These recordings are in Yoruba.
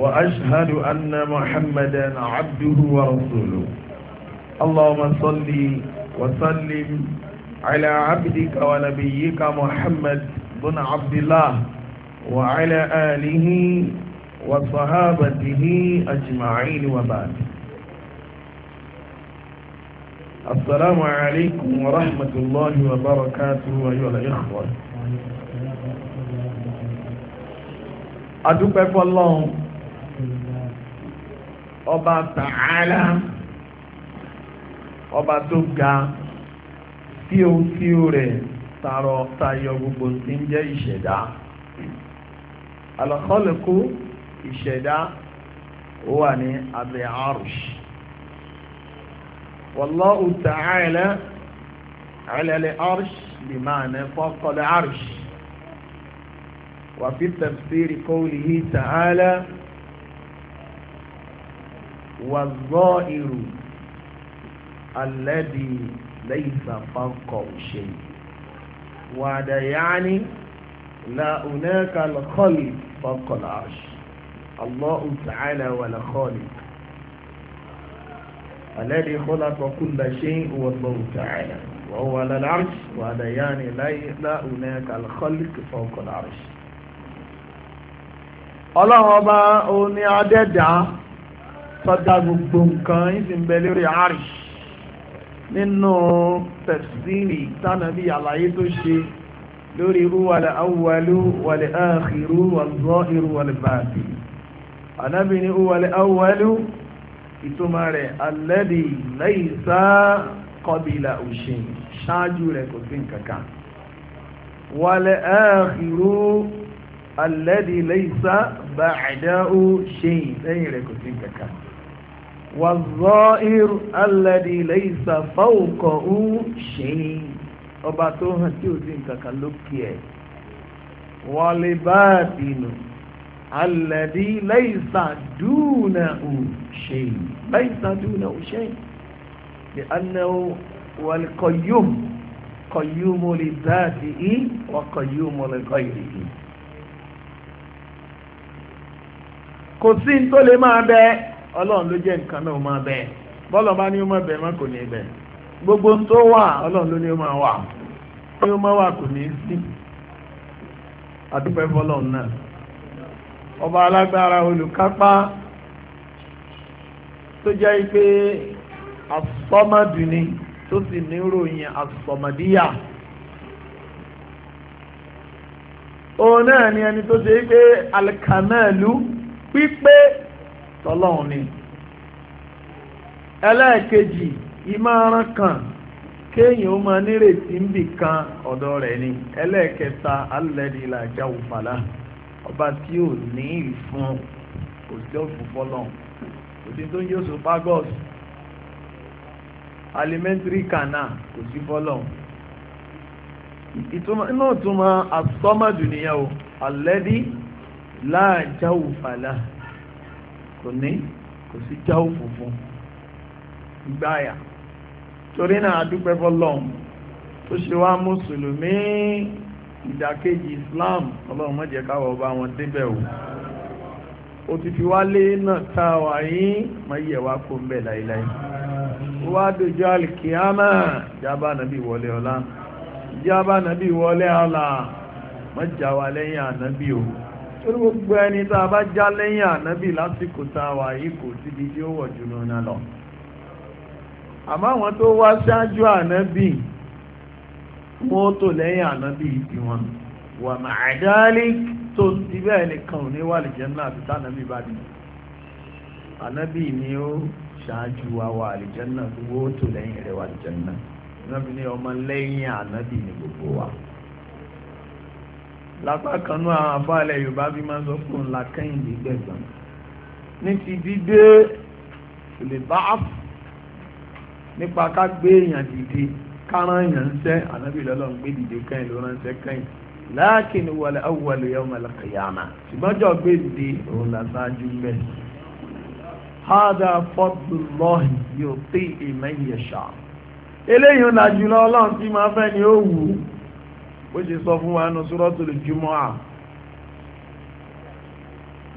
وأشهد أن محمدا عبده ورسوله اللهم صل وسلم على عبدك ونبيك محمد بن عبد الله وعلى آله وصحابته أجمعين وبعد السلام عليكم ورحمة الله وبركاته أيها الإخوة أدوك الله ọba tààlà ọba tó ga fíofío rẹ̀ tààrọ tayọ gbogbo tí ń jẹ́ ìṣẹ̀dá alakọ́lẹ̀kọ́ ìṣẹ̀dá ó wà ní abẹ́ arush wallahu ta'ala ala al-arsh bi ma'na faqa al-arsh wa fi tafsiri qawlihi والظاهر الذي ليس فوقه شيء وهذا يعني لا هناك الخالق فوق العرش الله تعالى ولا خالق الذي خلق كل شيء هو الله تعالى وهو على العرش وهذا يعني لا هناك الخلق فوق العرش الله ما أني عدد tọ́dá gbogbo nǹkan ìsìnbẹ̀ lórí àárí nínú tẹ̀síìrì tánàbí àlàyé tó ṣe lórí irú wàlẹ̀ awwalu wàlẹ̀ áàkìrú wàlọ́ irú wàlẹ̀ bàbí ànábì ní wàlẹ̀ awwalu ìtumọ̀ rẹ̀ alẹ́dì lẹ́yìnsá kọbìlà òṣè ṣáájú rẹ̀ kò sí nǹkankan wàlẹ̀ áàkìrú alẹ́dì lẹ́yìnsá bàdá òṣè lẹ́yìn rẹ̀ kò sí nǹkankan wàzọ́ìr alẹ́dìlẹ́ ìsàfáwòkọ̀ ń ṣe ọba tó hàn tí ò sí nǹkankan lókè ẹ̀ wọlé báàdì nù alẹ́dìlẹ́ ìsàdúnà ò ṣe láìsàdúnà ò ṣe ní anáwó wọlé kọyọ́m kọyọ́m olè báàdì yìí wọ́n kọyọ́m olè kọyọ́m yìí kò sí ní tó lè máa bẹ́ẹ̀ ọlọ́run ló jẹ́ nǹkan náà máa bẹ̀ bọ́lọ̀ bá ní ó máa bẹ̀ má kò ní bẹ̀ gbogbo tó wà ọlọ́run ló ní ó máa wà ní ó máa wà kò ní sí àdúpẹ́ fọlọ́run náà ọba alágbára olùkápá tó jẹ́ pé asọ́mọdù ni tó sì ní ròyìn asọ́mọdíyà òun náà ni ẹni tó ṣe pé alikanalu pípé tọ́lọ́hún ni ẹlẹ́ẹ̀kejì ìmọ̀ràn kan kéèyàn ó máa nírètí ń bì kan ọ̀dọ̀ rẹ̀ ni ẹlẹ́ẹ̀kẹta alẹ́dí làjà òfàlà ọba tí ò ní ìfún kò sí òfin fọlọ́hún kò sí tó ń yóò so pagos alimentary canal kò sí fọlọ́hún ìtumọ̀ inú ìtumọ̀ asọ́mọ̀dù nìyẹn o alẹ́dí làjà òfàlà kò ní kò sí jáwó funfun gbáyà torí náà adúpẹ́ fọlọ́run tó ṣe wá mùsùlùmí ìdàkejì Islam ọlọ́run má jẹ́ káwọ́ bá wọn débẹ̀ o ó ti fi wálé náà tá a wà yín má yẹ wá kó ń bẹ̀ láíláí wá dojú alìkíámà jábá nàbí wọlé ọlá jábá nàbí wọlé ọlá má jà lẹ́yìn ànábì o torí gbogbo ẹni tá a bá já lẹ́yìn ànábì lásìkò tá a wà yìí kò síbi tí ó wọ̀ jùlọ náà lọ àmọ́ àwọn tó wá ṣáájú ànábì wọ́n tó lẹ́yìn ànábì tiwọn wà màdálí tó ti bẹ́ẹ̀ nìkan ò ní wà lè jẹun náà àti tànábì bá dì ànábì ni ó ṣáájú wa wà lè jẹun náà wọ́n tó lẹ́yìn rẹ̀ wà lè jẹun náà ànábì ni ọmọ lẹ́yìn ànábì ni gbogbo wa lápá kanú àwọn àbáàlẹ̀ yorùbá bí máa ń sọ fún un làkẹ́yìndé gbẹ̀gbọ́n ní ti dídé lè bá nípa ká gbé èèyàn dìde kárán èèyàn ń sẹ́ ànábì lọ́lọ́run gbé dìde kẹ́yìn ló ránṣẹ́ kẹ́yìn láàkín wal awwal yawm al qiyamah ṣùgbọ́n jọ gbé dìde òun làṣáájú bẹ́ẹ̀. hada fadlullahi yu'tihi man yasha eléyìí ń lajú lọ́wọ́ ọlọ́run tí máa fẹ́ ni ó wù ú bó ṣe sọ fún wa nù Suratul Jumu'ah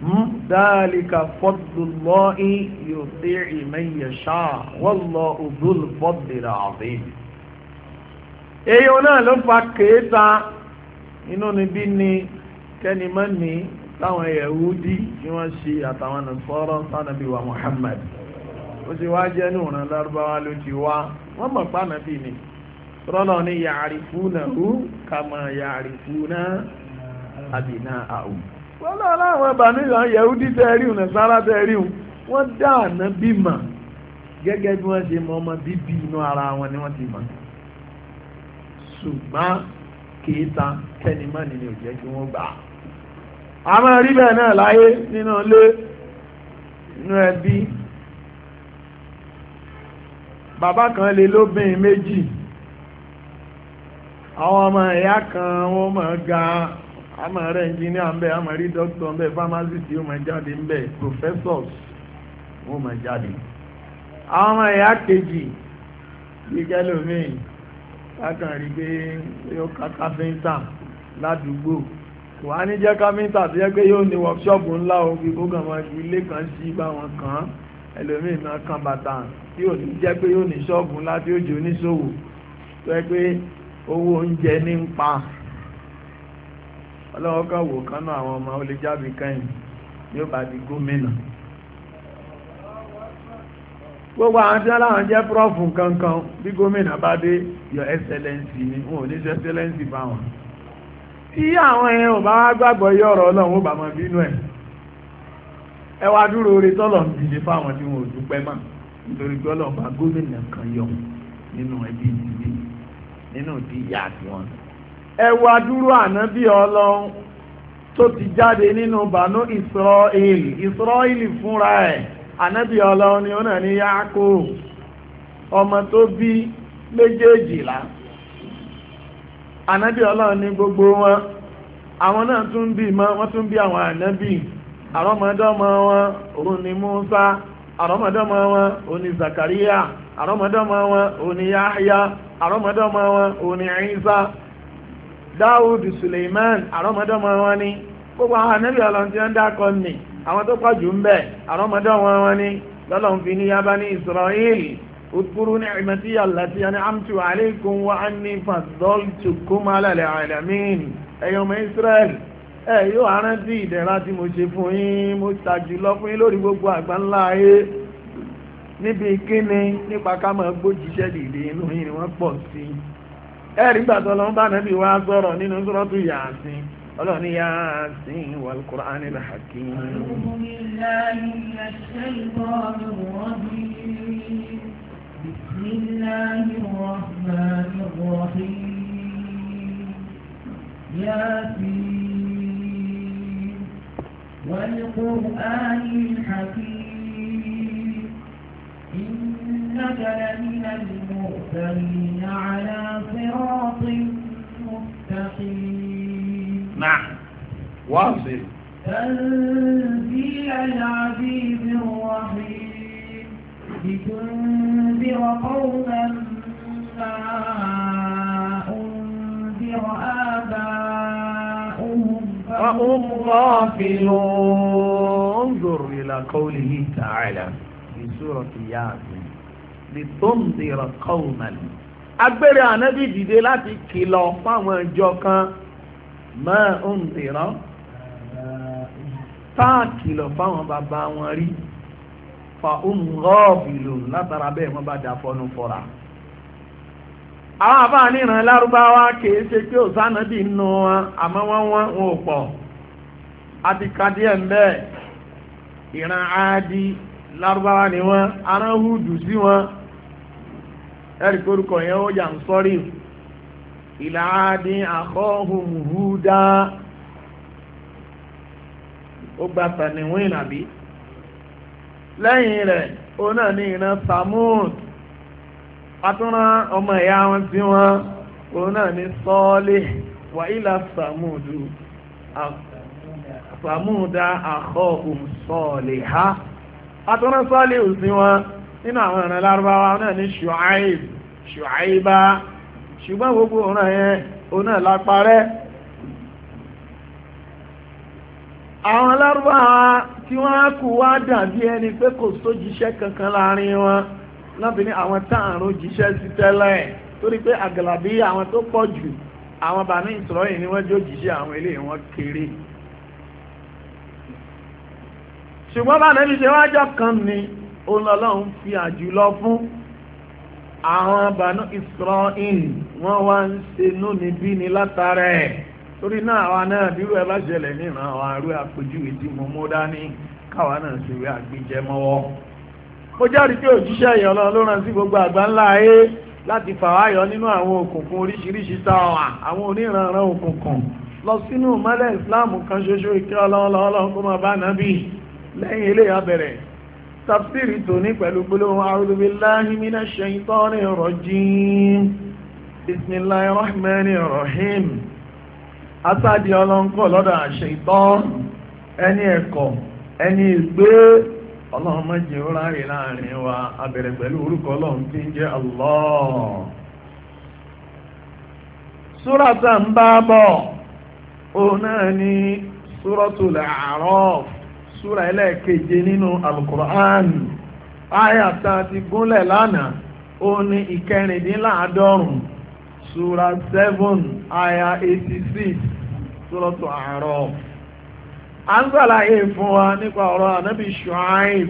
hm? dáàlìkà fadlullahi yuti'i man yasha wallahu dhul fadlil azim èyí náà ló fa kéèta inú ni bí ni kẹ́ni mọ́ ni táwọn Yahudi tí wọ́n ṣe àtàwọn Nasara sánàbí wa Muhammad ó ti wá jẹ́ ní òun lárúbáwá ló ti wá wọ́n mọ̀ pánàbí ni rọ́lọ́ ní yàrífúnà hù kàmà yàrífúnà àbìnà àhù wọ́n lọ láwọn ìbànújẹ́ yẹ̀húdí tẹ́ríhùn nàṣàrà tẹ́ríhùn wọ́n dá àná bímọ gẹ́gẹ́ bí wọ́n ṣe mọ ọmọ bíbí inú ara wọn ni wọ́n ti mọ̀ ṣùgbọ́n kìí ta kẹ́ni mọ́ nínú ìjẹ́ kí wọ́n gbà á. máa rí bẹ́ẹ̀ náà láyé nínú ilé nínú ẹbí bàbá kan lè lóbìnrin méjì àwọn ọmọ ẹ̀yà kan wọ́n mọ̀ ga àmọ̀ rẹ̀ engineer ń bẹ àmọ̀ rí doctor ń bẹ pharmacist yóò mọ̀ jáde ń bẹ professors wọ́n mọ̀ jáde àwọn ọmọ ẹ̀yà kejì gbígbẹ́ lómìn látàn rí pé yóò ká káfíńtà ládùúgbò kò á ní jẹ́ káfíńtà tó yẹ pé yóò ní wọ́kṣọ́ọ̀bù ńlá o fi kó kàn ilé kan sí báwọn kàn án ẹlòmíì máa kan bàtà tí ò ní jẹ́ pé yóò ní ṣọ́ọ̀bù ńlá tí ó jẹ́ oníṣòwò tó yẹ pé owó oúnjẹ ní ń pa ọlọ́wọ́ kan wò kánú àwọn ọmọ olè jáde kẹ́yìn ní ó di gómìnà gbogbo àwọn tí wọ́n láwọn jẹ́ kankan bí gómìnà bá dé your excellency ni wọn ò ní ṣe excellency tí àwọn ò bá gbàgbọ́ yí ọ̀rọ̀ ọlọ́run ó bá bínú ẹ̀ ẹ wá dúró orí tọ́lọ̀ ń dìde fáwọn tí wọn ò dúpẹ́ mọ́ nítorí pé nínú ti ìyá àti wọn. ẹwà dúró ànábì ọlọ́run tó ti jáde nínú bàánú ìsírọ́ìlì ìsírọ́ìlì fúnra ẹ̀ ànábì ọlọ́run ni ó náà ní yáàkó ọmọ tó bí méjèèjìlá ànábì ọlọ́run ní gbogbo wọn àwọn náà tún bí tún bí àwọn ànábì wọn òun ni Musa wọn òun ni àrọ́mọdọ́mọ wọn òní Yahya àrọ́mọdọ́mọ wọn òní Isa Dáúdù Suleiman àrọ́mọdọ́mọ wọn ni gbogbo àwọn ànábì ọlọ́run tí wọ́n dákọ nì àwọn tó pàjù ń bẹ̀ àrọ́mọdọ́mọ wọn ni lọ́lọ́run fi ní ya bani Israel udkuru ni'mati allati an'amtu alaykum wa anni faddaltukum ala al-alamin ẹ̀yin ọmọ Israel ẹ̀ yóò arántí tí mo ṣe fún yín mo tàjù lọ fún yín lórí gbogbo àgbáńlá ayé níbi kíni nípa ká máa gbójúṣẹ́ dìde inú yìí ni wọ́n pọ̀ sí i ẹ̀rí gbàtọ́ lọ́n bá nàbí wá sọ̀rọ̀ nínú sọ́rọ́tù yàásín ọlọ́ni yàásín wal Qur'anil hakim. إنك لمن المرسلين على صراط مستقيم نعم واصل تنزيل العزيز الرحيم لتنذر قوما ما أنذر آباؤهم فهم غافلون انظر إلى قوله تعالى في سورة ياسين lìtòǹdìrọ̀ kọ́ọ̀mọ̀lì. agbére ànábì dìde láti kìlọ̀ fáwọn ìjọ kan máa ń dìrọ̀ táà kìlọ̀ fáwọn bàbá wọn rí fa òǹgọ́ọ̀bìlò látara bẹ́ẹ̀ wọ́n bá da fọnú fọ́ra. àwọn àbáà níran lárúbáwá kìí ṣe pé òsánàbì nù wọn àmọ́ wọ́n wọ́n wọn ò pọ̀ àti kàdíẹ̀ ń bẹ́ẹ̀ ìran áádí lárúbáwá ni wọ́n aránhùdù sí wọn ẹ̀rí korúkọ yẹn ó yà ń sọ́rí ìlà àádín àkọ́hùn húdá ó gba tàníwìn àbí lẹ́yìn rẹ̀ ó náà ní ìran samud atúnrán ọmọ ìyá wọn tí wọn ó náà ní sọ́ọ́lì wà samudu samuda àkọ́hùn ha atúnrán sọ́ọ́lì ò wọn nínú àwọn ìran lárúbáwá náà ní ṣùáìb ṣùáìbá ṣùgbọ́n gbogbo ọ̀ràn yẹn òun náà láparẹ́ àwọn lárúbáwá tí wọ́n kú wá dàbí ẹni pé kò sójíṣẹ́ kankan láàrin wọn lábìíní àwọn táàrùn jíṣẹ́ sí tẹ́lẹ̀ torí pé àgàlàbí àwọn tó pọ̀ jù àwọn bàánú ìsọ̀rọ̀yìn ni wọ́n jó jíṣẹ́ àwọn ilé wọn kéré ṣùgbọ́n bá nẹ́bí ṣe wájọ́ kan ni olọ́lọ́run fi àjùlọ fún àwọn Banu Israel wọ́n wá ń ṣe núni bí ni látara ẹ̀ torí náà àwa náà bírú ẹ bá ṣẹlẹ̀ níran àwọn arú àpèjúwe tí mo mú dání káwa náà sì rí àgbéjẹmọ́wọ́ mo jáde pé òjíṣẹ́ èèyàn lọ ló ràn sí gbogbo àgbá ńlá ayé láti fàwáyọ nínú àwọn òkùnkùn oríṣiríṣi táwọn àwọn oníranran òkùnkùn lọ sínú mọ́lẹ̀ ìsìláàmù kan ṣoṣo ìkẹ́ ọlọ́ọ̀lọ́ọ̀lọ́ kó máa bá nàbì lẹ́yìn eléyà bẹ̀rẹ̀ tafsiri tòní pẹ̀lú gbólóhùn a'udhu billahi minash shaitani rajim bismillahir rahmanir rahim asáàdì ọlọ́nkọ̀ lọ́dọ̀ àṣetán ẹni ẹ̀kọ́ ẹni ìgbé ọlọ́run má jẹ́ ráre láàrin wa abẹ̀rẹ̀ pẹ̀lú orúkọ ọlọ́run tí ń jẹ́ Allah súra ẹlẹ́ẹ̀keje nínú alukur'an aya tá ti gúnlẹ̀ lánàá ó ní ìkẹrìndínláàádọ́rùn súra seven aya eighty six sọ́lọ́tò àárọ̀ à ń sàlàyé fún wa nípa ọ̀rọ̀ ànábì Shu'aib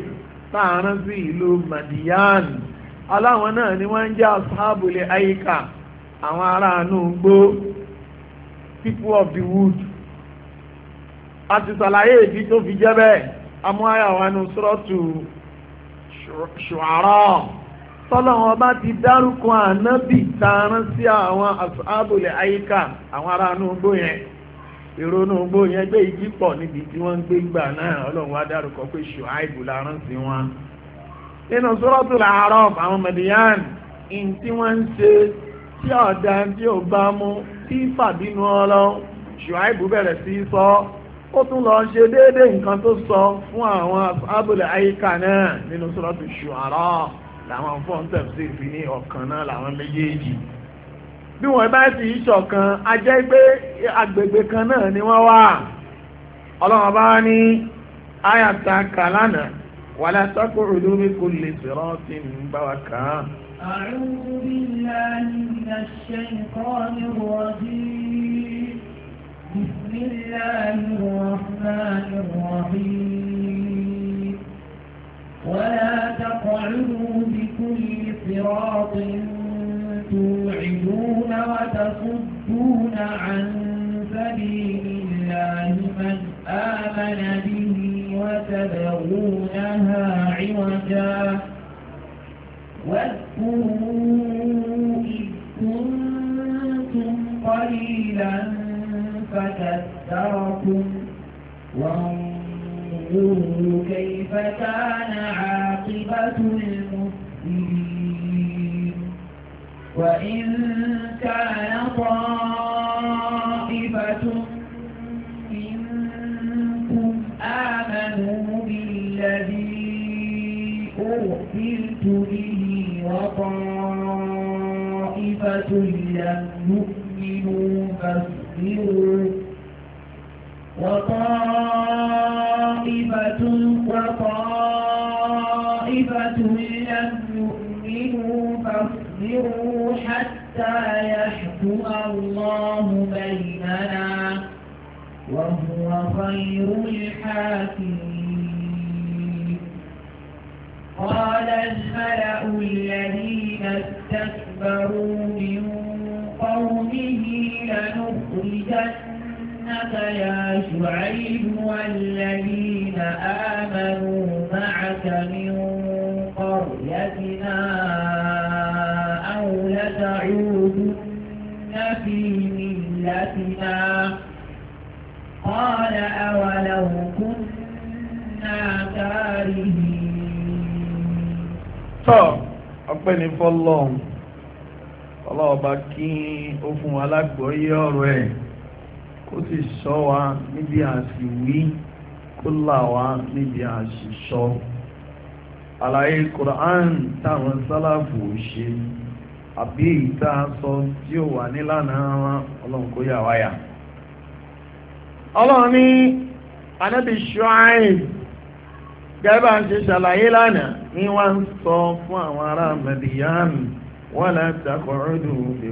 táàrán sí ìlú Madiyan aláwọn náà ni wọ́n ń jẹ́ asáàbùlẹ̀ àwọn aráàánú gbó people of the wood a ti sàlàyé ìdí tó fi jẹ́ bẹ́ẹ̀ amúháyàwá nu sọ́ọ̀tù ṣùárà tọ́lọ́wọ́n bá ti dárúkọ ànábì tààrán sí àwọn àbòlẹ̀ àyíká àwọn ará nùgbò yẹn ìrònú n'ugbo yẹn gbé igi pọ̀ níbi tí wọ́n ń gbé gbà náà ọlọ́run wá dárúkọ pé ṣùáìbù lárán sí wọn. nínú làárọ̀ àwọn ní tí wọ́n ń ṣe tí ọ̀dà tí ò ó tún lọ ṣe déédéé nǹkan tó sọ fún àwọn abúlé àyíká náà nínú sọ́rọ́tù ṣùárọ̀ làwọn fọ́ńtẹ̀ sì fi ní ọ̀kan náà làwọn méjèèjì bí wọ́n bá sì í ṣọ̀kan a jẹ́ pé agbègbè kan náà ni wọ́n wà ọlọ́run bá ní ayàtà kàlánà wà látàkù olórí kò lè sọ̀rọ̀ tí ń bá wa kàn án. أعوذ بالله من الشيطان الرجيم بسم الله الرحمن الرحيم ولا تقعدوا بكل صراط توعدون وتصدون عن سبيل الله من آمن به وتبغونها عوجا واذكروا إذ كنتم قليلا فكثركم وانظروا كيف كان عاقبة المفسدين وإن كان طائفة منكم آمنوا بالذي أرسلت به وطائفة لم يؤمنوا فاصبروا وطائفة وطائفة لم يؤمنوا فاصبروا حتى يحكم الله بيننا وهو خير الحاكمين قال الملأ الذين استكبروا من قومه لنخرجن لك يا شعيب والذين آمنوا معك من قريتنا أو لتعودن في ملتنا قال أولو كنا كارهين فالله ọlọ́ọ̀bá kí ó fún wa lágbọ́yé ọ̀rọ̀ ẹ̀ o ti sọ wa níbi àṣìwí kó là wá níbi àṣìṣọ́ àlàyé Qur'an táwọn sálàfù ò ṣe àbí ìta sọ tí ó wà nílànà wa ọlọ́run kó yà wáyà ọlọ́run ní anábì Shu'aib gẹ́gẹ́ bá ń ṣe ṣàlàyé lánàá ní wọ́n ń sọ fún àwọn ará Madiyan wala taq'udu bi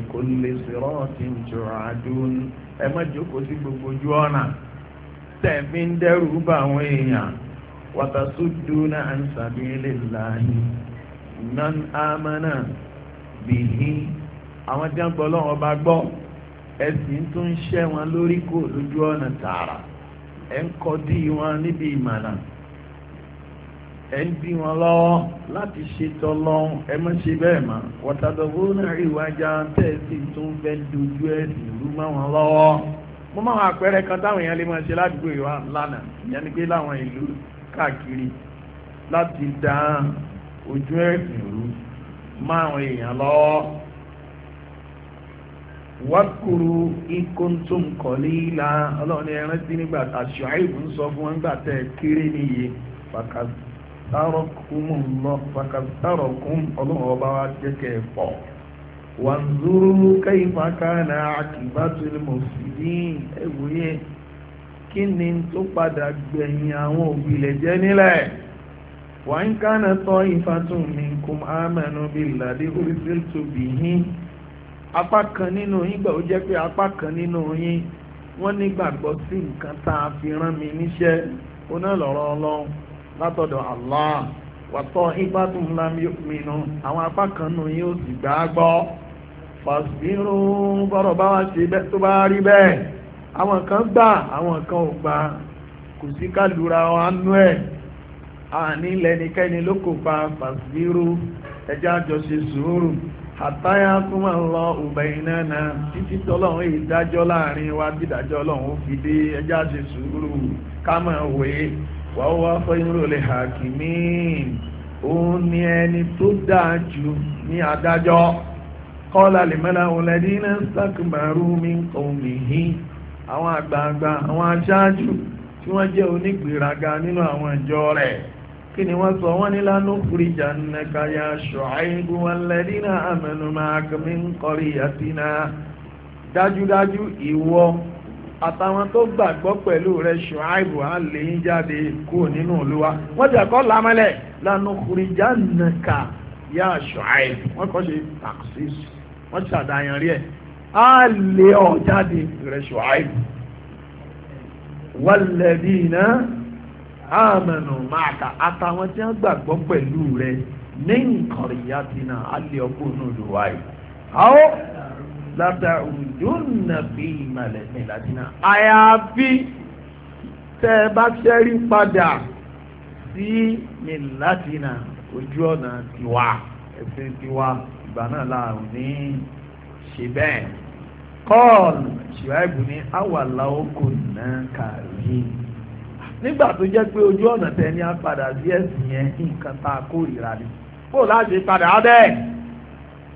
ẹ má jókòó sí gbogbo ojú ọ̀nà tẹ̀mí ń dẹ́rù bá àwọn èèyàn watasuduna an sabilillahi man amana bihi àwọn tí wọ́n bá gbọ́ ẹ̀sìn ń ṣẹ́ wọn lórí kò lójú ọ̀nà tààrà ẹ̀ ń kọ́ níbi ẹ̀ ń wọn lọ́wọ́ láti ṣe tọ́lọ́hún ẹ má ṣe bẹ́ẹ̀ mọ́ wọ́tàdọ̀gbó náà ìwájà tẹ̀sí tó ń fẹ́ dojú ẹ̀ ìlú mọ́ wọn lọ́wọ́ mo máa ń àpẹẹrẹ kan táwọn èèyàn lè máa ṣe ládùúgbò ìwà lánàá ìyẹn ni pé láwọn ìlú káàkiri láti dá ojú ẹ̀sìn má máwọn èèyàn lọ́wọ́ wákùrú ikuntum kọ̀lílà ọlọ́run ẹran sí nígbà àṣọ àìbù ń fún wọn nígbà tẹ́ kéré níye tàrọkùnmọ̀ fàkàtàrọkùn ọlọ́run ọba wa jẹ́ kẹ́ ẹ̀ pọ̀ wàǹzúrú kẹ́yìnfà kánà àkìbátú mùsùlùmí ẹ̀wòye kí ni tó padà gbẹ̀yìn àwọn òbílẹ̀ jẹ́ nílẹ̀ wọ́n kánà tọ́ ìfàtún mi kùn ámẹ́nu bíi ìlàdí oríṣiríṣi tóbi yín apá kan nínú yín gbà ó jẹ́ pé apá kan nínú yín wọ́n látọ̀dọ̀ Allah wàtọ́ ipa tó mìíràn àwọn apá kan nù yín ó sì gbà á gbọ́ fàṣírù bọ́rọ̀ bá wá bá rí bẹ́ẹ̀ àwọn kan gbà àwọn kan ò gbà kò sí wa nú ẹ̀ àní lẹ́nikẹ́ni ló kò pa fàṣírù ẹjẹ́ àjọṣe sùúrù àtàyà tó máa ń lọ ọ̀bẹ iná náà títí tọ́lọ́run ìdájọ́ láàrin wa fi dé ẹjẹ́ àjọṣe sùúrù ká máa wà ó wá fẹ́ irú ni ẹni tó dáa jù ní adájọ́ kọ́lá lè mẹ́la òun lẹ́dí iná sákìmọ̀rú mi qawmihi àwọn àgbààgbà àwọn aṣáájú tí wọ́n jẹ́ onígbèraga nínú àwọn ìjọ rẹ̀ kí ni wọ́n sọ wọ́n ní kúrì ya àmẹ́nu máa náà dájúdájú àtàwọn tó gbàgbọ́ pẹ̀lú rẹ̀ ṣùáìbù á lè ń jáde kúrò nínú olúwa wọ́n ti ẹ̀kọ́ lámẹ́lẹ̀ lánàá kùrìjà nàkà yá ṣùáìbù wọ́n kọ́ ṣe taxis wọ́n ti àdáyan rí ẹ̀ á lè ọ̀ jáde rẹ̀ ṣùáìbù wàlẹ́bí iná àmọ̀nà máàkà àtàwọn tí wọ́n gbàgbọ́ pẹ̀lú rẹ̀ ní ìkọ̀rìyá tìǹà á lè ọkùnrin olùwà yìí látàrúdúnà fi ìmàlẹ̀ ní ìlàjìnà. àyàfi tẹ́ ẹ bá ṣẹ́rí padà sí ìlàjìnà ojú ọ̀nà tiwa ẹ̀sìn tiwa ìgbà náà láàrùn ní ṣe bẹ́ẹ̀. kọ́ọ̀lù ṣùgbọ́n ní àwàlá oko náà kàrí. nígbà tó jẹ́ pé ojú ọ̀nà tẹ̀ ní apàdà sí ẹ̀sìn yẹn nǹkan tá a kórìíra ni. bó láti padà á bẹ́ẹ̀.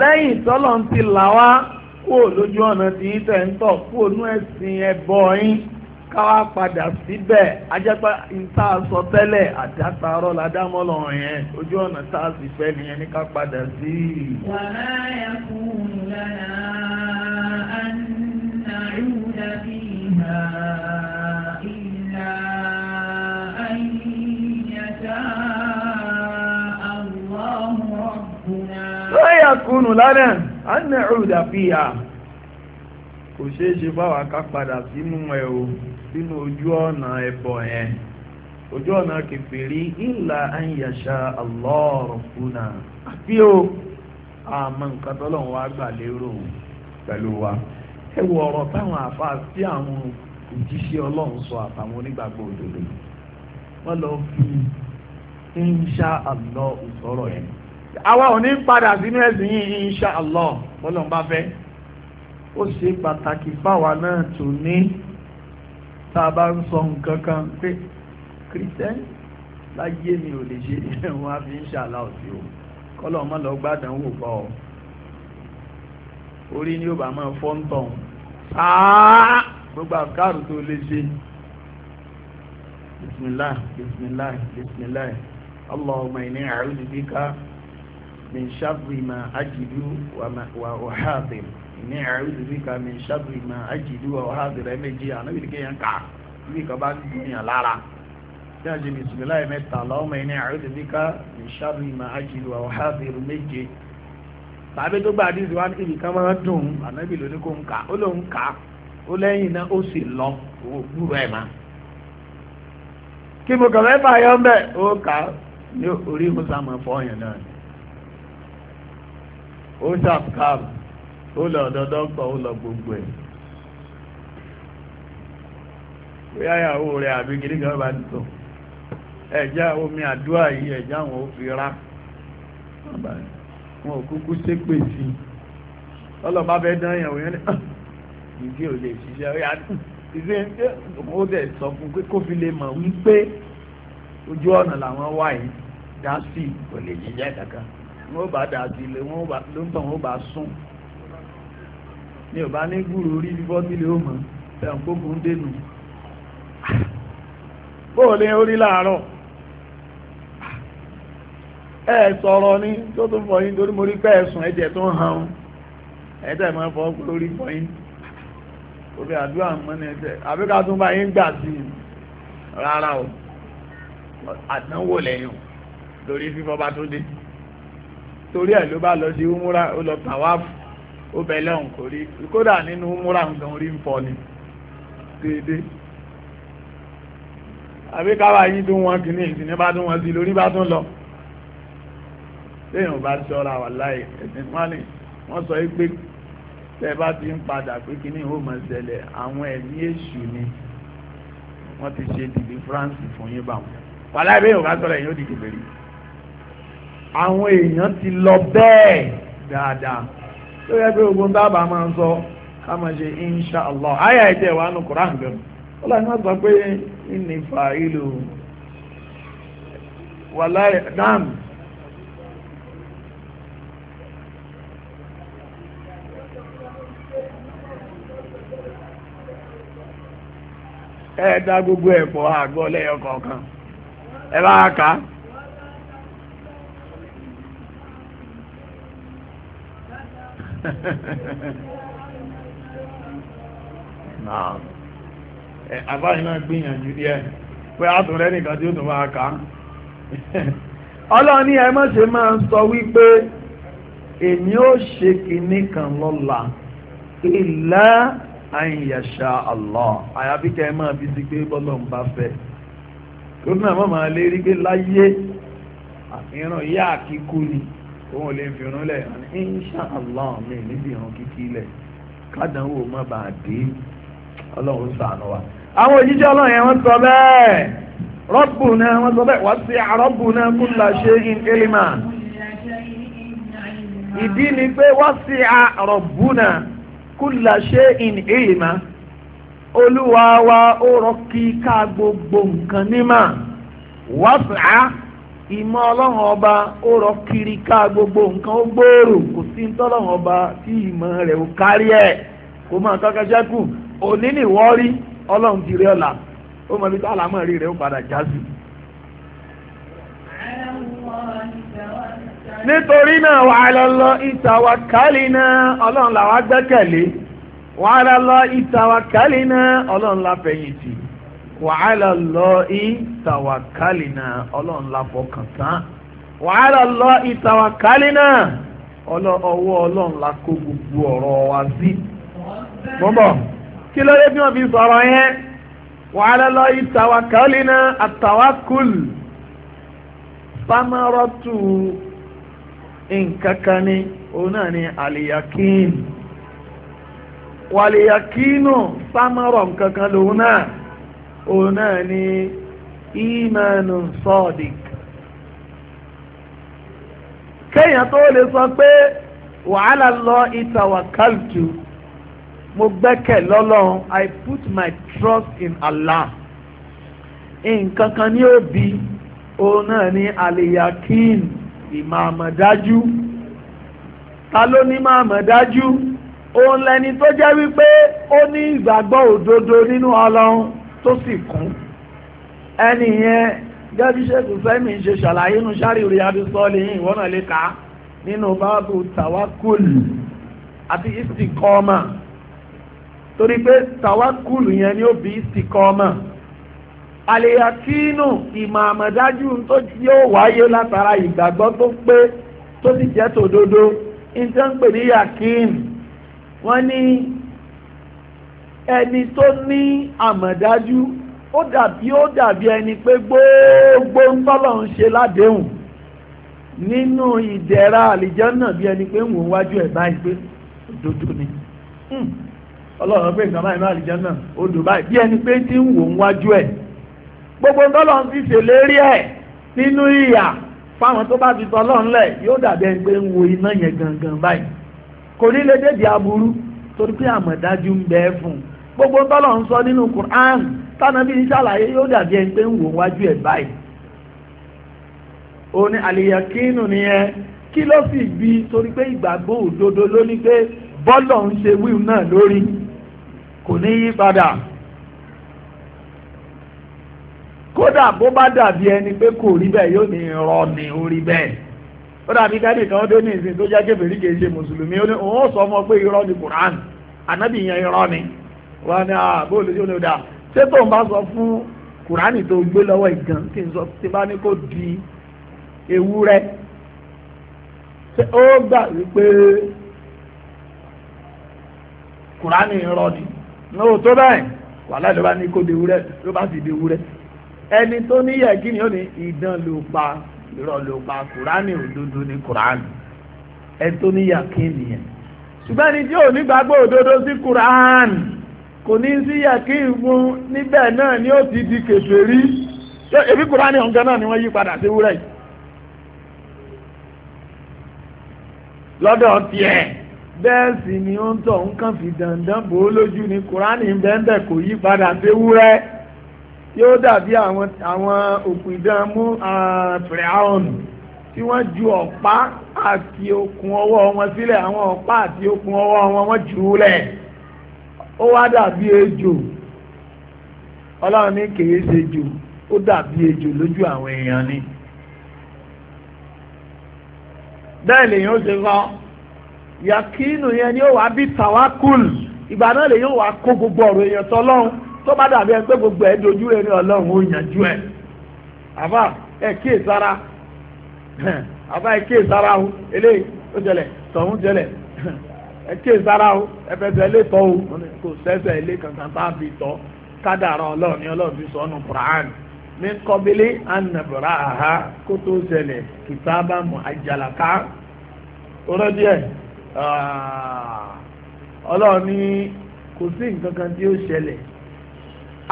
lẹ́yìn tọ́lọ̀ ń ti là wá kúrò lójú ọ̀nà tí yín tẹ̀ ń tọ̀ kúrò nú ẹ̀sìn ẹbọ yín káwá padà síbẹ̀ ajẹ́pẹ́ ìta sọ tẹ́lẹ̀ àdàtàrọ́ làdámọ́lọ̀ yẹn ojú ọ̀nà tá a sì fẹ́ nìyẹn ní ká padà sí. wàhálà yẹn fún un lánàá àná ìwúdà bíi hà. lọ́yà kúnnù lánàá a ń nà ọ̀dà fi kò ṣeé ṣe fáwọn aká padà sínú ẹ̀ sínú ojú ọ̀nà ẹ̀bọ̀ yẹn ojú ọ̀nà kẹfìrí ìlà àyàṣà àlọ́ọ̀rọ̀fúnà àfi o àmọ́ nǹkan wá gbà lérò pẹ̀lú wa ẹ wọ ọ̀rọ̀ táwọn àfáà sí àwọn òjíṣẹ́ ọlọ́run sọ àtàwọn onígbàgbọ́ wọ́n lọ fi ń ṣá àwa ò ní padà sínú ẹ̀sìn yìí insha Allah bọ́lọ̀ ń bá fẹ́ ó ṣe pàtàkì fáwa náà tó ní tá a bá ń sọ nǹkan kan pé kìrìsìtẹ́nì láyé mi ò lè ṣe wọn á fi òsì o kọ́lọ̀ ọmọ lọ gbádàn wò bọ́ ọ orí ni ó bá máa fọ́ ń tọ̀hún sáá gbogbo àkàrò tó lè ṣe bisimilahi bisimilahi bisimilahi allahumma inni a'udhu bika. من ma ما wa وأحاضر إني أعوذ بك من شر ما أجد وأحاضر أمجي أنا بلك ينكع بك a الدنيا لارا تاجي بسم الله متى اللهم إني أعوذ بك من شر ما أجد وأحاضر méje tàbí tó gba àdìsí wa níbi kan máa dùn ànábì ló ní kó ń kà ó ló ń kà ó lẹ́yìn náà ó sì lọ kó gbúrò ẹ̀ kí mo kàn fẹ́ fà yọ ń bẹ̀ ó kà ní orí musa mọ̀ náà ó ṣàkàrù ó lọ ọ̀dọ̀ dọ́kítọ̀ ó lọ gbogbo ẹ̀ bóyá ìyàwó rẹ̀ àbí gidi bá ti tọ̀ ẹ̀já omi àdúrà yìí ẹ̀já àwọn ò fi rá wọn ò kúkú ṣépè sí i ọlọ́ba bẹ́ẹ̀ dán yẹn òyìn ní ah, ìdí ò lè ṣiṣẹ́ ó yà ìdí ó dẹ̀ sọ fún pé kó fi lè mọ̀ wípé ojú ọ̀nà làwọn wà yìí dá sí kò lè ṣiṣẹ́ kankan wọ́n bá dàbí ilé wọ́n ló ń tàn wọ́n bá sùn ni ò bá ní gúrú orí bíbọ́ sílé ó mọ̀ tẹ̀m̀pókù ń dènù bóò lè orí láàárọ̀ ẹ sọ̀rọ̀ ni tó tún fọyín torí mo rí pé ẹ̀sùn ẹ̀jẹ̀ tó ń han ẹ̀jẹ̀ máa fọ́ lórí fọyín òbí àdúrà mọ́ ní ẹ̀jẹ̀ àbíká tún bá yín gbà sí i rárá o àdánwò lẹ́yìn lórí fífọ́ bá tó dé torí ẹ̀ ló bá lọ sí umura ó lọ tàwáàfù ó bẹ̀ lẹ́hùn kò rí kódà nínú umura nǹkan orí ń fọ ni déédéé àbí káwa yín dún wọn kìíní ìsìn bá dún wọn sí lórí bá tún lọ téèyàn bá ṣọ́ra wà láì ẹ̀sìn wọ́n ní wọ́n sọ pé tẹ́ bá ti ń padà pé kìíní ó mọ̀ ṣẹlẹ̀ àwọn ẹ̀mí èṣù ni wọ́n ti ṣe dìde France fún yín báwọn wà láì bẹ́ẹ̀ ò bá sọ̀rọ̀ ẹ̀yìn ó dìde bẹ̀rẹ̀ àwọn èèyàn ti lọ bẹ́ẹ̀ dáadáa tó yẹ pé ogun dábàá máa ń sọ ká ṣe allah àyà ẹ̀jẹ̀ wà nù Quran gan ó láti má sọ pé ní fàáìlù wàláì dam ẹ̀ẹ́dá gbogbo ẹ̀pọ̀ àgọ́ lẹ́yọ kọ̀ọ̀kan ẹ bá àbáyé náà gbìyànjú díẹ̀ pé àtúnrẹ́ nìkan tí ó tún máa kà á ní ẹ máa sọ wípé èmi o ṣe kinní kan lọ́la ìlà àyìnyàṣà Allah àyàfi kẹ́ ẹ máa fi sí bá fẹ́ kí ó náà máa lérí láyé òun ò lè fi irun allah mi níbi ìran kíkí lẹ̀ kádàánwò má bàa dé ọlọ́run ṣàánú wa. àwọn òjíṣẹ́ ọlọ́run yẹn wọ́n sọ bẹ́ẹ̀ rọ́bù náà wọ́n sọ bẹ́ẹ̀ wá sí àrọ́bù náà kulla shay'in ilma ìdí ni pé wá sí náà wa ó rọ gbogbo nǹkan nímà wá ime ọlọ́run ọba ó rọ kiri ká gbogbo nǹkan ó gbòòrò kò sí ní ọba tí ìmọ̀ rẹ̀ ò kárí ẹ̀ kò òní rí ọlọ́run ti rí ọ̀la ó mọ̀ bí tá àlámọ̀ rí rẹ̀ ó padà já sí. nítorí náà lọ ìtàwà kálí náà ọlọ́run làwa gbẹ́kẹ̀lé wàhálà lọ ìtàwà kálí náà ọlọ́run la wàhálà lọ ìtàwákálínà ọlọ́run ọlọ nla tán wàhálà lọ ìtàwákálínà ọwọ́ ọlọ́run la gbogbo ọ̀rọ̀ wa sí. bọ́bọ̀ kí ló dé bí wọ́n fi sọ̀rọ̀ yẹn wàhálà lọ ìtàwákálínà àtàwákùl samarọ́tù nǹkan kan òun náà àlìyàkín wàlìyàkínù lòun náà. òun náà ni ìmánu sọ́ọ̀dìk kéèyàn tó lè sọ pé wàhálà lọ ìtàwàkàlùtù mo gbẹ́kẹ̀ lọ́lọ́run I put my trust in Allah nǹkan kan ní òbí òun náà ni aliyakin ìmàmọ̀dájú ta ló ní màmọ̀dájú òun lẹni tó jẹ́ wípé ó ní ìgbàgbọ́ òdodo nínú ọlọ́run tó sì kún ẹni yẹn gẹ́gíṣẹ́kù fẹ́mi ṣe ṣàlàyé inú sáré orí abisọ́ọ̀lì yìí ìwọ́n náà lè kà á nínú báàbù tàwákùlù àti istikọ́ọ̀mà torí pé tàwákùlù yẹn ni ó bí istikọ́ọ̀mà àlèyàkínú ìmọ̀ àmọ̀dájú tó yóò wáyé látara ìgbàgbọ́ tó pé tó sì jẹ́ tòdodo ìjọ ń pè ní yàkín wọ́n ní ẹni tó ní àmọ̀dájú ó dàbí ó dàbí ẹni pé gbogbo ń tọ́lọ̀ ń ṣe ládéhùn nínú ìdẹ̀ra àlìjánà bí ẹni pé ń wò wájú ẹ̀ báyìí pé òdodo ni hmm. ọlọ́run pé nǹkan báyìí ní àlìjánà odò báyìí bí ẹni pé ti ń wò wájú ẹ̀ gbogbo ń tọ́lọ̀ ń ti ṣèlérí ẹ̀ nínú ìyà fáwọn tó bá ti tọ́lọ̀ ńlẹ̀ yóò dàbí ẹni pé ń wo iná yẹn gangan báyìí kò ní lè dédìí aburú torí pé àmọ̀dájú ń bẹ fún un gbogbo tọ́lọ̀ ń sọ nínú Qur'an tánàbí ń ṣàlàyé yóò dàbí ẹni pé ń wò wájú ẹ̀ báyìí ni nìyẹn kí ló sì bí torí pé ìgbàgbọ́ òdodo ló ní pé bọ́lọ̀ ń ṣe wíwù náà lórí kò ní yí padà kódà bó bá dàbí ẹni pé kò rí bẹ́ẹ̀ yóò ní irọ́ ní orí bẹ́ẹ̀ ó kan dé ní ìsìn tó jẹ́ kébèrè sọ ọmọ pé irọ́ ni Qur'an wọ́n ní àbóòlù ah, tí ó ní ó dà ṣé tó ń bá sọ fún kùránì tó gbé lọ́wọ́ ìgàn tí n sọ tí bá ní kó di ewúrẹ́ ṣé ó gbà wípé kùránì irọ́ ni ní o tó bẹ́ẹ̀ wàhálà ló bá ní kó di ewúrẹ́ ló bá sì di ewúrẹ́ ẹni tó níyẹ̀ kí ni ó ní ìdán ló pa irọ́ ló pa kùránì òdodo ni kùránì ẹni tó níyẹ̀ kí nìyẹn ṣùgbọ́n ẹni tí ò ní gbàgbọ́ òdodo sí kùránì kò ní sí yàkí ìmú níbẹ̀ náà ni ó ti di kèfèrí èbí kùránì ọ̀gá náà ni wọ́n yí padà sí wúrẹ̀ yìí lọ́dọ̀ tiẹ̀ bẹ́ẹ̀ sì ni ó ń tọ̀ ń kàn fi dandan bò ó lójú ni kùránì bẹ́ẹ̀ kò yí padà sí wúrẹ́ yóò dàbí àwọn òkùn ìdán fìràhùn tí wọ́n ju ọ̀pá àti okùn ọwọ́ wọn sílẹ̀ àwọn ọ̀pá àti okùn ọwọ́ wọn wọ́n jù ú lẹ̀ ó wá dàbí ejò ọlọ́run ní kìí ṣe jò ó dàbí ejò lójú àwọn èèyàn ni bẹ́ẹ̀ lèyìn ó ṣe kọ́ yàkínù yẹn ni ó wàá bí tàwákùl ìgbà náà lèyìn ó wàá kó gbogbo ọ̀rọ̀ èèyàn tọ́lọ́run tó bá dàbí ẹni pé gbogbo ẹ̀ dojú rẹ̀ ní ọlọ́run ó yànjú ẹ̀ àbá ẹ̀ kíyè sára àbá ẹ̀ kíyè sára eléyìí ó jẹlẹ̀ tọ̀hún jẹlẹ̀ ẹ kí ìsára o ẹ fẹsẹ̀ ilé tọ́ o kò sẹ́sẹ̀ ilé kankan tá a fi tọ́ kádàrá ọlọ́run ni ọlọ́run fi sọ nù Qur'an mi kọ́bílí ànàbọ̀rà àhá kó tó ṣẹlẹ̀ kìtàbà mọ̀ àjàlàká tọ́rọ díẹ̀ ọlọ́run ní kò sí nǹkan kan tí ó ṣẹlẹ̀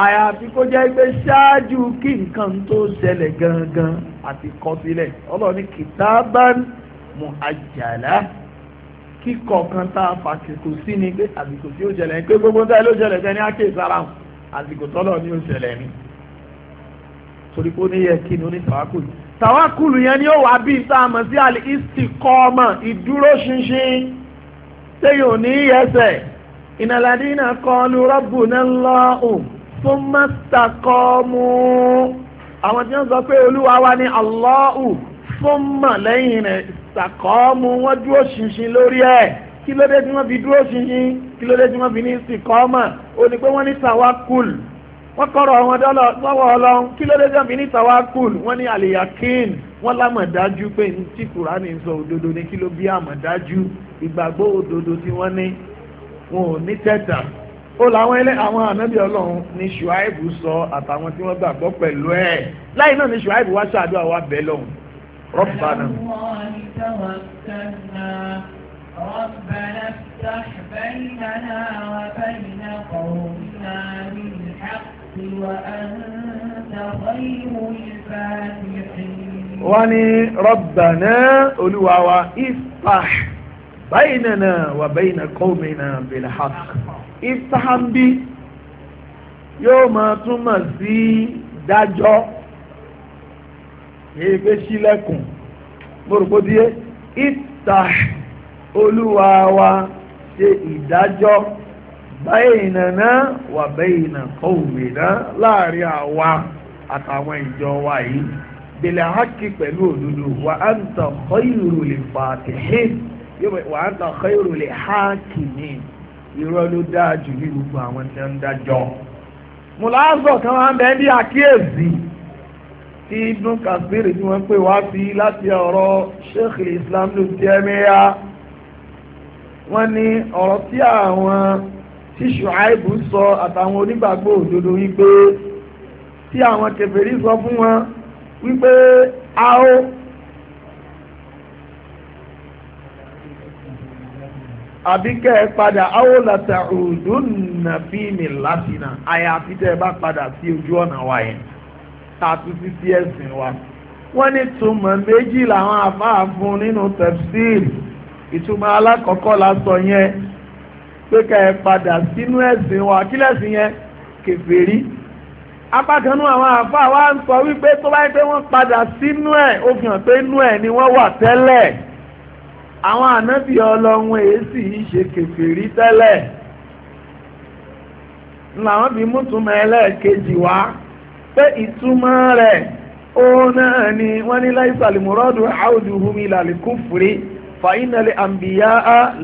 àyàfi kó jẹ́ pé ṣáájú kí nǹkan tó ṣẹlẹ̀ gangan àti kọsílẹ̀ ọlọ́run ní kìtàbà mọ̀ àjàlàká kíkọ̀ kan tá a fà kìkò sí ni pé àsìkò tí ó ṣẹlẹ̀ pé gbogbo tá ló ṣẹlẹ̀ sẹ́ni á kéè sára hàn àsìkò tọ́lọ̀ ni ó ṣẹlẹ̀ ni torí pé ó ní yẹ kí ni ó ní tàwákùlù tàwákùlù yẹn ni ó wà bí sáàmù sí àlè ìsìkọ́ọ̀mà ìdúró ṣinṣin sẹ́yìn ò ní yẹsẹ̀ ìnàládínà qalu rabbuna Allahu thumma istaqamu àwọn tí wọ́n sọ pé olúwa wa ni sàkọ́ọ́mù wọ́n dúró ṣinṣin lórí ẹ̀ kí ló dé tí wọ́n fi dúró ṣinṣin kí ló dé tí wọ́n fi ní sìkọ́ọ́mà ó ní pé wọ́n ní tàwákùl wọ́n kọ́rọ̀ wọn dọ́lọ̀ sọ́wọ́ ọlọ́run kí ló dé tí wọ́n fi ní tàwákùl wọ́n ní àlìyàkín wọ́n lámọ̀dájú pé ní tí kùránì sọ òdodo ní kí ló bí àmọ̀dájú ìgbàgbọ́ òdodo tí wọ́n ní wọn ò ní tẹ̀tà ó làwọn ilé àwọn ànábì ọlọ́run ní ṣùáìbù sọ àtàwọn tí wọ́n gbàgbọ́ pẹ̀lú ẹ̀ láì náà ní ṣùáìbù wá ṣàdúrà wá bẹ́ẹ̀ lọ́hùn ربنا ربنا افتح بيننا وبين قومنا بالحق وأنت خير الفاتحين wọ́n ربنا olúwa wa افتح بيننا وبين قومنا بالحق افتح bí يوم تمزي túmọ̀ kìí fẹ́ sílẹ̀kùn mọ̀rùpọ̀díyé ìta olúwa wa ṣe ìdájọ́ bẹ́ẹ̀nàná wà bẹ́ẹ̀nà kọ́ọ̀mìnà láàrin àwa àtàwọn ìjọ wa yìí bẹ̀lẹ̀ hákì pẹ̀lú òdodo wà á ń tàn kọ́ìrò lè fàtẹ̀hẹ́ wà á ń tàn kọ́ìrò lè hákì ní irọ́ ló dáa jù ní gbogbo àwọn tí wọ́n ń dájọ́ mùláàzọ̀ kan máa ń bẹ́ẹ̀ bí àkíyèsí tí ibn kasir tí wọ́n pè wá sí láti ọ̀rọ̀ sheikh islam ló ti ẹ̀mẹ́yà wọ́n ní ọ̀rọ̀ tí àwọn tí ṣùáìbù sọ àtàwọn onígbàgbọ́ òdodo wípé tí àwọn kèfèrí sọ fún wọn wípé a ó àbíkẹ́ ẹ padà áwòlàtà òdùnnà fíìmì látinà àyàfi tẹ́ ẹ bá padà sí ojú ọ̀nà wa yẹn tàbí títí ẹ̀sìn wa wọ́n ní túmọ̀ méjì làwọn àfáà fún nínú tafsir ìtumọ̀ alákọ̀ọ́kọ́ la sọ yẹn pé ká ẹ padà sínú ẹ̀sìn wa kí lẹ̀sìn yẹn kèfèrí apákanú àwọn àfáà wa ń sọ wípé tó bá yẹ pé wọ́n padà sínú ẹ̀ ó fi hàn pé inú ẹ̀ ni wọ́n wà tẹ́lẹ̀ àwọn ànábì ọlọ́run èésì yìí ṣe kèfèrí tẹ́lẹ̀ làwọn bí mútùmọ̀ ẹlẹ́ẹ̀kejì wá pé ìtumọ̀ rẹ̀ ó náà ni wọ́n ní láì sàlìmùrọ́dù àwùjùhùm ìlàlẹ̀ kúfùrí fàínàlẹ̀ àǹbìyá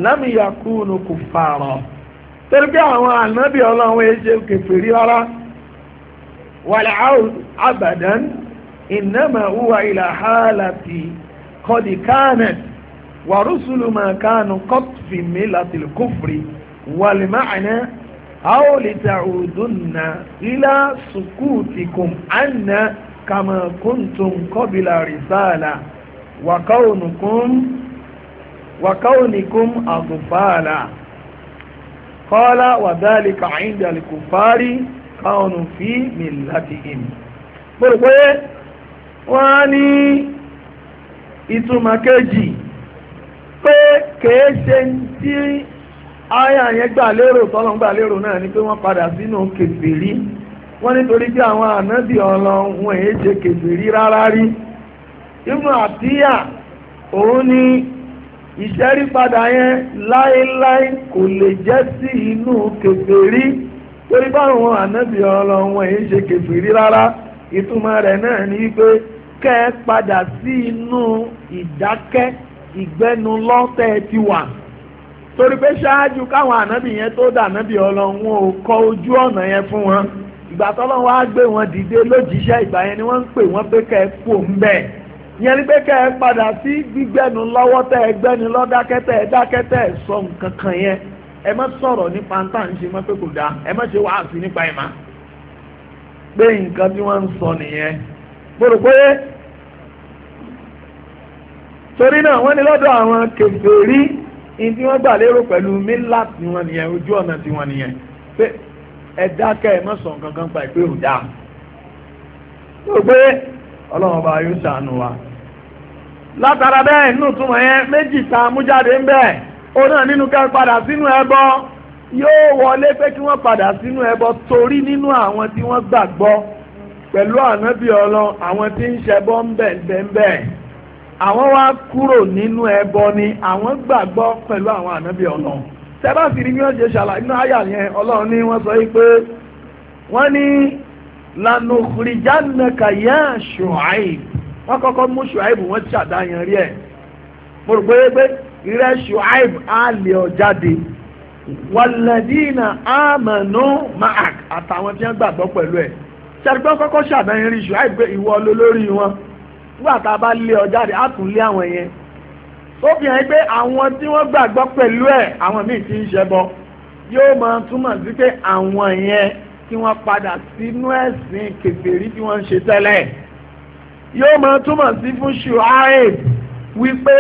lámìyà kúnnù kò fààrọ̀ torí pé àwọn ànábì ọlọ́run ẹ ṣe kèfèrí rárá wàlẹ̀ àwùjù àbàdàn ìnáma wúwa ìlà hálàtì kọ́dì kánẹ̀t wàrúsùlùmọ̀ kánù kọ́tùfì mi kúfùrí wàlẹ̀ máa aw li ta'udunna ila sukutikum anna kama kuntum qabla risala wa kaunukum wa kaunikum aghfala qala wa dhalika 'inda al-kuffari kaunu fi millatihim gbogbo wọ́n á ní ìtumọ̀ kejì pé kèé ń tí aya yẹn gbà lérò tọ́lọ́n gbà lérò náà ni pé wọ́n padà sínú kèfèrí wọ́n nítorí pé àwọn ànábì ọlọ́run èyí ṣe kèfèrí rárá rí Ibn Atiyya òun ni ìṣẹ́rípadà yẹn láéláé kò lè jẹ́ sí inú kèfèrí torí báwọn ànábì ọlọ́run èyí ṣe kèfèrí rárá ìtumọ̀ rẹ̀ náà ni wípé kẹ́ ẹ padà sí inú ìdákẹ́ ìgbẹ́nulọ́tẹ̀ ti wà. torí pé ṣáájú káwọn ànábì yẹn tó dà nábì wọn ò kọ ojú ọ̀nà yẹn fún wọn ìgbà tọ́lọ́run á gbé wọn dìde lójíṣẹ́ ìgbà yẹn ni wọ́n ń pè wọ́n pé kẹ́ ẹ bẹ́ẹ̀ yẹn ni pé padà sí gbígbẹ́nu lọ́wọ́ tẹ́ ẹ lọ́dákẹ́tẹ́ ẹ dákẹ́tẹ́ ẹ sọ kan yẹn ẹ má sọ̀rọ̀ ní lọ́dọ̀ àwọn kèfèrí in tí wọ́n gbà lérò pẹ̀lú mílà tí wọ́n nìyẹn ojú ọ̀nà tí wọ́n nìyẹn pé ẹ̀dá kẹ́ ẹ̀ mọ̀sán kankan pa ìpè ò dáa tó gbé ọlọ́run ọba yóò ṣàánú wa látara bẹ́ẹ̀ nínú túmọ̀ yẹn méjì ta mújáde ń bẹ̀ ó náà nínú kẹ́ padà sínú ẹbọ yóò wọlé pé kí wọ́n padà sínú ẹbọ torí nínú àwọn tí wọ́n gbàgbọ́ pẹ̀lú ànábì àwọn tí ń ṣẹbọ ń bẹ̀ ń bẹ̀ ń àwọn wá kúrò nínú ẹbọ ni àwọn gbàgbọ́ pẹ̀lú àwọn ànábì ọlọ́run tẹ́bá sì rí bí wọ́n ṣe ṣàlàyé nínú àyà yẹn ọlọ́run ni wọ́n sọ pé wọ́n ní lanukhrijannaka ya Shu'aib wọ́n kọ́kọ́ mú Shu'aib wọ́n ṣàdáyàn rí ẹ̀ mo rò pé pé ìrẹ́ Shu'aib á lè ọ jáde wàlẹ́dínà àmànú ma'ak àtàwọn tí wọ́n gbàgbọ́ pẹ̀lú ẹ̀ ṣàdúgbọ́n kọ́kọ́ ṣàdáyàn rí Shu'aib pé ìwọ nígbà tá a bá lé ọ jáde á tún lé àwọn yẹn ó fi hàn pé àwọn tí wọ́n gbàgbọ́ pẹ̀lú ẹ̀ àwọn míì ti ń ṣẹbọ yóò máa túmọ̀ sí pé àwọn yẹn tí wọ́n padà sínú ẹ̀sìn kèfèrí tí wọ́n ń ṣe tẹ́lẹ̀ yóò máa túmọ̀ sí fún ṣùháìd wípé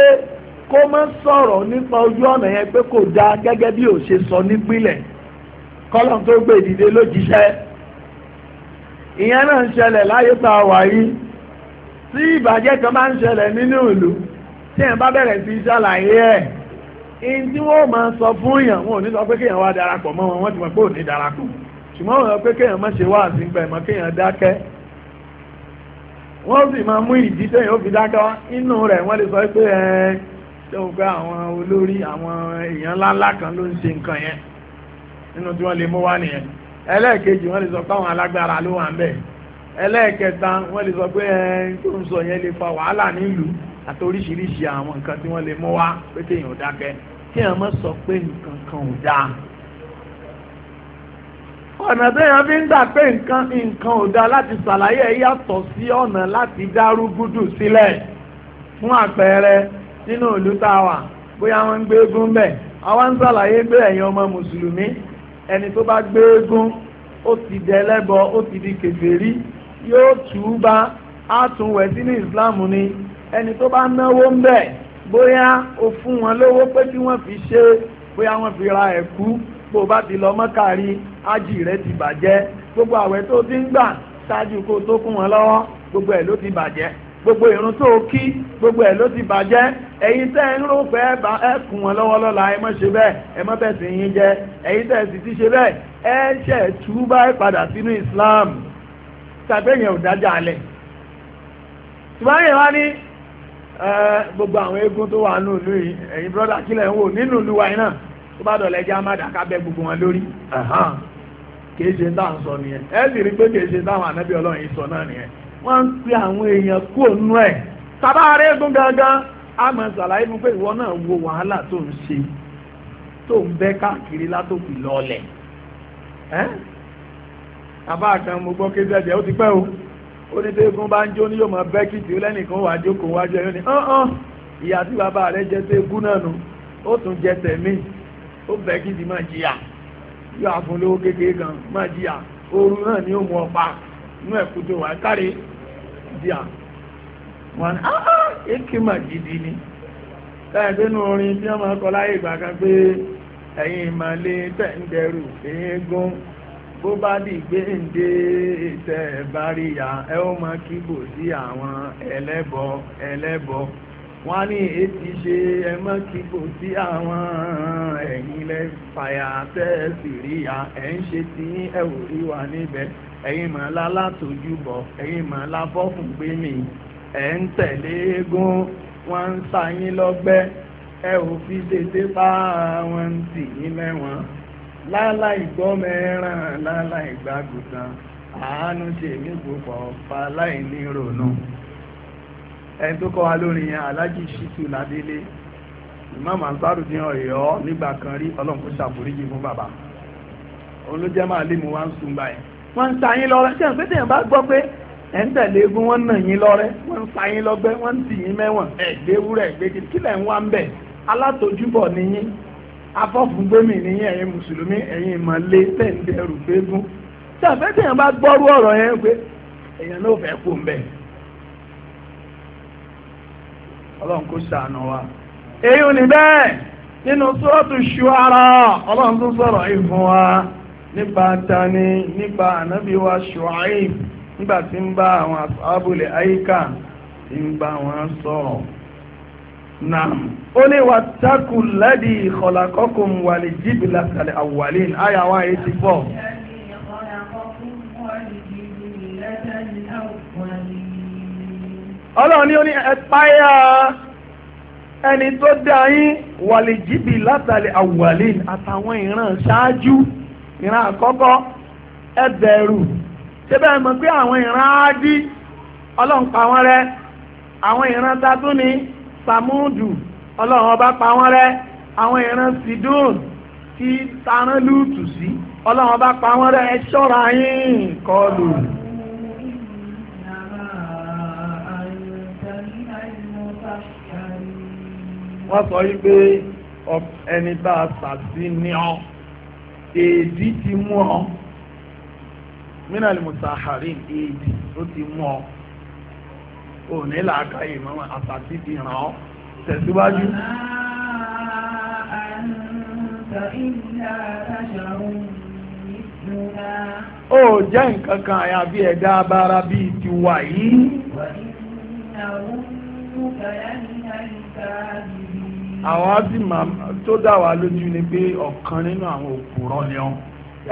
kó má sọ̀rọ̀ nípa ojú ọ̀nà yẹn pé kò dáa gẹ́gẹ́ bí ò ṣe sọ nípìnlẹ̀ kọ́lọ̀ tó gbé ìdìde lójíṣẹ́ ìyẹn náà ń ṣẹlẹ̀ láyé tá a wà yìí tí ìbàjẹ́ kan máa ń ṣẹlẹ̀ nínú ìlú tí ẹ̀ bá bẹ̀rẹ̀ sí ṣàlàyé ẹ̀ in tí wọ́n máa sọ fún èèyàn wọn ò ní sọ pé kéèyàn wá darapọ̀ mọ́ wọn wọ́n ti mọ̀ pé ò ní darapọ̀ ṣùgbọ́n wọ́n sọ pé kéèyàn má ṣe wá àsìgbà ẹ̀mọ́ kéèyàn dákẹ́ wọ́n sì máa mú ìdí tẹ́yìn ó fi dákẹ́ wá inú rẹ̀ wọ́n lè sọ pé ẹ ṣé o gbé àwọn olórí àwọn èèyàn ńláńlá kan ló ń ṣe nǹkan yẹn nínú tí wọ́n lè mú wá nìyẹn ẹlẹ́ẹ̀kejì wọ́n lè sọ pé àwọn alágbára ló wà ń bẹ́ẹ̀ ẹlẹ́ẹ̀kẹta wọ́n lè sọ pé ẹni tó ń sọ yẹn lè fa wàhálà nílùú àti oríṣiríṣi àwọn nǹkan tí wọ́n lè mú wá pé téèyàn ò dákẹ́ kí èèyàn má sọ pé nǹkan kan ò dáa ọ̀nà téèyàn fi ń gbà pé nǹkan nǹkan ò dáa láti ṣàlàyé ẹ̀ yàtọ̀ sí ọ̀nà láti dárú gúdù sílẹ̀ fún àpẹẹrẹ nínú ìlú tá a wà bóyá wọ́n ń gbé eégún bẹ́ẹ̀ àwọn ń ṣàlàyé pé ẹ̀yin ọmọ mùsùlùmí ẹni tó bá gbé eégún ó ti dẹlẹ́bọ ó ti di kèfèrí yóò túbá á tún wẹ̀ sínú islam ni ẹni tó bá náwó ń bẹ̀ bóyá o fún wọn lówó pé kí wọ́n fi ṣe bóyá wọ́n fi ra ẹ̀kú bó o bá ti lọ mọ́kàrí ájì rẹ ti bàjẹ́ gbogbo àwẹ̀ tó ti ń gbà ṣáájú kó o tó kún wọn lọ́wọ́ gbogbo ẹ̀ ló ti bàjẹ́ gbogbo ìrun tó o kí gbogbo ẹ̀ ló ti bàjẹ́ ẹ̀yin tẹ́ ń rò pé ẹ kùn wọn lọ́wọ́ lọ́la ẹ má ṣe bẹ́ẹ̀ ẹ má bẹ̀sìn yín jẹ́ ẹ̀yin tẹ́ sì ti ṣe bẹ́ẹ̀ ẹ ṣẹ̀ tú bá padà sínú Islam. sàbẹ̀yìn ọ̀dájà alẹ̀ ṣùgbọ́n wá ní gbogbo àwọn eégún tó wà nínú ìlú yìí ẹ̀yin brọ́dà kílẹ̀ ń wò nínú ìlú wa náà tó bá jẹ́ bẹ gbogbo wọn lórí kìí ṣe táwọn sọ nìyẹn ẹ sì rí pé kìí ṣe táwọn ànábì ọlọ́run yìí sọ náà nìyẹn wọ́n ń pe àwọn èèyàn gangan fún pé ìwọ náà wo wàhálà tó ń ṣe tó ń àbá kan mo gbọ́ kéde ẹ̀jẹ̀ ó ti pẹ́ o ó ní tẹ́gùn bá ń jó ní yóò mọ bẹ́kìtì ó lẹ́nìkan wà jókòó wájú ẹ̀yọ́ ni ọ̀hún ìyá tí bàbá rẹ̀ jẹ́ tẹ́gùn náà nù ó tún jẹ tẹ̀mí ó bẹ́kìtì máa jìyà yóò àfun lówó kékeré kan máa jìyà ooru náà ni ó mú ọ̀pá inú ẹ̀kú tó wà kárí jìyà wọn ni ọ̀hún èké máa gidi ni bẹ́ẹ̀ nínú orin tí wọ́n máa kọ láyé ìgbà kan pé ẹ̀yin ìmàlẹ́ tẹ̀ ń dẹrù eégún bó bá di gbéǹde ìtẹ́ ìbáríyà ẹ ó mọ kíbò sí àwọn ẹlẹ́bọ ẹlẹ́bọ wọ́n ní ètí ṣe ẹ mọ́ kíbò sí àwọn ẹ̀yin lẹ́fàyà tẹ́ ẹ sì rí ya ẹ̀ ń ṣe tí ẹ ò rí wa níbẹ̀ ẹ̀yin mọ̀ lálátojúbọ̀ ẹ̀yin mọ̀ láfọ́fùngbẹ́mì ẹ̀ ń tẹ̀lé eégún wọ́n ń sa yín lọ́gbẹ́ ẹ ò fi dédé bá wọn tì yín lẹ́wọ̀n lálá ìgbọ́mọ ẹran lálá ìgbàgùtàn àánú ṣe mí púpọ̀ fa láì ní ronú ẹni tó kọ́ wa lórin yẹn alájì ṣìtù ládélé ìmáàmù àǹsárùdín ọ̀yọ́ nígbà kan rí ọlọ́run kó ṣàforíjì fún bàbá òun ló jẹ́ máa lé mu wá ń sun báyìí wọ́n ń ta yín lọ́rẹ́ ṣé ìpínlẹ̀ yẹn bá gbọ́ pé ẹ̀ ń tẹ̀lé egun wọ́n nà yín lọ́rẹ́ wọ́n ń ta yín lọ́gbẹ́ wọ́n ń tì yín mẹ́wọ̀n ẹ̀ gbé wúrẹ̀ gbé kílẹ̀ ń wá ń bẹ̀ alátòjúbọ̀ ni yín afọ́fúngbẹ́mì ní ẹ̀yin mùsùlùmí ẹ̀yin ìmọ̀lé tẹ̀ǹdẹ̀ rùgbẹ́gún ṣàfẹ́ tẹ̀yàn bá gbọ́rú ọ̀rọ̀ yẹn pé èèyàn ló fẹ́ kú mbẹ́ ọlọ́run kò ṣàánú wa èyí ò ní bẹ́ẹ̀ nínú sọ́ọ̀tù ṣuara ọlọ́run tó sọ̀rọ̀ ìfún wa nípa tani nípa ànábì wa ṣuaib nígbà tí ń bá àwọn àbúlé àyíká tí ń bá wọn sọ̀rọ̀ náà ó ní wà tákù lẹ́dí ìkọ̀làkọ́kùn wà lè jíbi látàlẹ̀ àwàlín àyàwó ayé ti bọ̀. ọlọ́run ní ó ní ẹ̀páyà ẹni tó dá yín wà lè jíbi látàlẹ̀ àwàlín àtàwọn ìran ṣáájú ìran àkọ́kọ́ ẹ bẹ̀rù ṣé mọ̀ pé àwọn ìran á dí ọlọ́run pa wọ́n rẹ́ àwọn ìran ta tún ni samudu ọlọ́run ọba pa wọ́n rẹ́ àwọn ìran sidon tí taran lùtù sí ọlọ́run ọba pa wọ́n rẹ́ ẹ ṣọ́ra yín kọlù. wọ́n sọ wípé ẹni bá a sàtì ní ọ èdè ti mú ọ mínàlì mùsàhárìn èdè ó ti mú ọ ò ní làákàyè mọ́ àtàtì fi ràn ọ́ tẹ̀síwájú. ó jẹ́ nǹkan kan àyàbí ẹ̀dá abára bíi ti wà yìí. àwọn àdìmọ̀ tó dá wa lójú ni pé ọ̀kan nínú àwọn òpùrọ̀ ni ọ́n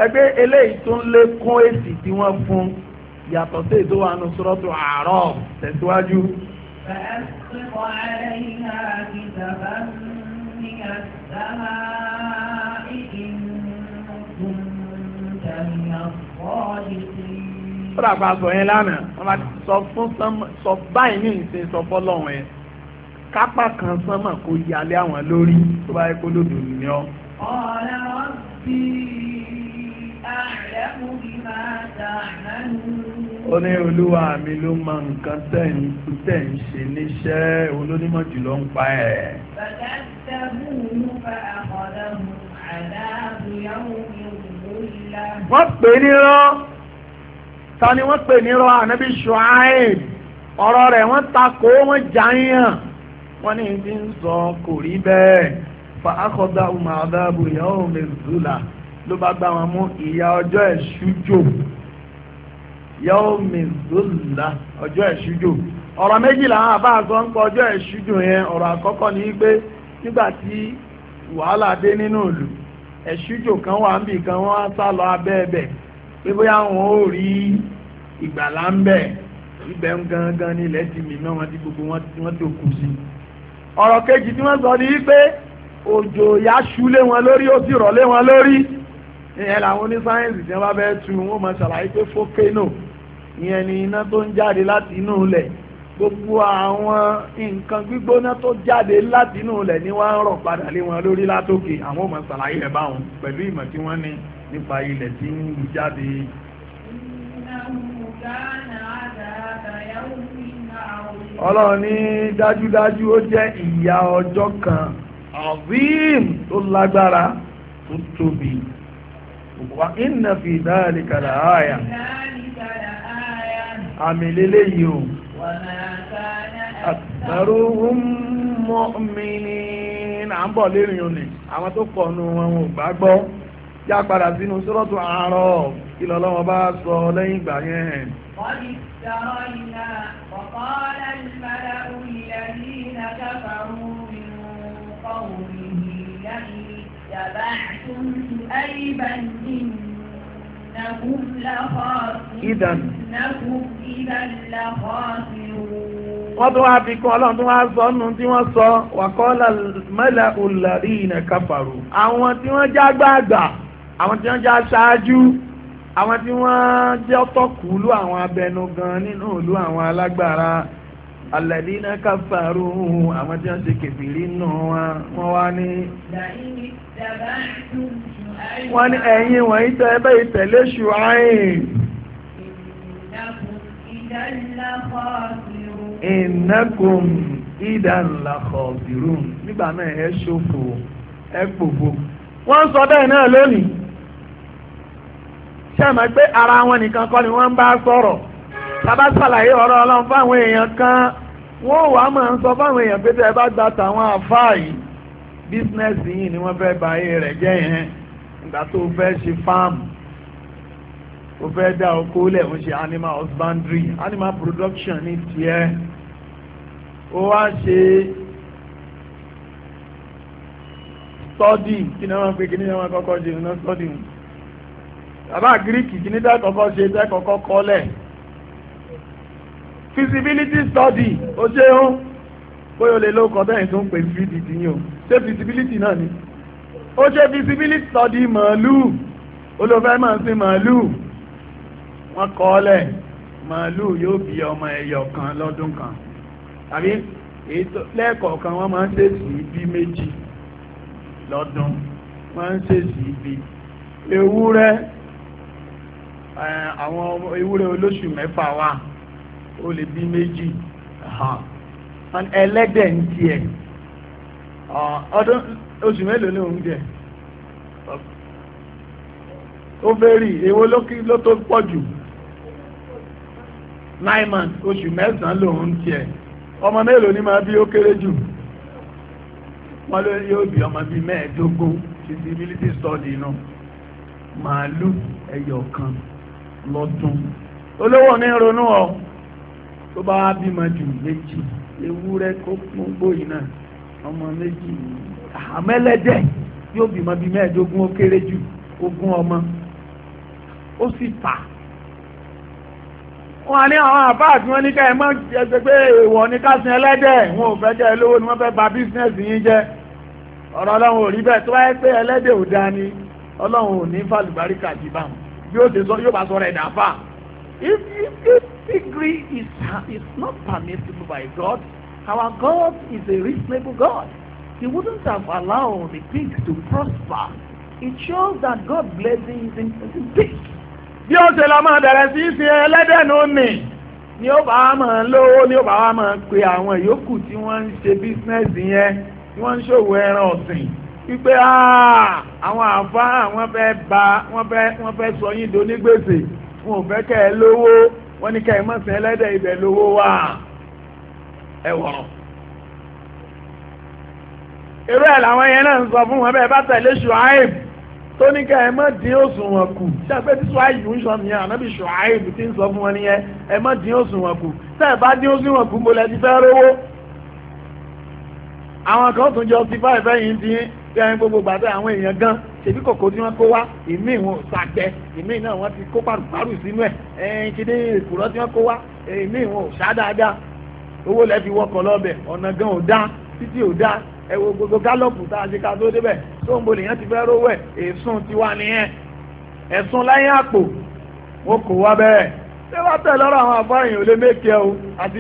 ẹgbẹ́ eléyìí tó ń lékún èsì tí wọ́n fún un yàtọ̀ sí ètò àánú sọ́rọ́tù àárọ̀ tẹ̀síwájú. Sọ́dà pa sọ yẹn lánàá, wọ́n bá sọ fún sọ báyìí ní ìsìn sọ fọ́lọ́run ẹ̀. Kápá kan sánmà kó yalé àwọn lórí tó bá yẹ kó lòdò nìyọ. Ọ̀rẹ́ wọn bíi ó ní olúwa mi ló mọ nǹkan tẹ́ ń tẹ́ ń ṣe níṣẹ́ olónímọ̀ jùlọ ń pa ẹ̀. wọ́n pè nírọ́ ta ni wọ́n pè nírọ́ ànábì Ṣuaib ọ̀rọ̀ rẹ̀ wọ́n takò wọ́n jàyàn wọ́n ní ti ń sọ kò rí bẹ́ẹ̀ fa akọ̀dá umaru adabu yahoo mezula ló bá gbá wọn mú ìyá ọjọ́ ẹ̀ṣújò yóò mìzúlá ọjọ́ ẹ̀ṣújò ọ̀rọ̀ méjì làwọn àbá àgọ́ ń pọ̀ ọjọ́ ẹ̀ṣújò yẹn ọ̀rọ̀ àkọ́kọ́ ni pé nígbà tí wàhálà dé nínú ìlú ẹ̀ṣújò kan wà ń bì kan wọ́n á sá lọ abẹ́ ẹ̀bẹ̀ pé bóyá wọn ò rí ìgbàlá ń bẹ̀ ibẹ̀ ń gangan ní ilẹ̀ ti mìíràn wọn ti gbogbo wọn ti òkú sí ọ̀rọ̀ kejì tí wọ́n sọ ni pé òjò yá ṣú lé wọn lórí ó sì rọ̀ lé wọn lórí ìyẹn làwọn onísáyẹ́ǹsì tí wọ́n bá bẹ́ẹ̀ tu wọ́n mọ̀ ṣàlàyé pé fókénò ìyẹn ni iná tó ń jáde láti inú ilẹ̀ gbogbo àwọn nǹkan gbígbóná tó jáde láti inú ilẹ̀ ni wọ́n ń rọ̀ padà lé wọn lórí látòkè àwọn mọ̀ ṣàlàyé rẹ̀ báwọn pẹ̀lú ìmọ̀ tí wọ́n ní nípa ilẹ̀ tí ń lù jáde. ọlọ́run ní dájúdájú ó jẹ́ ìyà ọjọ́ kan azim tó lágbára tó tóbi. وإن في ذلك لآية àmì lélẹ́yìí o àtàrúhùn mọ́mìnì à ń bọ̀ lérí òní àwọn tó kọ̀nu wọn ò ya já padà sínú sọ́rọ́tù àárọ̀ kí lọ́lọ́wọ́ bá sọ lẹ́yìn ìgbà yẹn. wọ́n ti sọ̀rọ̀ ìlà ọ̀pọ̀ lẹ́yìn واتبعتم إذا wọ́n tún wá fi kún ọlọ́run tún wá sọ nù tí wọ́n sọ wàkọ́lá mẹ́lẹ̀ òlàrí ìnà káfàrú. àwọn tí wọ́n já gbàgbà àwọn tí wọ́n já ṣáájú àwọn tí wọ́n jẹ́ tọ́kùlú àwọn abẹnugan nínú ìlú àwọn alágbára alẹ́dínà káfàárù àwọn tí wọ́n ti kèfìrí nù wọ́n wá ní. wọ́n ní ẹ̀yin wọ̀nyí tẹ́ ẹ bẹ́ẹ̀ tẹ̀lé ṣùáìn. ìnákùn ìdánlá kọ̀ọ̀bìrún nígbà náà ẹ ṣòfò ẹ pòfò. wọ́n sọ bẹ́ẹ̀ náà lónìí. ṣé ẹ pé ara wọn nìkan kọ́ ni wọ́n ń bá sọ̀rọ̀ tàbá ṣàlàyé ọ̀rọ̀ ọlọ́run fáwọn èèyàn kan wọ́n wàá máa ń sọ fáwọn èèyàn pé tẹ́ ẹ bá gba tàwọn àfáà bísínẹ́sì yìí ni wọ́n fẹ́ ba ayé rẹ̀ jẹ́ yẹn ìgbà tó fẹ́ ṣe fáàmù ó fẹ́ dá oko lẹ̀ ó ṣe animal husbandry animal production ní tiẹ̀ ó wá ṣe study kí ni wọ́n pe kí ni wọ́n kọ́kọ́ ṣe iná study bàbá gíríkì kí ni dá kọ́kọ́ ṣe dá kọ́kọ́ kọ́ lẹ̀ feasibility study ó ṣeun bóyá o lè lo ọkọ̀ bẹ́ẹ̀ tó ń pè fdd yìí o ṣé feasibility náà ni ó ṣe feasibility study màálù olófẹ́ máa ń sin màálù wọ́n kọ́ ọ lẹ̀ màálù yóò bí ọmọ ẹyọ kan lọ́dún kan tàbí lẹ́ẹ̀kọ̀ọ̀kan wọ́n máa ń ṣèṣì bí méjì lọ́dún máa ń ṣèṣì bí ewúrẹ́ àwọn ewúrẹ́ olóṣù mẹ́fà wà. ó bi bí méjì ẹlẹ́dẹ̀ ń tiẹ̀ ọdún oṣù mélòó ni òun jẹ ó bẹ́rì ló tó pọ̀ jù nine months oṣù mẹ́sàn-án lòun tiẹ̀ ọmọ mélòó ni máa bí ó kéré jù wọ́n ló yóò bí ọmọ bíi mẹ́ẹ̀ẹ́dógún feasibility study inú màálù ẹyọ kan lọ́dún olówó ní ronú ọ tó bá bímọ jù méjì ewúrẹ́ kó mú gbóyìn náà ọmọ méjì àmẹ́lẹ́dẹ̀ yóò bímọ bíi mẹ́ẹ̀ẹ́dógún ó kéré jù ogún ọmọ ó sì tà wọ́n ní àwọn àbáà tí wọ́n ní ká ẹ mọ́ ẹsẹ̀ pé èèwọ̀ ní ká sin ẹlẹ́dẹ̀ wọn ò fẹ́ jẹ́ olówó ni wọ́n fẹ́ bà bísínẹ́sì yín jẹ́ ọ̀rọ̀ ọlọ́run ò rí bẹ́ẹ̀ tó wáyé pé ẹlẹ́dẹ̀ ò dáa ni ọlọ́run ò ní fàlùbáríkà jì bá wọn bí ó ṣe sọ yóò bá sọ rẹ̀ dàáfà if if Pedigree is, is not permissible by God. Our God is a reasonable God. He wouldn't have allowed the pig to prosper. It shows that God blesses in, in pigs. Bí ó ṣe lọ máa bẹ̀rẹ̀ sí ṣe ẹlẹ́dẹ̀ẹ́nu nì ni ó bá máa lówó ni ó bá máa pe àwọn ìyókù tí wọ́n ń ṣe bísínẹ́sì yẹn tí wọ́n ń ṣòwò ẹran ọ̀sìn wípé àwọn àfáà wọ́n fẹ́ ba wọ́n fẹ́ sọ yín donígbèsè wọn ò fẹ́ kẹ́ ẹ lówó wọ́n ní ká ẹ má sìn ẹlẹ́dẹ̀ ibẹ̀ lówó wà ẹ wọ̀rọ̀ irú ẹ̀ làwọn yẹn náà ń sọ fún wọn bẹ́ẹ̀ bá tẹ̀lé ṣùáìb tó ní ká ẹ má dín òṣùwọ̀n kù ṣàpẹ́ tí ṣùáìb ń sọ nìyẹn ànábì ṣùáìb ti ń sọ fún wọn nìyẹn ẹ má dín òṣùwọ̀n kù tẹ́ ẹ dín òṣùwọ̀n kù mo lẹ ti fẹ́ rówó àwọn kan tún jọ ti fáìfẹ́ yìí dín ẹni gbogbo gbàdá àwọn èèyàn gan ṣèbí kòkó tí wọ́n kó wá ìmí wọn ò sàgbẹ́ ìmí náà wọ́n ti kó pàrùpàrù sínú ẹ̀ ẹ̀yìn kìíní ìkùrọ́ tí wọ́n kó wá ìmí wọn ò dáadáa owó lẹ́ fi wọkọ̀ lọ́bẹ̀ ọ̀nà gan ò dá títí ò dá ẹ wo gbogbo gálọ̀pù tá a ṣe ká tó débẹ̀ tó ń bo lèèyàn ti fẹ́ rówó ẹ̀ èsùn tiwa nìyẹn ẹ̀sùn láyé àpò wọn kò wá bẹ́ẹ̀ ṣé wàá tẹ̀ lọ́rọ̀ àwọn àfáàyàn ò lè mékè o àti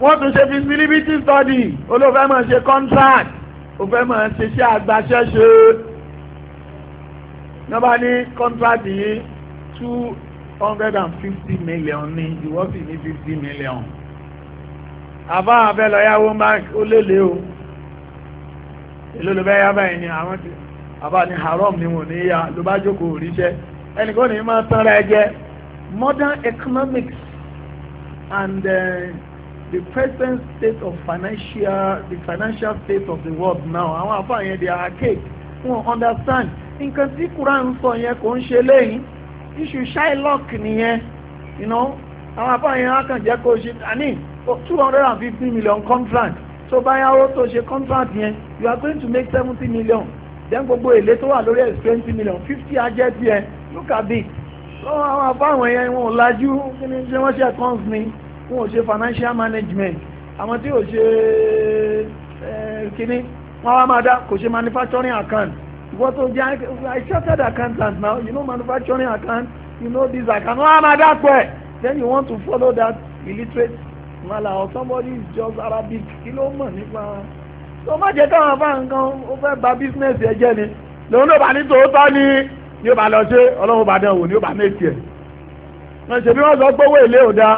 wọ́n tún ṣe feasibility study olóòfẹ́ máa ṣe contract òfẹ́ máa ṣe ṣe àgbàṣẹ́ṣe ní bá ní contract yìí two hundred and fifty million ní ìwọ sì ní fifty million àbá abẹ́ lọ́yàwó bank ó lélẹ̀ o èló ló bẹ́ yá báyìí ni àwọn ti àbá ni haram ni wọn ò ní yá ló bá jókòó ríṣẹ́ ẹnìkan ní máa tán ra ẹ jẹ modern economics and. Uh, the present state of financial the financial state of the world now àwọn àfa yẹn they are archaic wọn understand nǹkan tí Quran sọ yẹn kò ń ṣe lẹ́yìn issue Shylock nìyẹn you know àwọn àfa yẹn á kàn jẹ́ kó ṣe àní two hundred and fifty million contract tó bá yá owó tó ṣe contract yẹn you are going to make seventy million then gbogbo èlé tó wà lórí ẹ̀ twenty million fifty ajẹ́ tiẹ̀ look at this so àwọn àfa àwọn yẹn wọn ò lajú kí ni ṣé wọ́n ṣe accounts ni wọn ò ṣe financial management àwọn tí ò ṣe eh, kínní wọn wá máa dá kò ṣe manufacturing account ìwọ́n tó jẹ́ I chartered accountant now you know manufacturing account you know this account wọn wá máa dá pẹ́ then you want to follow that illiterate mala or somebody is just Arabic kí ló mọ̀ nípa So má jẹ́ káwọn afá nǹkan ó fẹ́ ba business ẹ jẹ́ ni lòun ló bá ní tòótọ́ ni yóò bá lọ ṣe ọlọ́run bá dán wò ni yóò bá méjì ẹ̀. wọ́n ṣe bí wọ́n sọ pé owó èlé ò da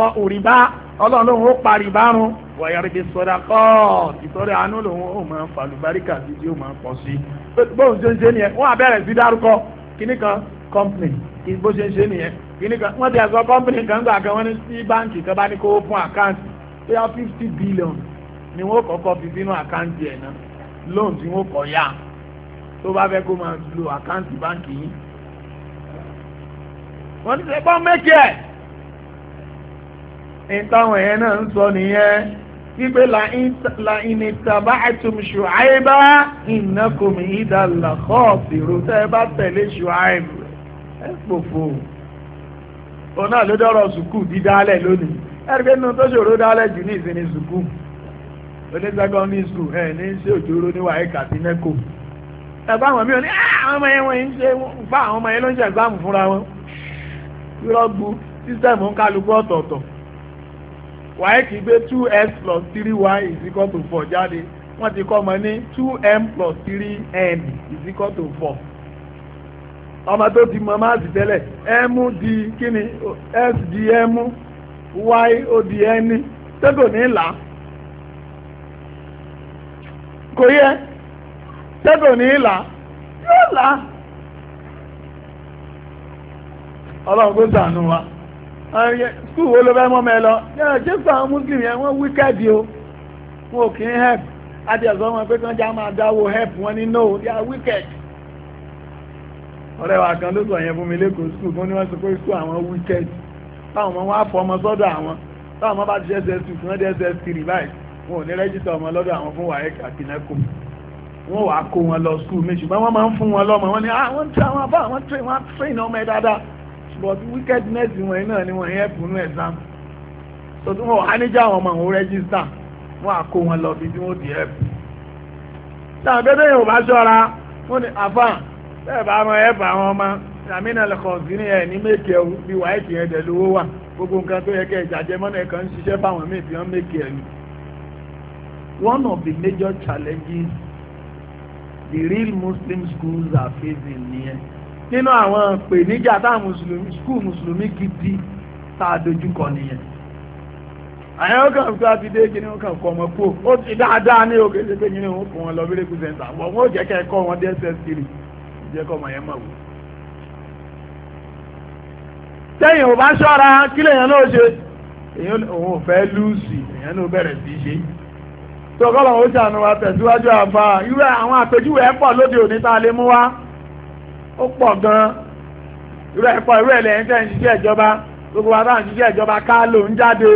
lọ òrìbá ọlọ́run lòun ó parí ìbárun wọ̀nyẹ̀rì bí sọ́dà kọ́ ìtọ́rẹ́ àánú lòun ó máa falùbáríkà sí tí ó máa pọ̀ sí bóun ṣe ń ṣe nìyẹn company bó company kan ní sí kan bá ní kó fún àkáǹtì fifty billion ni fi sínú àkáǹtì ẹ̀ náà lo àkáǹtì wọ́n ti sẹ́gbọ́n méjì ẹ̀ ìtàwọn ẹ̀yẹn náà ń sọ nìyẹn wípé làìní tàbá àtúm ṣùáìbá ìnákùnmí ìdàlà kọ́ọ̀sì rúṣẹ́ bá tẹ̀lé ṣùáìbù ẹ̀ pòfò òun náà ló dọ́rọ̀ sùkúù dídálẹ̀ lónìí ẹ̀rí nínú tó ṣòro dálẹ̀ jù ní ìsinmi sùkúù oní secondary school ẹ̀ ní ṣé òjòrò ní wàhálà kàtí nẹ́kò ẹ̀ àwọn mí ò ní ah, àwọn ọmọ yẹn wọ́n ń ṣe fún àwọn ọmọ yẹn ló ń ṣe ẹ̀gbáàmù rọ́gbù sísẹ̀mù ń kálukú ọ̀tọ̀ọ̀tọ̀ wàá kì gbé two x plus three y is equal to four jáde wọ́n ti kọ́ ọmọ two m plus three n is equal to four ọmọ tó ti m di kíni s di m y ó di n ṣé ní ọlọ́run kó sànù wa skul wo ló fẹ́ mọ́ mẹ́ lọ yẹ́n jésù àwọn muslim yẹn wọ́n wíkẹ́ẹ̀dì o wọn ò kì í help adìẹ sọ wọn pé kí wọ́n já máa dáwọ́ help wọn ní no they are wicked ọ̀rẹ́ wa kan ló sọ yẹn fún mi lẹ́kọ̀ọ́ skul fún ni wọ́n sọ pé skul àwọn wicked táwọn ọmọ wọn á fọ ọmọ sọ́dọ̀ àwọn táwọn ọmọ bá ti ṣe ss2 fún wọn dé ss3 báyìí wọn ò ní rẹ́jísítà ọmọ lọ́dọ̀ àwọn fún wàhálà kàkínẹ́kù wọ́n wàá kó wọn lọ skul mi ṣùgbọ́n wọ́n máa ń fún wọn lọ́mọ wọn ni àwọn tí àwọn afá àwọn tí wọ́n ah, á train ọmọ ẹ̀ dáadáa but wickedness wọ̀nyí náà ni wọ́n yẹ fún un exam so tí wọ́n aníjà àwọn ọmọ àwọn rẹ́gísítà wọ́n á kó wọn lọ bí tí wọ́n ti help táwọn bẹ́ẹ̀ yóò bá ṣọ́ra wọ́n ní àfà bẹ́ẹ̀ bá wọn help àwọn ọmọ ìyàmínà lẹ́kọ̀ọ́ sí ní ẹ̀ ní méèkì ẹ̀ bí wáìtì yẹn dẹ̀ lówó wà gbogbo nǹkan tó yẹ kẹ́ ìjàjẹ́ mọ́nà ẹ̀kan ń ṣiṣẹ́ fáwọn míì tí wọ́n méèkì ẹ̀ ni. One of the major challenges the real Muslim schools are facing nìyẹn nínú àwọn ìpèníjà táwọn mùsùlùmí skul mùsùlùmí gidi tá a dojúkọ nìyẹn àyẹ̀wò kan fún abidé kíni wọn kàn kọ́ wọn kú ó ti dáadáa ní òkè ṣe pé kíni wọn kọ́ wọn lọ bírékù sẹ́ńtà wọn wọn ò jẹ́ kẹ́ kọ́ wọn dss kiri jẹ́ kọ́ ọmọ yẹn mọ̀ wò. tẹ́yìn ò bá ṣọ́ra kí lèèyàn náà ṣe èèyàn òun ò fẹ́ lùsì èèyàn náà bẹ̀rẹ̀ sí í ṣe. tó kọ́ lọ́wọ́ ó ṣàánú wa tẹ̀síwájú àfa irú àwọn àpèjúwe ẹ̀ pọ̀ lóde òní tá a lè mú wá ó pọ̀ gan-an irú ẹ̀pọ̀ irú ẹ̀ lẹ́yìn tẹ́ ń ṣiṣẹ́ ìjọba gbogbo wa táwọn ṣiṣẹ́ ìjọba ká ló ń jáde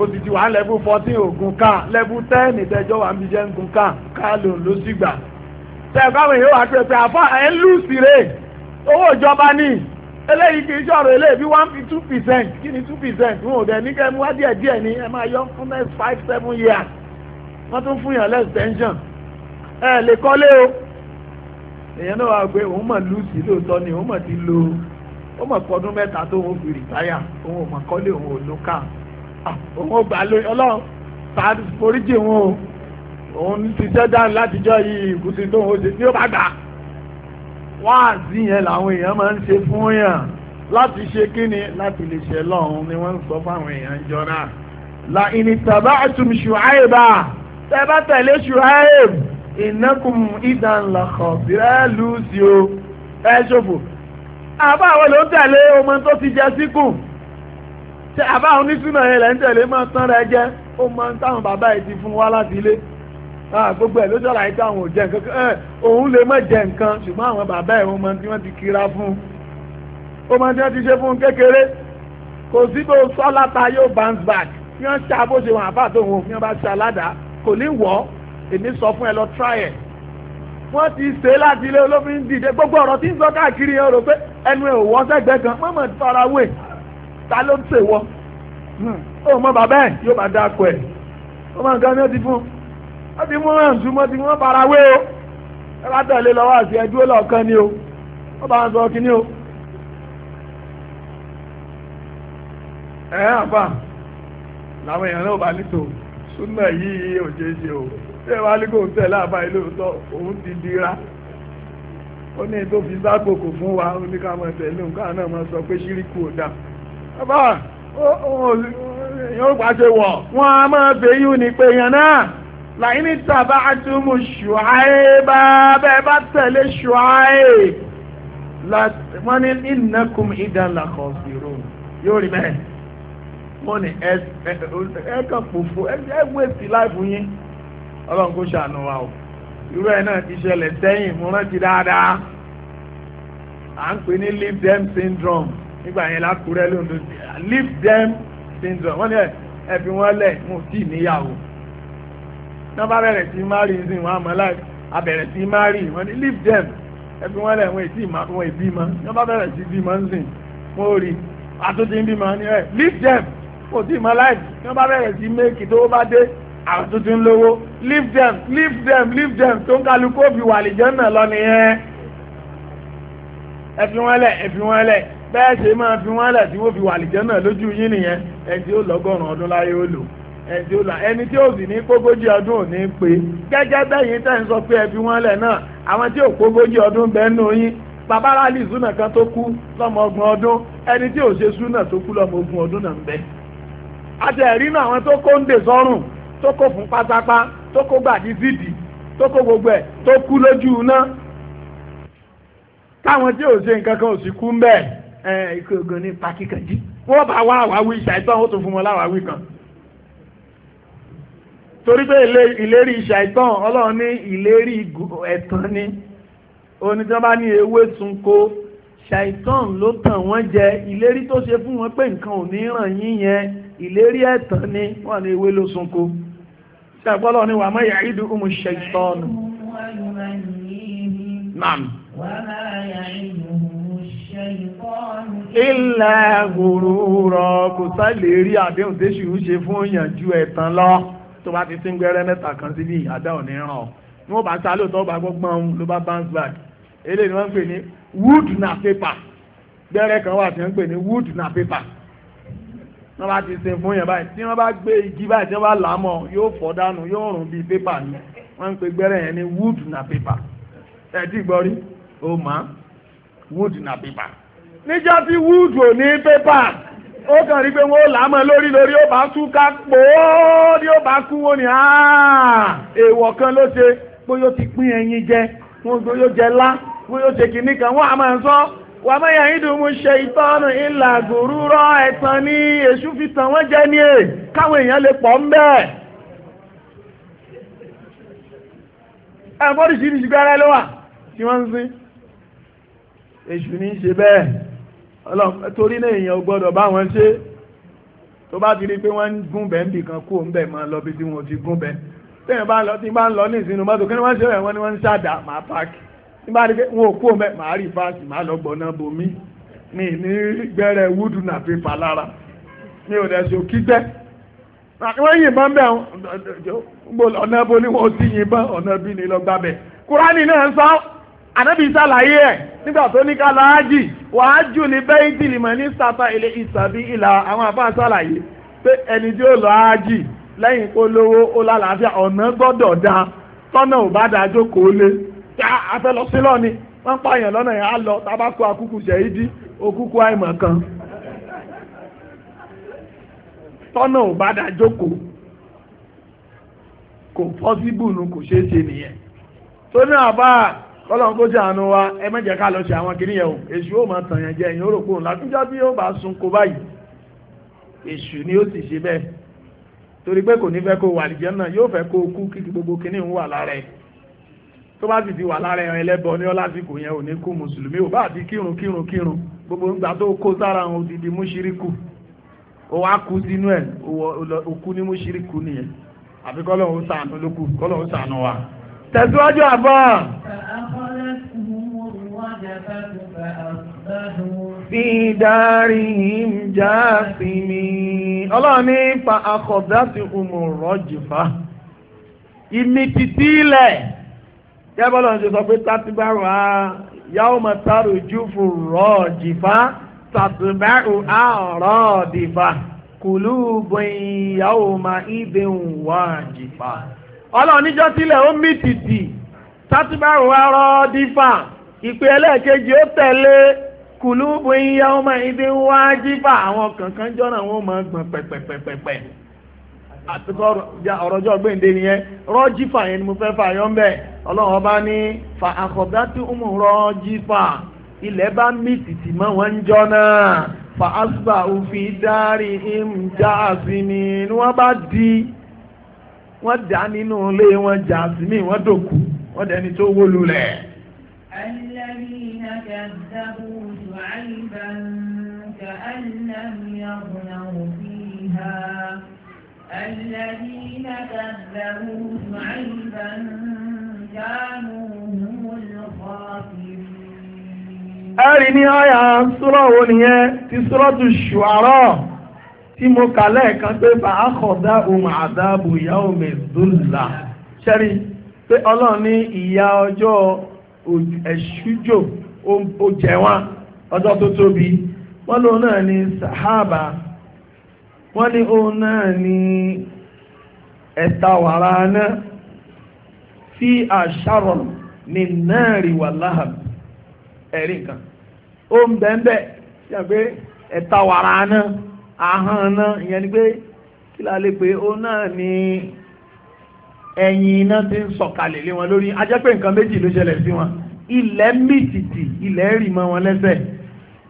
ó ti ti wà lẹ́bù fourteen ògùn ká lẹ́bù ten ìtẹ́jọ́ wà ń bí jẹ́ ń gun ká ká ló ń lọ sí gbà. tẹ́ ẹ̀ báwọn èèyàn wà pé pé àfa ẹ̀ ń lù sí rè owó ìjọba ní eléyìí kì í ṣọ̀rọ̀ eléyìí bí one two percent kí ni two percent wọn ò dẹ̀ ní kẹ́ mú wá díẹ̀ díẹ̀ ni ẹ máa yọ fún next five seven years wọ́n tún fún yàn less ẹ lè kọ́lé o èèyàn náà wà pé òun mọ̀ lùsì lóòótọ́ ni òun mọ̀ ti lo ó mọ̀ kọ́ ọdún mẹ́ta tó òun fi rìtáyà òun ò mọ̀ kọ́lé òun ò ló ká òun ò gbà lóyún ọlọ́run ta foríjì òun o òun ti jẹ́ dáhùn látijọ́ yìí ìkùsí tó òun ṣe tí ó bá gbà wáàzí yẹn làwọn èèyàn máa ń ṣe fún yàn láti ṣe kíni láti lè ṣe lọ́hùn ni wọ́n ń sọ fáwọn èèyàn jọ náà la ìnìtàbá àtúnṣù àìbá ṣù ìnákùn ìdánlọ́kọ̀ bírẹ́ lùsì o ẹ ṣòfò àbá àwọn ló ń tẹ̀lé ọmọ tó ti jẹ síkùn ṣe àbá àwọn onísùnà yẹn lẹ́ ń tẹ̀lé máa tán rẹ jẹ́ ó máa ń táwọn bàbá yìí ti fún wa láti ilé gbogbo ẹ̀ ló sọ̀rọ̀ àyíká àwọn ò jẹ nǹkan ẹ̀ òun lè má jẹ nǹkan ṣùgbọ́n àwọn bàbá ẹ̀ wọ́n máa ti wọ́n ti kira fún un ó máa ti wọ́n ti ṣe fún un kékeré kò sí bó sọ́lá ta yóò bounce back fi hàn ṣá bó ṣe wọn àbá tó wọn òfin bá ṣe aládàá kò ní wọ́ èmi sọ fún ẹ lọ try ẹ̀ wọ́n ti ṣe é láti ilé olófin dìde gbogbo ọ̀rọ̀ tí ń sọ káàkiri ẹ rò pé ẹnu ẹ ò wọ́ sẹ́gbẹ́ kan mọ́mọ́ farawé ta ló ń ṣèwọ́ hmm. ó mọ bàbá ẹ̀ yóò bá dáko ẹ̀ ó mọ nǹkan ní ó ti fún ó ti mú hàn súnmọ́ ti wọ́n farawé o ẹ bá tẹ̀lé lọ́wọ́ àti ẹjú ó lọ́ọ̀kan ni o ó bá ń sọ kínní o. ẹ̀ ẹ́ àbá làwọn èèyàn náà bá nítò súnà yìí ò ṣé wàá ní kò ń tẹ̀lé àbá ilé òótọ́ òun ti dira ó ní tó fi sákòókò fún wa ó ní ká máa tẹ̀lé òun káà náà máa sọ pé ṣíríkù ò dáa bàbá èèyàn ó pàṣẹ wọ̀ wọ́n á máa bẹ yín ní pé èèyàn náà làyínní tàbá àtúmù ṣùáì bá bẹ́ẹ̀ bá tẹ̀lé ṣùáì wọ́n ní ìnákùn ìdánlá kan sí rò yóò rí bẹ́ẹ̀ wọ́n ní ẹ ẹ ẹ kàn fòfò ẹ ẹ wéèsì láìfù yín ọlọ́run kó ṣàánú wa o irú ẹ̀ náà ti ṣẹlẹ̀ sẹ́yìn mo rántí dáadáa à ń pè ní leave them syndrome nígbà yẹn lákùrẹ́ lóńdó leave them syndrome wọ́n ní ẹ fi wọ́n lẹ̀ mo tì níyàwó náà bá bẹ̀rẹ̀ sí má rí ní wọn àmọ́ láì abẹ̀rẹ̀ sí má wọ́n ní leave them ẹ fi wọ́n lẹ̀ wọn èsì wọn ìbímọ náà bá bẹ̀rẹ̀ sí bímọ ń sìn mo rí àtúntì ń bímọ ní ẹ leave them kò tí ì mọ láì wọ́n bá bẹ̀rẹ̀ sí méèkì tó bá dé àwọn tó ti ń lówó leave them leave them leave them tó ń kálukú òbí wà lè jẹ́ náà lọ nìyẹn ẹ fi wọ́n lẹ̀ ẹ fi wọ́n lẹ̀ bẹ́ẹ̀ ṣe máa fi wọ́n lẹ̀ tí wọ́n fi wà lè jẹ́ náà lójú yín nìyẹn ẹ tí ó lọ́gọ́rùn-ún ọdún láyé ó lò ẹ tí ó là ẹni tí ó sì ní kógójì ọdún ò ní pé gẹ́gẹ́ bẹ́yìn tẹ̀ ń sọ pé ẹ fi wọ́n lẹ̀ náà àwọn tí ò kógójì ọdún bẹ́ẹ̀ nù yín babara ali zuna kan tó kú lọ́mọ ọgbọ̀n ọdún ẹni tí ò ṣe súnà tó kú lọ́mọ ogún ọdún náà ń bẹ àti ẹ̀rí náà àwọn tó kóńdè sọ́rùn tó kó fún pátápá tó kó gbàdí zidi tó kó gbogbo ẹ̀ tó kú lójú iná táwọn tí ò ṣe nǹkan kan ò sì kú ń bẹ́ẹ̀ ẹ̀ ikú ogun ní pakíkanjí wọ́n bá wá àwáwí ṣàìtàn ó tún fún wọn láwáwí kan torí pé ìlérí ṣàìtàn ọlọ́run ní ìlérí ẹ̀tàn ni oní ní ewé sunko ṣàìtàn ló tàn wọ́n jẹ ìlérí tó ṣe fún wọn pé nǹkan ò ní ràn yín yẹn ìlérí ẹ̀tàn ni wọ́n ní ewé ló sunko ṣàgbọ́lọ́ ni wà máa yàídù umu ṣẹ̀tọ́nù naam ilẹ̀ gùrùrọ̀ kò sáìlè rí àdéhùn tí ṣì ń ṣe fún ìyànjú ẹ̀tàn lọ tó bá ti síngbẹ́rẹ́ mẹ́ta kan sí ní ìyàdá òní ràn ní wọ́n bá sá lóòótọ́ bá gbọ́gbọ́n ló bá bounce back eléyìí ni wọ́n ń pè ní wood na paper gbẹ́rẹ́ kan wà tí wọ́n ń pè ní wood na paper wọ́n bá ti ṣe fún yẹn báyìí tí wọ́n bá gbé igi báyìí tí wọ́n bá là á mọ̀ yóò fọ́ dànù yóò rùn bíi pépà ni wọ́n ń pe gbẹ́rẹ́ yẹn ní wood na paper ẹ ti gbọ́ rí o mọ̀ wood na paper níjọ́ tí wood ò ní pépà ó kàn rí pé wọ́n ó là á mọ̀ lórí lórí ó bá tú ká pò ó ní ó bá kú wọ́n ní èèwọ̀ kan ló ṣe pé ó ti pín ẹyin jẹ wọ́n bóyá ó jẹ lá bóyá ó ṣe kìnnìkan wọ́n á máa sọ wà má yà hídùn mú ṣe ìtọ́nù ìlà gòrúrọ́ ẹ̀tàn ní èṣù fi tàn wọ́n jẹ́ ní è e. káwọn èèyàn lè pọ̀ ń bẹ́ẹ̀. ẹ̀fọ́dì ṣìṣì gbẹ́rẹ́ ló wà tí wọ́n ń sin èṣù ní í ṣe bẹ́ẹ̀ torí náà èèyàn gbọ́dọ̀ bá wọn ṣe tó bá ti rí pé wọ́n ń gún bẹ́ẹ̀ níbì kan kó ń máa lọ bí tí wọ́n ti gún bẹ́ẹ̀ tẹ́yìn bá ń bá ń lọ ní ìsinmi mọ́tò kí wọ́n ṣe wọ́n ni wọ́n ń ṣàdá máa páàkì nígbà tí wọn ò kú ọmọ màá rí fáàsì lọ bomi mi ní gbẹ́rẹ́ wúdù nà pépà lára mi ò dẹ̀ kígbẹ́ wọ́n yìnbọn bẹ́ẹ̀ ọ̀nà bo ni wọ́n ti yìnbọn ọ̀nà bí ni lọ gbábẹ́ kúránì náà sọ ànábì sàlàyé ẹ̀ nígbà tó ní kálá wàá jù ní bẹ́ẹ̀ ìdìlì mọ̀ ní sàfà ilé ìsàbí ìlà àwọn sàlàyé pé ẹni tí ó lọ ájì lẹ́yìn ó lálàáfíà ọ̀nà gbọ́dọ̀ tọ́nà ò bá lé tá a fẹ́ lọ sí lọ́ni wọ́n pààyàn lọ́nà yẹn á lọ tabako akúkú ṣẹ̀yídí okúkú àìmọ̀ kan tọ́nà ò bá dá jókòó kò pọ́síbù nu kò ṣeé ṣe nìyẹn tó ní àbá kọ́lọ́n kó ṣe àánú wa ẹ mẹ́jẹ̀ ká lọ ṣe àwọn kìnìún yẹn o èṣù ó máa tàn yẹn jẹ ẹ̀yìn òròpó ńlá tó jábí ó bá sun kó báyìí èṣù ni ó sì ṣe bẹ́ẹ̀ torí pé kò ní fẹ́ kó wà lìjẹ́ náà yóò fẹ́ kó kú kí gbogbo kìnìún wà lára ẹ̀ tó bá sì ti wà lára ẹran ẹlẹ́bọ ní ọ lásìkò yẹn ò ní kú mùsùlùmí ò bá ti kírun kírun kírun gbogbo ńgbà tó kó sára òun ti múṣíríkù ó wá kú sínú ẹ̀ ó ní múṣíríkù nìyẹn àfi kọ́lọ́hún sànù lókù kọ́lọ́hún sànù wa. tẹ̀síwájú àbọ̀. fi darihim jasimi ọlọ́run ní pa akọ̀dá sí umar rọ́jìfà ìmìtìtì ilẹ̀ kẹ́bọ́lọ̀ ṣe sọ pé tàtíbàrù á yàwó mọ̀tàrù júfù rọ̀ọ̀dìfà tàtíbàrù á rọ̀ọ̀dìfà kùlù bọ̀yìn yàwó ma ìdè wà jìfà. ọlọ́run níjọ́ sílẹ̀ ó mì tìtì tàtíbàrù á rọ̀ọ̀dìfà ìpè ẹlẹ́ẹ̀kejì ó tẹ̀lé kùlù bọ̀yìn yàwó ma ìdè wà jìfà àwọn kankan jọ́nà wọn máa gbọ̀n pẹ̀pẹ̀pẹ̀pẹ̀ àtúkọ́ ọ̀rọ̀jọ́ gbèǹde nìyẹn rọ́jífà yẹn ni mo fẹ́ fà yọ́ mbẹ́ ọlọ́run ọba ní fa àkọ́dá tí ó mú rọ́jífà ilẹ̀ bá mí tìtì mọ́ wọn ń jọ náà fa asba òfin dárì ìmùjà àsìmì ni wọ́n bá di wọ́n dà nínú ilé wọn jà àsìmì wọ́n dòkú wọ́n dẹni tó wó lulẹ̀. الذين كذبوا شعيبا كأن لم يغنوا فيها الذين كذبوا شعيبا كانوا هم الخاسرين ẹ̀rí ní àyà súrọ̀ wo nìyẹn ti súrọ̀tù ṣùárọ̀ tí mo kà lẹ́ẹ̀kan pé bá a kọ̀dá ohun àdáàbò ìyá omi dùnlà ṣẹ́rí pé ọlọ́run ní ìyá ọjọ́ ẹ̀ṣújò ó jẹ ọjọ́ tó tóbi wọ́n lóun náà ní sahaba wọ́n ní òun náà ni ẹ̀ta wàrà náà tí àṣàrọ̀ ní náà rí wà láhàbù ẹ̀rí nǹkan ó ń bẹ́ẹ̀ sí àgbé ẹ̀ta wàrà náà ahọ́n náà ìyẹn ni pé kí la lè pé òun náà ni ẹ̀yìn iná ti ń sọ̀kalẹ̀ lé wọn lórí ajẹ́ pé nǹkan méjì ló ṣẹlẹ̀ sí wọn ilẹ̀ mìtìtì ilẹ̀ rì mọ́ wọn lẹ́sẹ̀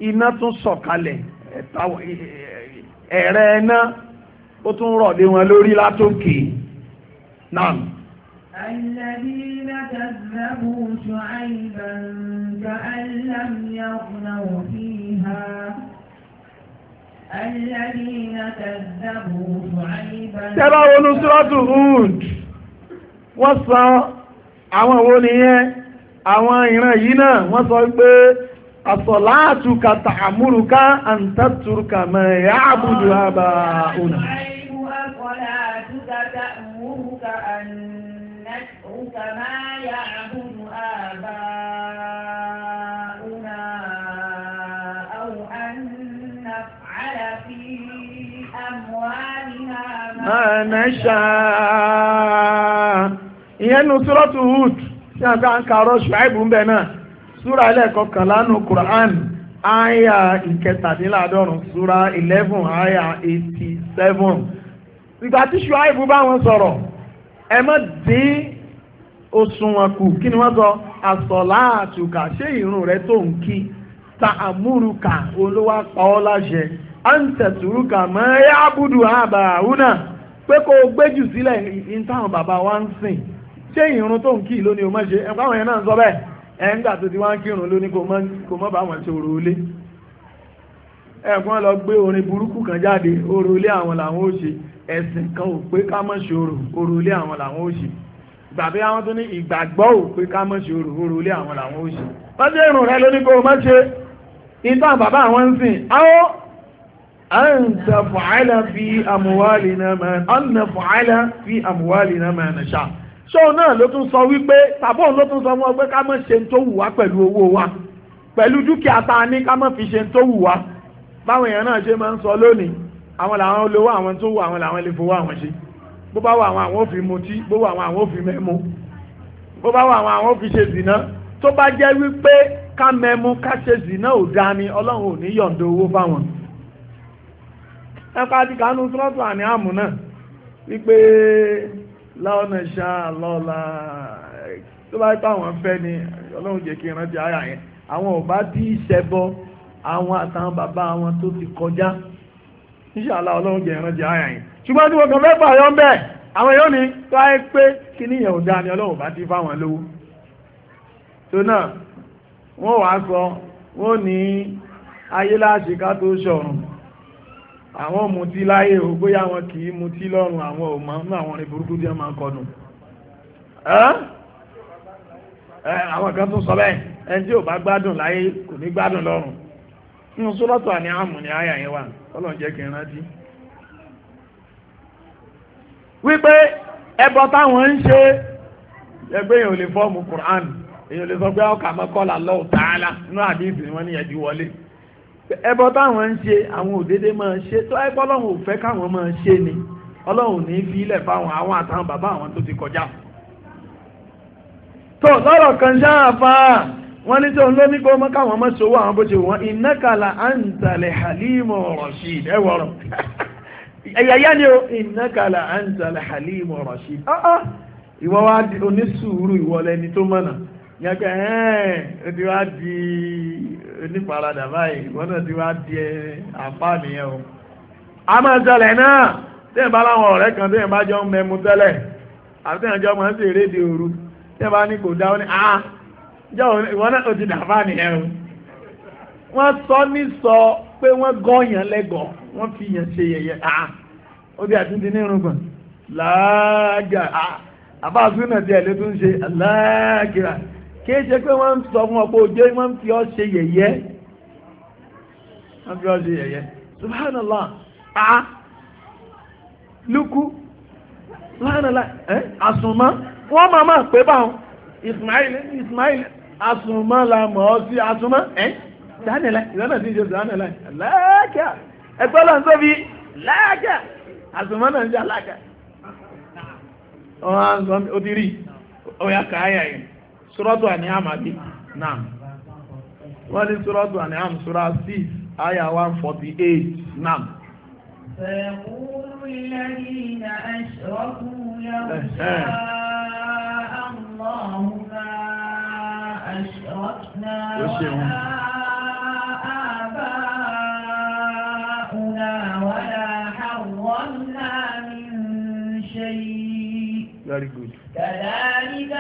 iná tún sọ̀kalẹ̀ ẹ̀rẹ́ ẹ̀ná ó tún rọ̀dé wọn lórí látòkè náà الذين كذبوا شعيبا كأن لم يغنوا فيها الذين كذبوا شعيبا ترى ونصرة هود wọ́n sọ àwọn wo nìyẹn àwọn ìran yìí náà wọ́n sọ pé أصلاتك تعمرك أن تترك ما يعبد آباؤنا أصلاتك تأمرك أن نترك ما يعبد آباؤنا أو أن نفعل في أموالنا ما نشاء هي نصرة هود يا كان كاروش شعيب بنا súra ẹlẹ́ẹ̀kọkànlá nù Qur'an àyà ìkẹtàdínláàdọ́rùn súra eleven àyà eighty ìgbà tí ṣùáìbù bá wọn sọ̀rọ̀ ẹ má dín òṣùwọ̀n kù kí ni wọ́n sọ àsọ̀lá àtùkà ṣé kí ta olówó mọ́ ábùdù pé kó o gbéjù sílẹ̀ ní táwọn bàbá wa ń sìn ṣé ìrun tó ń kí lónìí o ṣe àwọn yẹn ẹ̀ńgbà tó ti wá ń kírun ló ní kò mọ́ bá wọn ṣe òrò olé ẹ̀kún lọ gbé orin burúkú kan jáde òrò olé àwọn làwọn ó ẹ̀sìn kan ò pé ká mọ́ ṣe òrò olé àwọn làwọn ó ṣe àwọn tó ní ìgbàgbọ́ ò pé ká mọ́ ṣe òrò olé àwọn làwọn ó wọ́n ṣe irun rẹ ló kò mọ́ ṣe ìtàn bàbá àwọn ń sìn áwọ́ àǹtà ṣóun náà ló tún sọ wípé tàbóun ló tún sọ fún ọ pé ká má ṣe ń tó wù wá pẹ̀lú owó wa pẹ̀lú dúkìá tá a ní ká má fi ṣe ń tó wù wá báwọn èèyàn náà ṣe máa ń sọ lónìí àwọn làwọn olówó àwọn tó wù àwọn làwọn lè fowó àwọn ṣe bó bá wà àwọn àwọn ò fi mutí bó wà àwọn àwọn ò fi mẹ́mu bó bá wà àwọn àwọn ò fi ṣe zìnà tó bá jẹ́ wípé ká mẹ́mu ká ṣe zìnà ò dáa ni ọlọ́run ò ní yọ̀ǹda owó fáwọn ẹ̀ka àti kánú láwọn ṣá lọ́la tó bá pa àwọn fẹ́ ni ọlọ́run jẹ́ kí rántí ara yẹn àwọn ò bá tí ì ṣẹbọ àwọn àtàwọn bàbá wọn tó ti kọjá níṣàlá ọlọ́run jẹ́ rántí ara yẹn ṣùgbọ́n tí wọ́n kàn fẹ́ pààyàn ń bẹ̀ àwọn yóò ní tó á pé kí níyàn ò dáa ni ọlọ́run bá ti fáwọn lówó tó náà wọ́n wàá sọ wọ́n ní ayé láṣìká tó ṣọ̀run àwọn mutí láyé o bóyá wọn kì í mutí lọ́rùn àwọn ò mọ̀ nínú àwọn orin burúkú tí wọ́n máa ń kọnu àwọn kan tún sọ bẹ́ẹ̀ ẹni tí ò bá gbádùn láyé kò ní gbádùn lọ́rùn nínú sọ́lọ́tọ̀ àní àmù ní àyà yẹn wà Ọlọ́run jẹ́ kí n rántí. wípé ẹbọ táwọn ń ṣe ẹgbẹ́ èèyàn ò lè fọ́ọ̀mù Qur'an èèyàn ò lè sọ pé ọkà mọ́kànlá lọ́wọ́ tààlà nínú àdéhùn ni wọ́n ní ẹ̀dí wọlé ẹbọ táwọn ń ṣe àwọn òdédé máa ṣe tó ẹgbọ́ ọlọ́run ò fẹ́ káwọn máa ṣe ni ọlọ́run ní fi ilẹ̀ fáwọn àwọn àtàwọn bàbá àwọn tó ti kọjá tó lọ́rọ̀ kan ṣáàfà wọn ní tó ń ló ní mọ́ káwọn mọ́ sówó àwọn bó ṣe wọ́n ìnákàlà àǹtàlẹ̀ halimu rashid ẹwọ̀rọ̀ ẹ̀yàyá ni o ìnákàlà àǹtàlẹ̀ halimu rashid ah, ah. ìwọ wá onísùúrù ìwọlẹ́ni tó mọ̀nà yàgbẹ́ ẹ̀ẹ́n o ti wá di oníparadà báyìí wọ́n náà ti wá di àpá nìyẹn o a máa ṣẹlẹ̀ náà tẹ́yìn bá láwọn ọ̀rẹ́ kan tẹ́yìn bá jọ ń mẹmu tẹ́lẹ̀ àti tẹ́yìn jọ máa ń ṣe rédíò ooru tẹ́yìn bá ní kò dá ní ah jọ ìwọ náà o ti dàbá nìyẹn o wọ́n sọ ní sọ pé wọ́n gọ́yàn lẹ́gọ̀ọ́ wọ́n fi yàn ṣe yẹ̀yẹ́ ah ó bí àtúntì ní irungbọ̀n láàgà ah àbá àtúntì náà tiẹ̀ ló tún ṣe láàgà kìí ṣe pé wọ́n ń sọ fún ọ̀pọ̀ òjò wọ́n ń fi ọ́ ṣe yẹ̀yẹ́ wọ́n fi ọ́ ṣe yẹ̀yẹ́ subhanallah a lukú subhanallah ẹ́ àsùnmọ́ wọ́n máa máa pé báwọn ismail ismail àsùnmọ́ la mọ̀ ọ́ sí àsùnmọ́ ẹ́ dánílá ìrọ́nà tí ń ṣe dánílá láàkà ẹgbẹ́ lọ́n tó fi suratu an'am àbí náà wọ́n ní suratu an'am sura six aya one forty eight náà. فيقول الذين أشركوا لو شاء الله ما أشركنا ولا Very good. كذلك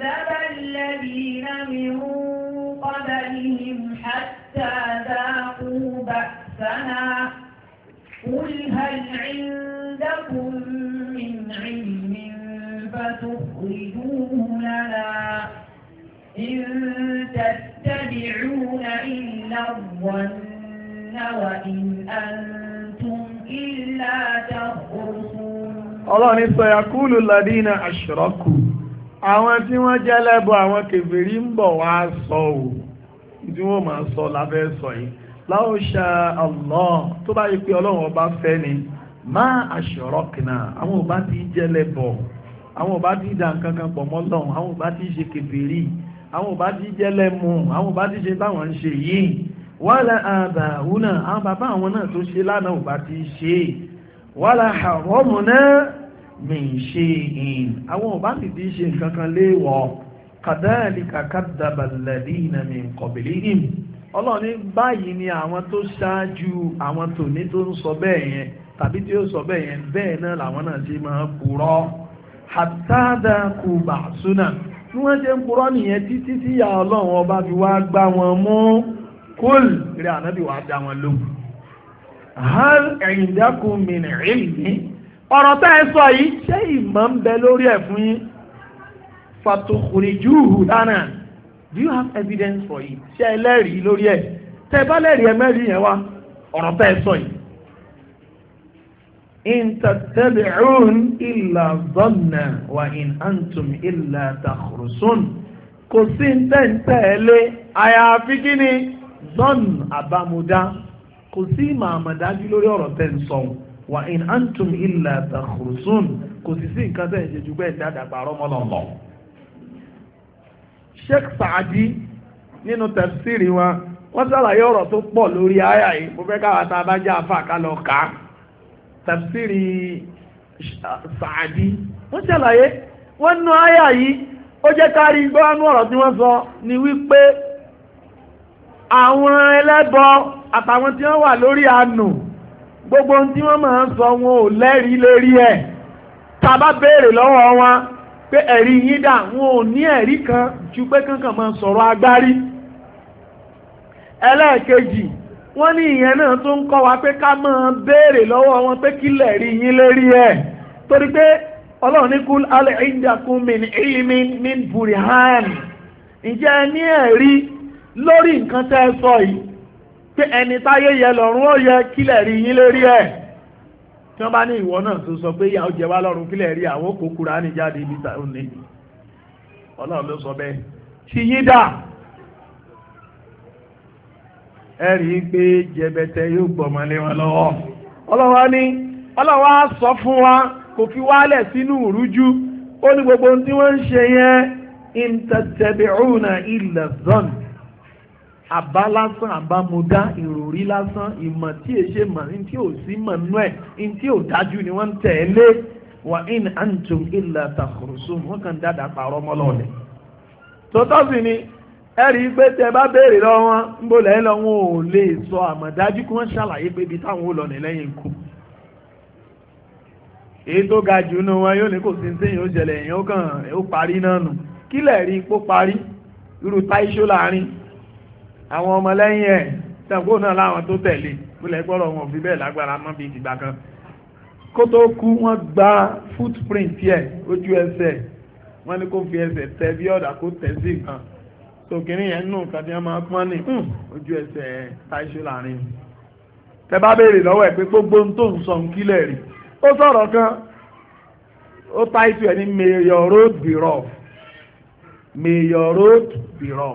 كذب الذين من قبلهم حتى ذاقوا بأسنا قل هل عندكم من علم فتخرجوه لنا إن تتبعون إلا الظن وإن أنتم إلا تخرصون الله سيقول الذين أشركوا àwọn tí wọ́n jẹ́ àwọn kèfèrí ń bọ̀ wá sọ ò tí wọ́n ma sọ lábẹ́ sọ yìí láò ṣá tó bá yí pé ọlọ́run ọba fẹ́ ni má àṣọ̀rọ̀ kìnà àwọn ò bá ti jẹ́ àwọn ò bá ti dà nǹkan kan pọ̀ àwọn ò wala àwọn bàbá àwọn náà tó ṣe lánàá ò bá wala náà mìíṣe in àwọn ọba sì ti ṣe nǹkan kan léèwọ̀ kàdáàlìkà kàdàbàlẹ̀dì ìnàmì kọ̀bìlì im ọlọ́ọ̀ni báyìí ni àwọn tó ṣáájú àwọn tòní tó ń sọ bẹ́ẹ̀ yẹn tàbí tí ó sọ bẹ́ẹ̀ yẹn bẹ́ẹ̀ náà làwọn náà ṣe máa kúrọ́ àtàdà kù bàṣúnà bí wọ́n ṣe ń kúrọ́ nìyẹn títí tí ìyá ọlọ́run ọba fi wá gbá wọn mú kúl rí ànábì wàá dá wọn lóhùn. hal ẹ̀yìndàkùn mìíràn ọ̀rọ̀ tẹ́ ẹ sọ yìí ṣé ìmọ̀ ń bẹ lórí ẹ̀ fún yín fàtòkùrìjúhù lánà do you have evidence for it ṣé ẹ lẹ́rìí lórí ẹ̀ tẹ́ bá lẹ́rìí ẹ mẹ́rin yẹn wá ọ̀rọ̀ tẹ́ ẹ sọ yìí in tattabi'un illa dhanna wa in antum illa takhrusun kò sí tẹ́ǹtẹ́ ẹlé àyàfi kí ni zọ́n àbámúdá kò sí màmàdájú lórí ọ̀rọ̀ tẹ́ sọ̀hún wà in antum illa takhrusun kò sì sí nǹkan tẹ́ ẹ̀ ṣe jù bẹ́ẹ̀ dáadáa pààrọ̀ mọ́ lọ́lọ́ Sheikh Saadi nínú tafsiri wa wọ́n sàlàyé ọ̀rọ̀ tó pọ̀ lórí àyà yìí mo fẹ́ káwa tá a bá já àfa ká lọ Saadi wọ́n sàlàyé wọ́n nu àyà yìí ó jẹ́ kárí gbọ́nú ọ̀rọ̀ tí wọ́n sọ ni wípé àwọn ẹlẹ́bọ àtàwọn tí wọ́n wà lórí àánú gbogbo ndị tí wọ́n máa ń sọ wọn ò lẹ́rìí lérí ẹ̀ tá bá béèrè lọ́wọ́ wọn pé ẹ̀rí yín dà wọn ò ní ẹ̀rí kan ju pé kankan máa sọ̀rọ̀ agbárí ẹlẹ́ẹ̀kejì wọ́n ní ìyẹn náà tó ń kọ́ wa pé ká máa béèrè lọ́wọ́ wọn pé kí lẹ̀rí yín lérí ẹ̀ torí pé ọlọ́run ní kul alẹ́ ìdàkùn min ilmi min burhan ǹjẹ́ ní ẹ̀rí lórí nǹkan tẹ́ sọ yìí pé ẹni táyé yẹ lọ́rùn ó yẹ kílẹ̀ rí yín lérí ẹ̀ tí wọ́n bá ní ìwọ náà tó sọ pé ìyà ó jẹ wá lọ́rùn kílẹ̀ rí àwọn kò jáde ibi tà ó sọ bẹ́ẹ̀ dà ẹ rí i pé jẹbẹtẹ yóò wọn lọ́wọ́ ọlọ́wọ́ ọlọ́wọ́ á sọ fún wa kò fi wálẹ̀ sínú ìrújú ó ní wọ́n ń ṣe yẹn àbá lásán àbámudá ìròrí lásán ìmọ̀ tí è ṣe mọ̀ ní tí ò sí mọ̀ nú ẹ̀ ní tí ò dájú ni wọ́n ń tẹ̀lé wà in antum illa takhrusun wọ́n kàn dáadáa pààrọ̀ mọ́lọ́ọ̀lẹ̀. tòótọ́ sì ni ẹ̀rí pé tẹ bá béèrè lọ́wọ́ wọn ń bò lẹ́yìn lọ wọn ò lè sọ àmọ̀dájú kí wọ́n ṣàlàyé pé ibi táwọn ò lọ ní lẹ́yìn kù. èyí tó ga jù nù wọn yóò ní kò sí ní sẹ́yìn ó èèyàn kàn ó parí náà nù kílẹ̀ rí ipò parí irú táìṣó láàrin àwọn ọmọlẹ́yìn ẹ̀ tẹ̀gbó náà láwọn tó tẹ̀lé pílẹ̀ gbọ́rọ̀ wọn fi bẹ́ẹ̀ lágbára mọ́ bí ìgbà kan kó tó kú wọ́n gba footprint ẹ̀ ojú ẹsẹ̀ wọ́n ní kó fi ẹsẹ̀ tẹ bí ọ̀dà kó tẹ̀ sí nǹkan tòkìní yẹn nù nǹkan tí wọ́n máa pọ́n ní hmm, ojú ẹsẹ̀ táìṣó láàrin tẹ bá béèrè lọ́wọ́ ẹ̀ pé gbogbo ohun tó ń sọ ń kílẹ̀ rí ó sọ̀rọ̀ kan ó táìtù ẹ̀ ní mayor road bureau mayor road bureau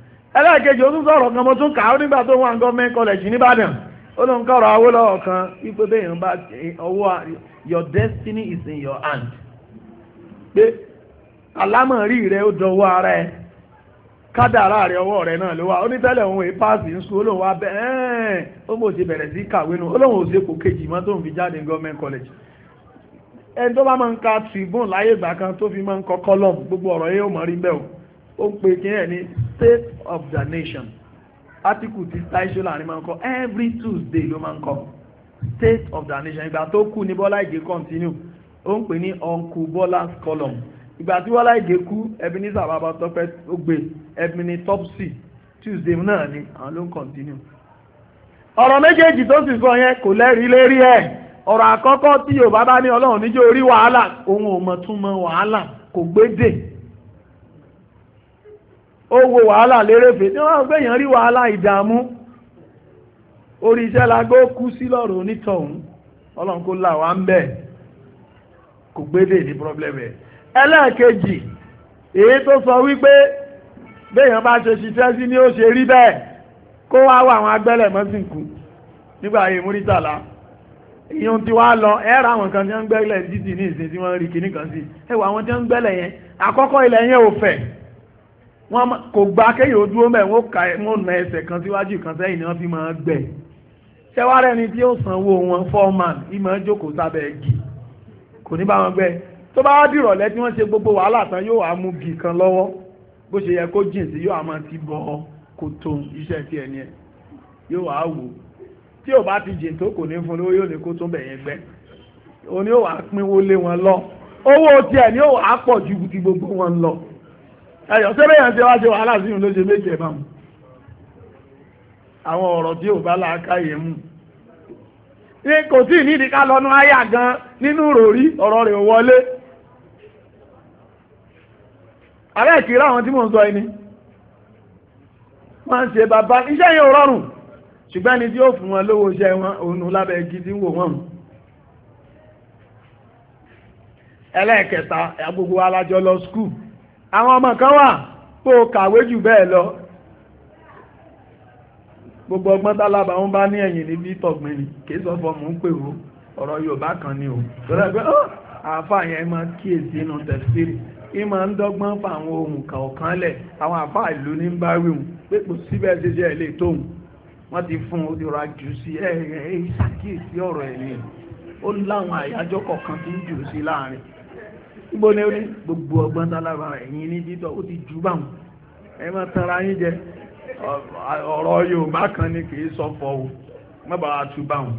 ẹlẹ́ẹ̀kejì ó tún sọ̀rọ̀ kan mo tún kà á nígbà tó wà ní gọ́ọ̀mẹ́ntì kọlẹ̀jì nìbàdàn ó ló ń kọ̀rọ̀ Awólọ́wọ̀ kan wípé bẹ́ẹ̀ ń bá your destiny is in your hand pé àlámọ̀rí rẹ̀ ó dọwọ́ ara ẹ̀ kádàrá rẹ̀ ọwọ́ rẹ̀ náà ló wà ó ní tẹ́lẹ̀ òun èé páàsì ń sùn olóhùn wa bẹ́ẹ̀ ẹ́ẹ̀ ó mò ti bẹ̀rẹ̀ sí kàwé nu olóhùn ò sí ipò kejì mọ́ tó ń fi jáde kan tó fi máa ń gbogbo ọ̀rọ̀ ó ń pè kíyàn ní state of the nation article ti taisho láàrin máa ń kọ every tuesday ló máa ń kọ state of the nation ìgbà tó kú ní bọ́lá ìgè continue ó ń pè ní uncle bọ́lá's column ìgbà tí bọ́lá ìgè kú ebenezer bàbá tọpẹ́ ó gbé ebene topsy tuesday náà ni àwọn ló ń continue ọ̀rọ̀ méjèèjì tó sì sọ yẹn kò lẹ́rìí lérí ẹ̀ ọ̀rọ̀ àkọ́kọ́ tí yorùbá bá ní ọlọ́run níjó orí wàhálà òun ò mọ̀ tún mọ wàhálà kò gbé dè ó wo wàhálà lérèfé tí wọ́n gbé èèyàn rí wàhálà ìdààmú orí iṣẹ́ la gbó kú sí lọ́rùn onítọ̀hún ọlọ́run kó là wá ń bẹ̀ kò gbédè ní problem ẹ̀ ẹlẹ́ẹ̀kejì èyí tó sọ wípé béèyàn bá ṣe ṣiṣẹ́ sí ni ó ṣe rí bẹ́ẹ̀ kó wá wà àwọn agbẹ́lẹ̀ mọ́sìnkú nígbà ayé múrítàlá ìyẹn ti wá lọ ẹ ra àwọn kan tí wọ́n ń gbẹ́lẹ̀ títì ní ìsìn tí wọ́n ń rí kinní kan sí ẹ wọ àwọn tí wọ́n ń gbẹ́lẹ̀ yẹn àkọ́kọ́ ilẹ̀ yẹn ò fẹ̀ wọ́n kò gba kéèyàn ó dúró mẹ́ wọ́n ka wọ́n na ẹsẹ̀ kan síwájú kan sẹ́yìn ni wọ́n fi máa gbẹ̀ ṣẹ́wárẹ́ ni tí ó sanwó wọn foreman ìmọ̀ jókòó sábẹ́ igi kò ní bá wọn gbẹ tó bá wá dìrọ̀lẹ́ tí wọ́n ṣe gbogbo wàhálà tán yóò wá mú gì kan lọ́wọ́ bó ṣe yẹ kó jìn sí yóò àmọ́ ti bọ̀ ọ́ kò tó iṣẹ́ tí ẹni ẹ̀ yóò wá wò tí ò bá ti jìn tó kò ní fún lówó yóò ní kó tó bẹ̀yẹn gbẹ òní ò wá pínwó lé wọn lọ owó tiẹ̀ ni ò wá pọ̀ ju ti gbogbo wọn lọ ẹ̀yọ̀ sẹ́rẹ̀ yẹn ṣe wá ṣe wàhálà sínú ló ṣe méjì ẹ̀bá mu àwọn ọ̀rọ̀ tí ò bá làákàyè mu ní kò tí ì nídìí ká lọ́nu áyà gan nínú ròrí ọ̀rọ̀ rẹ̀ wọlé ààrẹ ìkìlá àwọn tí mò ń sọ ẹni wọ́n ń ṣe bàbá iṣẹ́ yẹn rọrùn ṣùgbọ́n tí ó fún wọn lówó iṣẹ́ wọn òun lábẹ́ igi tí wò wọ́n ẹlẹ́ẹ̀kẹta gbogbo alájọ lọ skul àwọn ọmọ kan wà tó kàwé jù bẹ́ẹ̀ lọ gbogbo ọgbọ́n tálábà ń bá ní ẹ̀yìn ní bí tọ̀gbìn ni kì í sọ fọ́ mò ń pè ó ọ̀rọ̀ Yorùbá kan ni ò tọ́lá pé ó àáfàá yẹn máa kíyèsí inú tẹ̀síìrì í máa ń dọ́gbọ́n fa àwọn ohun kọ̀ọ̀kan lẹ̀ àwọn àáfàá ìlú ní bá wíwù pé kò síbẹ̀ ṣiṣẹ́ ẹ̀ tóun wọ́n ti fún un ìrora jù sí ẹ̀ ẹ̀ ṣàkíyèsí ọ̀rọ̀ ẹ̀ ó láwọn àyájọ́ kọ̀ọ̀kan tí ń jù sí láàrin gbogbo ní orí gbogbo ọgbọ́n tálábà ẹ̀yìn ní títọ́ ó ti jù báwọn ẹ máa tanra yín jẹ ọ̀rọ̀ Yorùbá kan ni kì í sọ fọ o má bàa tú báwọn.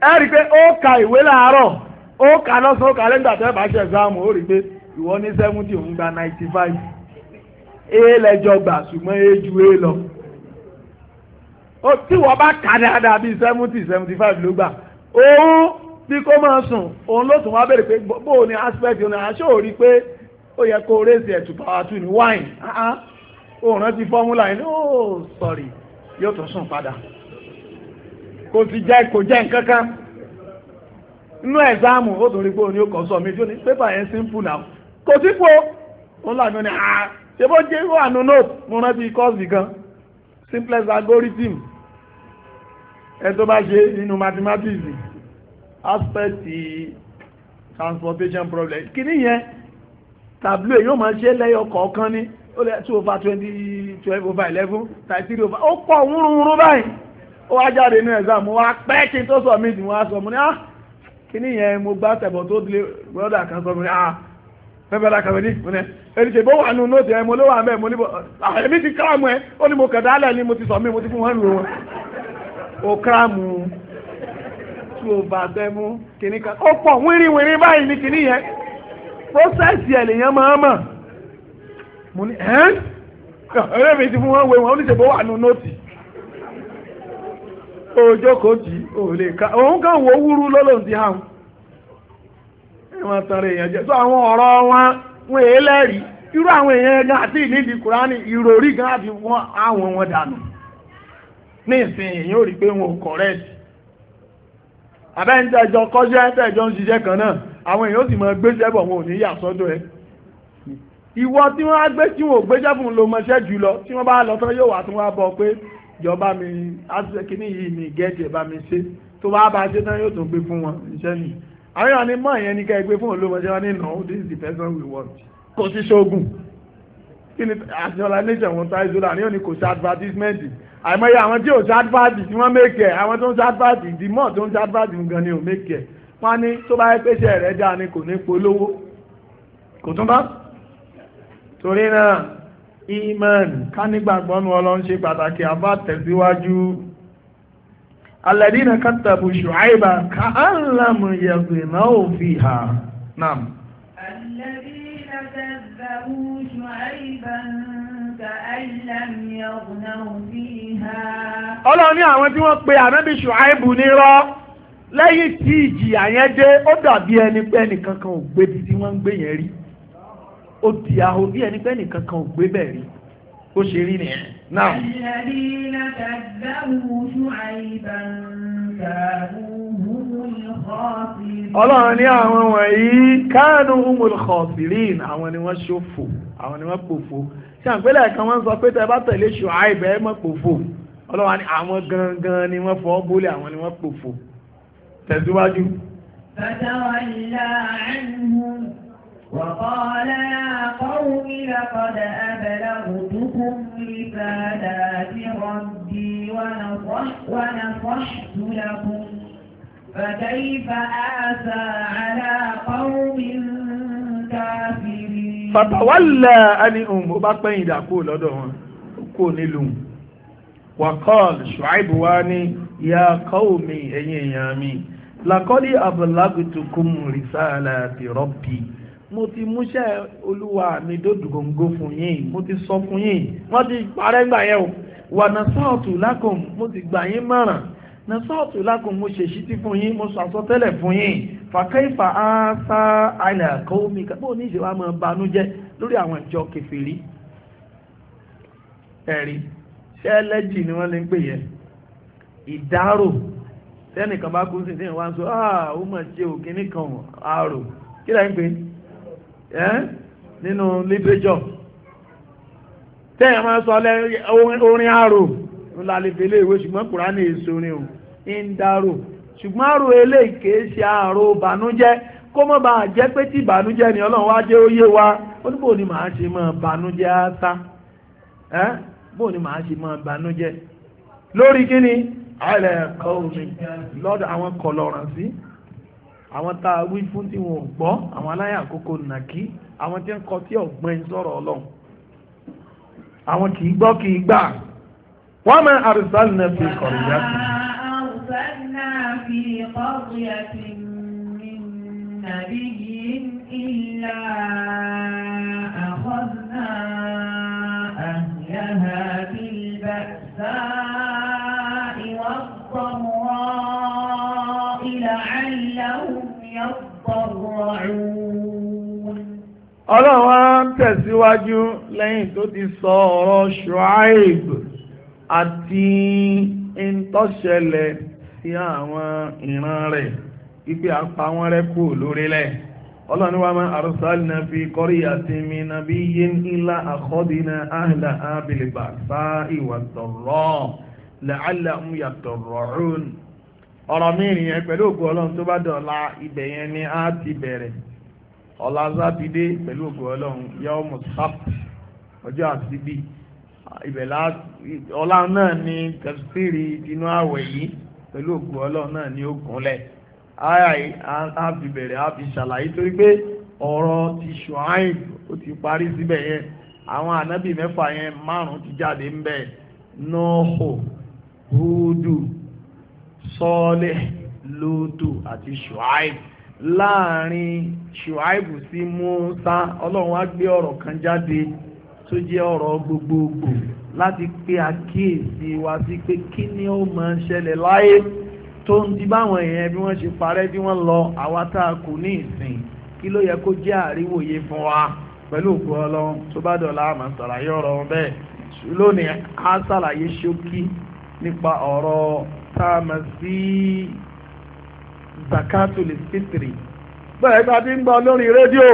ẹ rí i pé ó ka ìwé làárọ̀ ó ka lọ́sàn-án ó ka lẹ́gbà tẹ́ bá ṣe ẹ̀sáàmù ó rí i pé ìwọ ní seventy òun gba ninety five a lẹ́jọ́ gbà ṣùgbọ́n a ju a lọ. tí wọ́n bá ka dáadáa bíi seventy seventy five ló gbà òun bí kó máa sùn òun ló tún wá bèrè pé bóò ni aspect òun àṣọ ò rí pé ó yẹ kó raise ẹ̀ to power two ní wine òun ah, ah. rántí fọ́múlà yìí ó oh, sorry yóò tún sùn padà kò sì jẹ́ kò jẹ́ nǹkan kan inú ẹ̀záàmù ó tún rí pé òun yóò kọ́ sọ mi tí ó ní pépà yẹn simple now kò sí po òun lànà ni àá ṣe bó jẹ́ wà nù note mo rántí course gan simplest algorithm ẹ tó bá ṣe nínú mathematics aspect transportation problem kíní yẹn tableau yóò máa ṣe lẹ́yọ kọ̀ọ̀kan ní ó lẹ́ two over twenty twelve over eleven thirty three over ó pọ̀ wúrúwúrú báyìí ó wá jáde nínú exam wa pẹ́ kí n tó sọ mí ìdìbò wa sọ mo ní ah kíní yẹn mo gbá tẹ̀bọ̀ tó dilé brọ́dà kan sọ ah, mo ní ah fẹ́fẹ́lá kan ní ìpínlẹ̀ èyí ṣe bó wà nù nóòtì ẹ̀ mo ló wà mẹ́ẹ̀ mo ní bọ̀ àyẹ̀mí ah, ti kíráàmù ẹ̀ ó ní mo kẹ̀dá alẹ́ ni mo ti sọ mí mo ti fún wọn lò wọn ó kíráàmù bá bẹ́ mú kìíní kan ó pọ̀ wíríwírí báyìí ní kìíní yẹn prósẹ́sì ẹ̀ lèyàn máa mọ̀ mo ní ẹ́n ọ̀rẹ́ mi ti fún wọn wé wọn wà nù lè ka òun kàn wò wúrú lọ́lọ́run ti hàn tó àwọn ọ̀rọ̀ wọn wọn èé lẹ́rìí irú àwọn èèyàn gan àti kùránì ìròrí gan àti wọn àwọn wọn dànù ní abẹ́ńtẹ́jọ kọ́ṣẹ́ tẹ̀jọ ń ṣiṣẹ́ kan náà àwọn èèyàn ó sì mọ gbéṣẹ́ bọ̀ wọn ò ní yà sọ́dọ̀ ẹ ìwọ tí wọ́n á gbé tí wọn ò gbéṣẹ́ fún un ló mọṣẹ́ jù lọ tí wọ́n bá lọ tán yóò wá tún wá bọ̀ pé ìjọba mi kíní yìí mi gẹ́ẹ̀tì ẹ̀ bá mi ṣe tó bá bá ṣe tán yóò tún gbé fún wọn iṣẹ́ nì àwọn èèyàn ní mọ̀ ìyẹn ní ká gbé fún òun ló mọṣẹ́ wọn ní no this is the person we want kò sí ṣoògùn kíni àṣọlá nation wọn tá ìṣòro àníyàn ni kò ṣe advertisement àìmọye àwọn tí ò ṣe advert tí wọ́n make ẹ̀ àwọn tó ń ṣe advert ìdí mọ́ tó ń ṣe advert gan ni ò make ẹ̀ wọ́n ní tó bá yẹ pèsè rẹ̀ dáa ni kò ní polówó kò tún bá torí náà iman ká nígbàgbọ́ nu ọlọ́run ṣe pàtàkì àbá tẹ̀síwájú alẹ́dínà kàtàbù ṣùháìbà ká àlàmù yẹ̀gbẹ̀mọ́ òfin له شعيبا كأن لم يغنوا فيها ọlọ́run أني àwọn tí wọ́n pe ànábì ṣùháìbù nírọ́ lẹ́yìn tí ìjìyà yẹn dé ó dàbí ẹni pé ẹnìkankan ò gbé bí tí wọ́n ń gbé yẹn rí ó di ahò bí ẹni pé ẹnìkankan ò gbé bẹ́ẹ̀ rí ó ṣe rí nìyẹn náà. alladhina kadhabu shu'ayban kanu humul khasirin. ọlọ́run ní àwọn wọ̀nyí kanu humul khasirin àwọn ni wọ́n ṣòfò àwọn ni wọ́n pòfò tí àpẹẹlẹ kan wọ́n sọ pé tẹ bá tẹ̀lé Ṣuaib ẹ mọ̀ pòfò ọlọ́run ní àwọn gangan ni wọ́n fọ́ bólé àwọn ni wọ́n pòfò tẹ̀síwájú. fatawalla anhum. وقال يا قوم لقد أبلغتكم رسالات ربي ونصح ونصحت لكم فكيف آسى على قوم كافرين فتولى عنهم bó bá pẹ́yìn dà kúrò lọ́dọ̀ wọn kúrò nílùú wàkọ́ọ̀lù ṣùáìbù wá ní ya qaumi ẹ̀yin èèyàn mi làkọ́lé àbùlágùtùkùn rìsáàlà ti rọ́bì mo ti múṣẹ́ olúwa mi dódùgóńgó fún yín mo ti sọ fún yín wọ́n ti parẹ́ gbà yẹn o wà nà sọ́ọ̀tù lákùn mo ti gbà yín mọ̀ràn nà sọ́ọ̀tù lákùn mo ṣèṣí ti fún yín mo sọ àsọtẹ́lẹ̀ fún yín fàkẹ́fà á sá àìlà kọ́ọ́mì bó ní ìṣèwà máa banújẹ́ lórí àwọn ìjọ kẹfìrí ẹ̀rí ṣẹ́lẹ́jì ni wọ́n lè ń pè yẹn ìdárò tẹ́nìkan bá kú sí ìdíyẹn wá ń sọ ah ó mà ṣe òkè nìkan àrò kí lẹ́yìn pé nínú literature tẹ́yìn máa sọ lẹ́ orin àrò ńlálẹ́fẹ́ iwe ìwé ṣùgbọ́n kùránì èso orin o ń darò ṣùgbọ́n àrò eléyìí ṣe àrò bànújẹ́ kó mọ́ bá jẹ́ pé tí ni ọlọ́run wá jẹ́ wa ó ní bò ní màá ṣe máa bànújẹ́ átá bò ní màá ṣe máa bànújẹ́ lórí kí ni àìlẹ̀ ẹ̀kọ́ omi lọ́dọ̀ àwọn àwọn tá a wí fún tí wọn ò gbọ́ àwọn aláya àkókò nàkí àwọn tí ń kọ tí ọ̀gbọ́n ń sọ̀rọ̀ ọlọ́run àwọn kì í gbọ́ kì í gbà wọ́n máa àrùsálì náà fi kọ̀rọ̀ ìyá sí. نبي إلا أخذنا أهلها بالبأساء والضراء Ọlọ́run wá ń tẹ̀síwájú lẹ́yìn tó ti sọ ọ̀rọ̀ Ṣuaib àti ìntọ́ṣẹlẹ̀ sí àwọn ìran rẹ̀ wípé a pa wọ́n rẹ́ kú lórílẹ̀. Ọlọ́run wá máa arsalna fi qaryatin min nabiyyin illa akhadna ahlaha bil ba'sa'i wad-dharra'i la'allahum ọ̀rọ̀ mìíràn yẹn pẹ̀lú ògùn ọlọ́run tó bá dọ̀la ibẹ̀ yẹn ni a ti bẹ̀rẹ̀ ọ̀la sátidé pẹ̀lú ògùn ọlọ́run yọ mùsàp ọjọ́ àtibí ibẹ̀ ọ̀la náà ni kẹsìtìrì inú àwẹ̀ yìí pẹ̀lú ògùn ọlọ́run náà ni ó gúnlẹ̀ ara yìí a fi bẹ̀rẹ̀ a fi ṣàlàyé torí pé ọ̀rọ̀ ti ṣùháìn ó ti parí síbẹ̀ yẹn àwọn ànábì mẹ́fà yẹn márùn-ún ti jáde ń bẹ̀ nọ́ọ̀hù húdù. No Sọ́ọ́lẹ̀ Lóòtù àti Ṣùáìbù láàrin Ṣùáìbù sí Mùsá Ọlọ́run wá gbé ọ̀rọ̀ kan jáde tó jẹ́ ọ̀rọ̀ gbogbogbò láti pé àkíyèsí wa sí pé kí ni ó máa ń ṣẹlẹ̀ láyé tó ń ti báwọn èèyàn bí wọ́n ṣe parẹ́ bí wọ́n lọ àwa tá a kù ní ìsìn kí ló yẹ kó jẹ́ àríwòye fún wa pẹ̀lú òkú ọlọ́run tó bá dọ̀la àmọ́ ṣàlàyé ọ̀rọ̀ bẹ́ẹ̀ lónìí á ṣàlàyé ṣókí nípa ọ̀rọ̀ tá a mọ̀ sí zakatul fitri bẹ́ẹ̀ gba ti ń gbọ́ lórí rédíò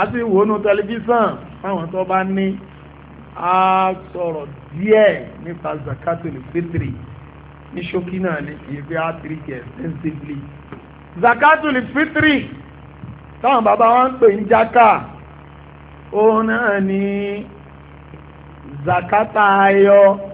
àti ìwònú tẹlifíṣàn fáwọn tó bá ní a sọ̀rọ̀ díẹ̀ nípa zakatul fitri ní ṣókí náà ní kì í fi áfíríkì extensively zakatul fitri táwọn bàbá wa ń pè ní jaka òun náà ní zakata ayọ̀.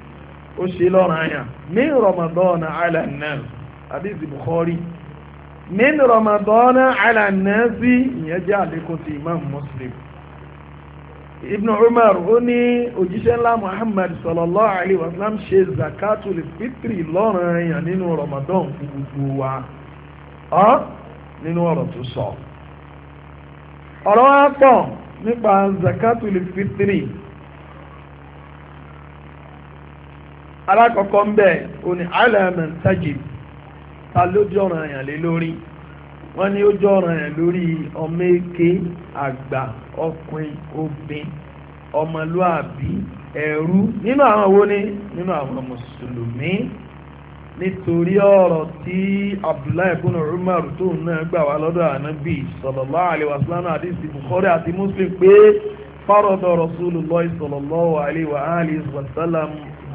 ó ṣe lọ́rùn àyàn ní rọmọdọ́nà alànà àdìsí bukhari ní rọmọdọ́nà alànà sí ìyẹn jẹ́ àlékún ti imam muslim ibn umar ó ní òjíṣẹ́ ńlá muhammad sallallahu alayhi wa sallam ṣe zakatul fitri lọ́rùn àyàn nínú rọmọdọ́n fún gbogbo wa ọ́ nínú ọ̀rọ̀ tó sọ ọ̀rọ̀ wa pọ̀ nípa zakatul fitri. alákọ̀ọ́kọ́ ń bẹ̀ òní àìlẹ́mẹ̀ ń tẹ́jì ta ló jẹ́ ọ̀ràn èèyàn lé lórí wọ́n ní ó jẹ́ ọ̀ràn èèyàn lórí ọmọ èké àgbà ọkùnrin ọmọlúàbí ẹ̀rú nínú àwọn owó ní nínú àwọn mùsùlùmí nítorí ọ̀rọ̀ tí abdullahi ibn umar tó náà gbà wá lọ́dọ̀ ànábì àdìsí bukhari àti muslim pé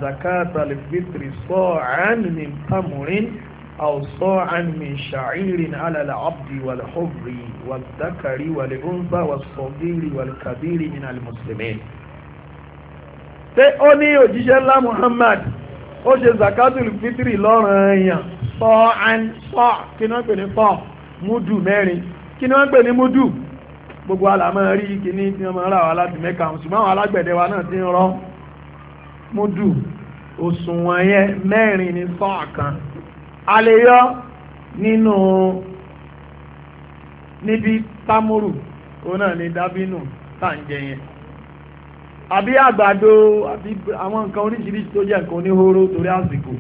zakata alifitri sa'an min tamurin aw sa'an min sha'irin ala al-abdi wal hurri wal dhakari wal untha was saghiri wal kabiri min al-muslimin ṣé ó ní òjíṣẹ́ ńlá muhammad ó ṣe zakatul fitri lọ́ranyàn sa'an sọ kí ni wọ́n pè ní sọ múdù mẹ́rin kí ni wọ́n pè ní gbogbo àlàmọ́ rí kí ni tí wọ́n máa ń rà wá láti mẹ́ka ṣùgbọ́n wa náà ti ń múdù òṣùwọ̀n yẹn mẹ́rin ní sọ́ọ̀ kan a lè yọ nínú níbi támúrù òun náà ní dábínù tá à ń jẹ yẹn àbí àgbàdo àbí àwọn nǹkan oríṣiríṣi tó jẹ́ nǹkan oníhóró torí àsìkò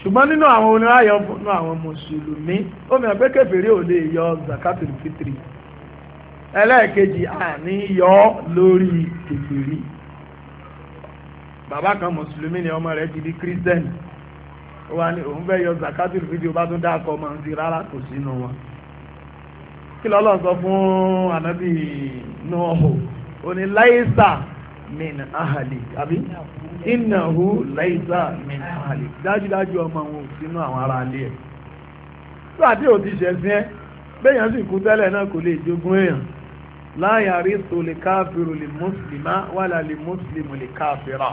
ṣùgbọ́n nínú àwọn oníráyọ̀ nínú àwọn mùsùlùmí ó mìíràn pé kèfèrí ò lè yọ zakatul fitri lórí bàbá kan mùsùlùmí ni ọmọ rẹ̀ ti di kírísítẹ́nì ó wá ní òun fẹ́ yọ zakatul fídíò bá tún dá akọ ọmọ ń ti rárá kò sínú wọn kí lọ́lọ́ sọ fún ànábì nọ́ọ̀hù ó ní láìsà min ahali àbí ìnáhu láìsà min ahali dájúdájú ọmọ wọn ò sínú àwọn ará ilé ẹ̀ tó àti òtí ṣẹ̀sìn ẹ́ béèyàn sì kú tẹ́lẹ̀ náà kò lè jogún èèyàn láyàrí tó lè káfíru lè mùsùlùmá wàlà lè mùsùlùmù lè káfírà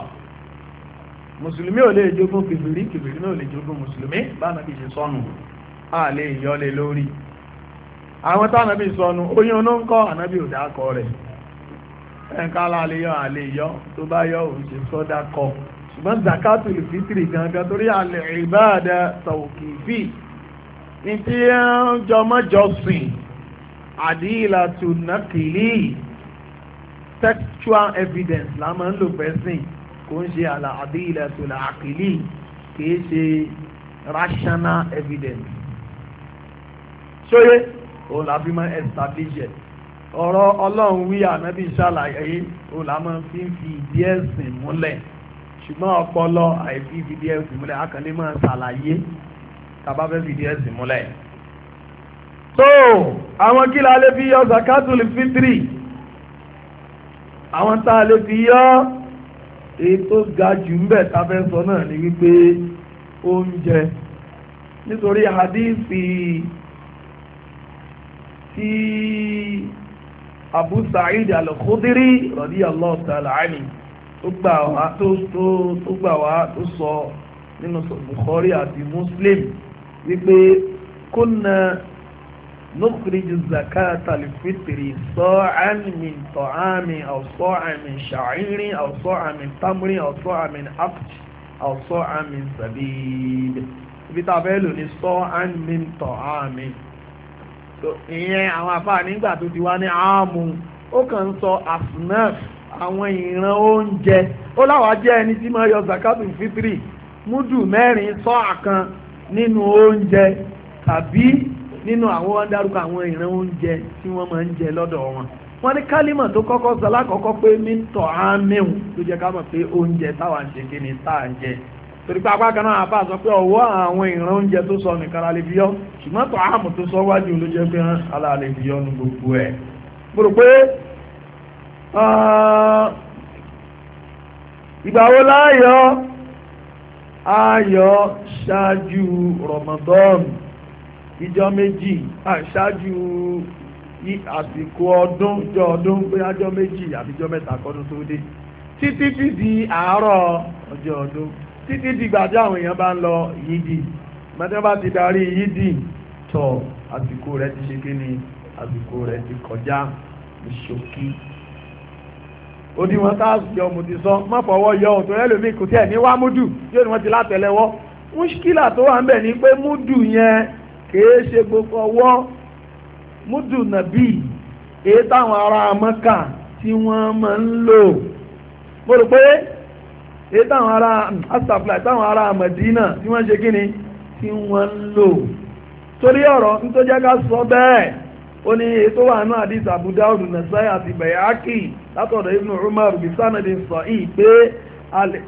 mùsùlùmí ò lè jogún kìfìrí kìfìrí náà ò lè jogún mùsùlùmí báwọn kìí ṣe sọnù a lè yọ lé lórí àwọn táwọn bí sọnù oyún ló ń kọ ànábì ò dákọ rẹ ẹnka aláàlè yọ àlè yọ tó bá yọ òun ṣe sọdá kọ ṣùgbọ́n zakatu fitiri gangan torí àlè ìbáàdà tọ̀kìfì ní tí ń jọmọ́jọsìn àdìlà tùnàkìlì textual evidence la máa ń lò fẹ́ kò ń ṣe al-adillatul aqli kìí ṣe rational evidence ṣóyé òun là fi máa establish ẹ̀ ọ̀rọ̀ ọlọ́run wí ànábì ṣàlàyé òun là máa fi ń fi ìdí ẹ̀sìn múlẹ̀ ṣùgbọ́n ọpọlọ àìfi ìdí ẹ̀sìn múlẹ̀ akànlé máa ṣàlàyé tàbá fẹ́ fi ìdí ẹ̀sìn múlẹ̀ so àwọn kí lè fi yọ zakatul fitri àwọn tá a lè fi yọ èyí tó ga jù ń bẹ̀ tá a fẹ́ sọ náà ni wípé oúnjẹ nítorí hadithi tí abu sa'id al-khudri radiyallahu ta'ala anhu tó gbà wá tó tó gbà sọ bukhari àti muslim wípé kunna nukhriju zakata al-fitri sa'an min ta'ami aw sa'an min sha'irin aw sa'an min tamrin aw sa'an min aqj aw sa'an min zabib ibi tá a fẹ́ lò ní sa'an min ta'ami ìyẹn àwọn afáà nígbà tó ti wá ní ààmù ó kàn ń sọ asnaf àwọn ìran oúnjẹ ó láwàá jẹ́ ẹni tí máa yọ zakatu fitri múdù mẹ́rin sọ àkan nínú oúnjẹ tàbí nínú àwọn wọn dárúkọ àwọn ìran oúnjẹ tí wọ́n máa ń jẹ lọ́dọ̀ wọn wọ́n ní kálímà tó kọ́kọ́ sọ lákọ̀ọ́kọ́ pé mi ń tọ̀ tó jẹ́ ká mọ̀ pé oúnjẹ táwa ń ṣe kí ni tá à ń jẹ torí pé apá kan náà sọ pé ọwọ́ àwọn ìran oúnjẹ tó sọ nìkan la fi yọ ṣùgbọ́n tọ̀ àmù tó sọ wájú ló jẹ́ pé ala lè fi yọ nu gbogbo ẹ̀ mo rò pé ìgbà wo láyọ̀ ayọ̀ ṣáájú rọ̀mọ̀dọ́ọ̀nù ìjọ méjì àṣáájú àsìkò ọdún ìjọ ọdún pé àjọ méjì àbíjọ mẹ́ta kọ́dún tó dé títí ti di àárọ̀ ọjọ́ ọdún títí dìgbà tí àwọn èèyàn bá ń lọ yídì mẹ́tẹ́ bá ti darí yídì tọ̀ àsìkò rẹ̀ ti ṣe kí ni àsìkò rẹ̀ ti kọjá ìṣòkí òdiwọ̀n tá a jọ mo ti sọ má fọwọ́ yọ ọ̀tún ẹlòmíì ẹ̀ ní wá múdù yóò ní wọ́n ti látẹ̀lẹ́wọ́ mùṣkílà tó wà ń bẹ̀ ni pé múdù yẹn kìí ṣe gbogbo ọwọ́ múdù èyí táwọn ará mọ́kà tí wọ́n máa ń lò mo rò pé èyí táwọn ará asàfilà táwọn ará mẹ̀dínà tí wọ́n ṣe kí ni tí wọ́n ń lò torí ọ̀rọ̀ nítorí sọ bẹ́ẹ̀ ó ní èyí tó wà ní àdìs àbúdá ọdún nàìjíríà àti bẹ̀yàkì látọ̀dọ̀ ibn umar bisanadi sọ yìí pé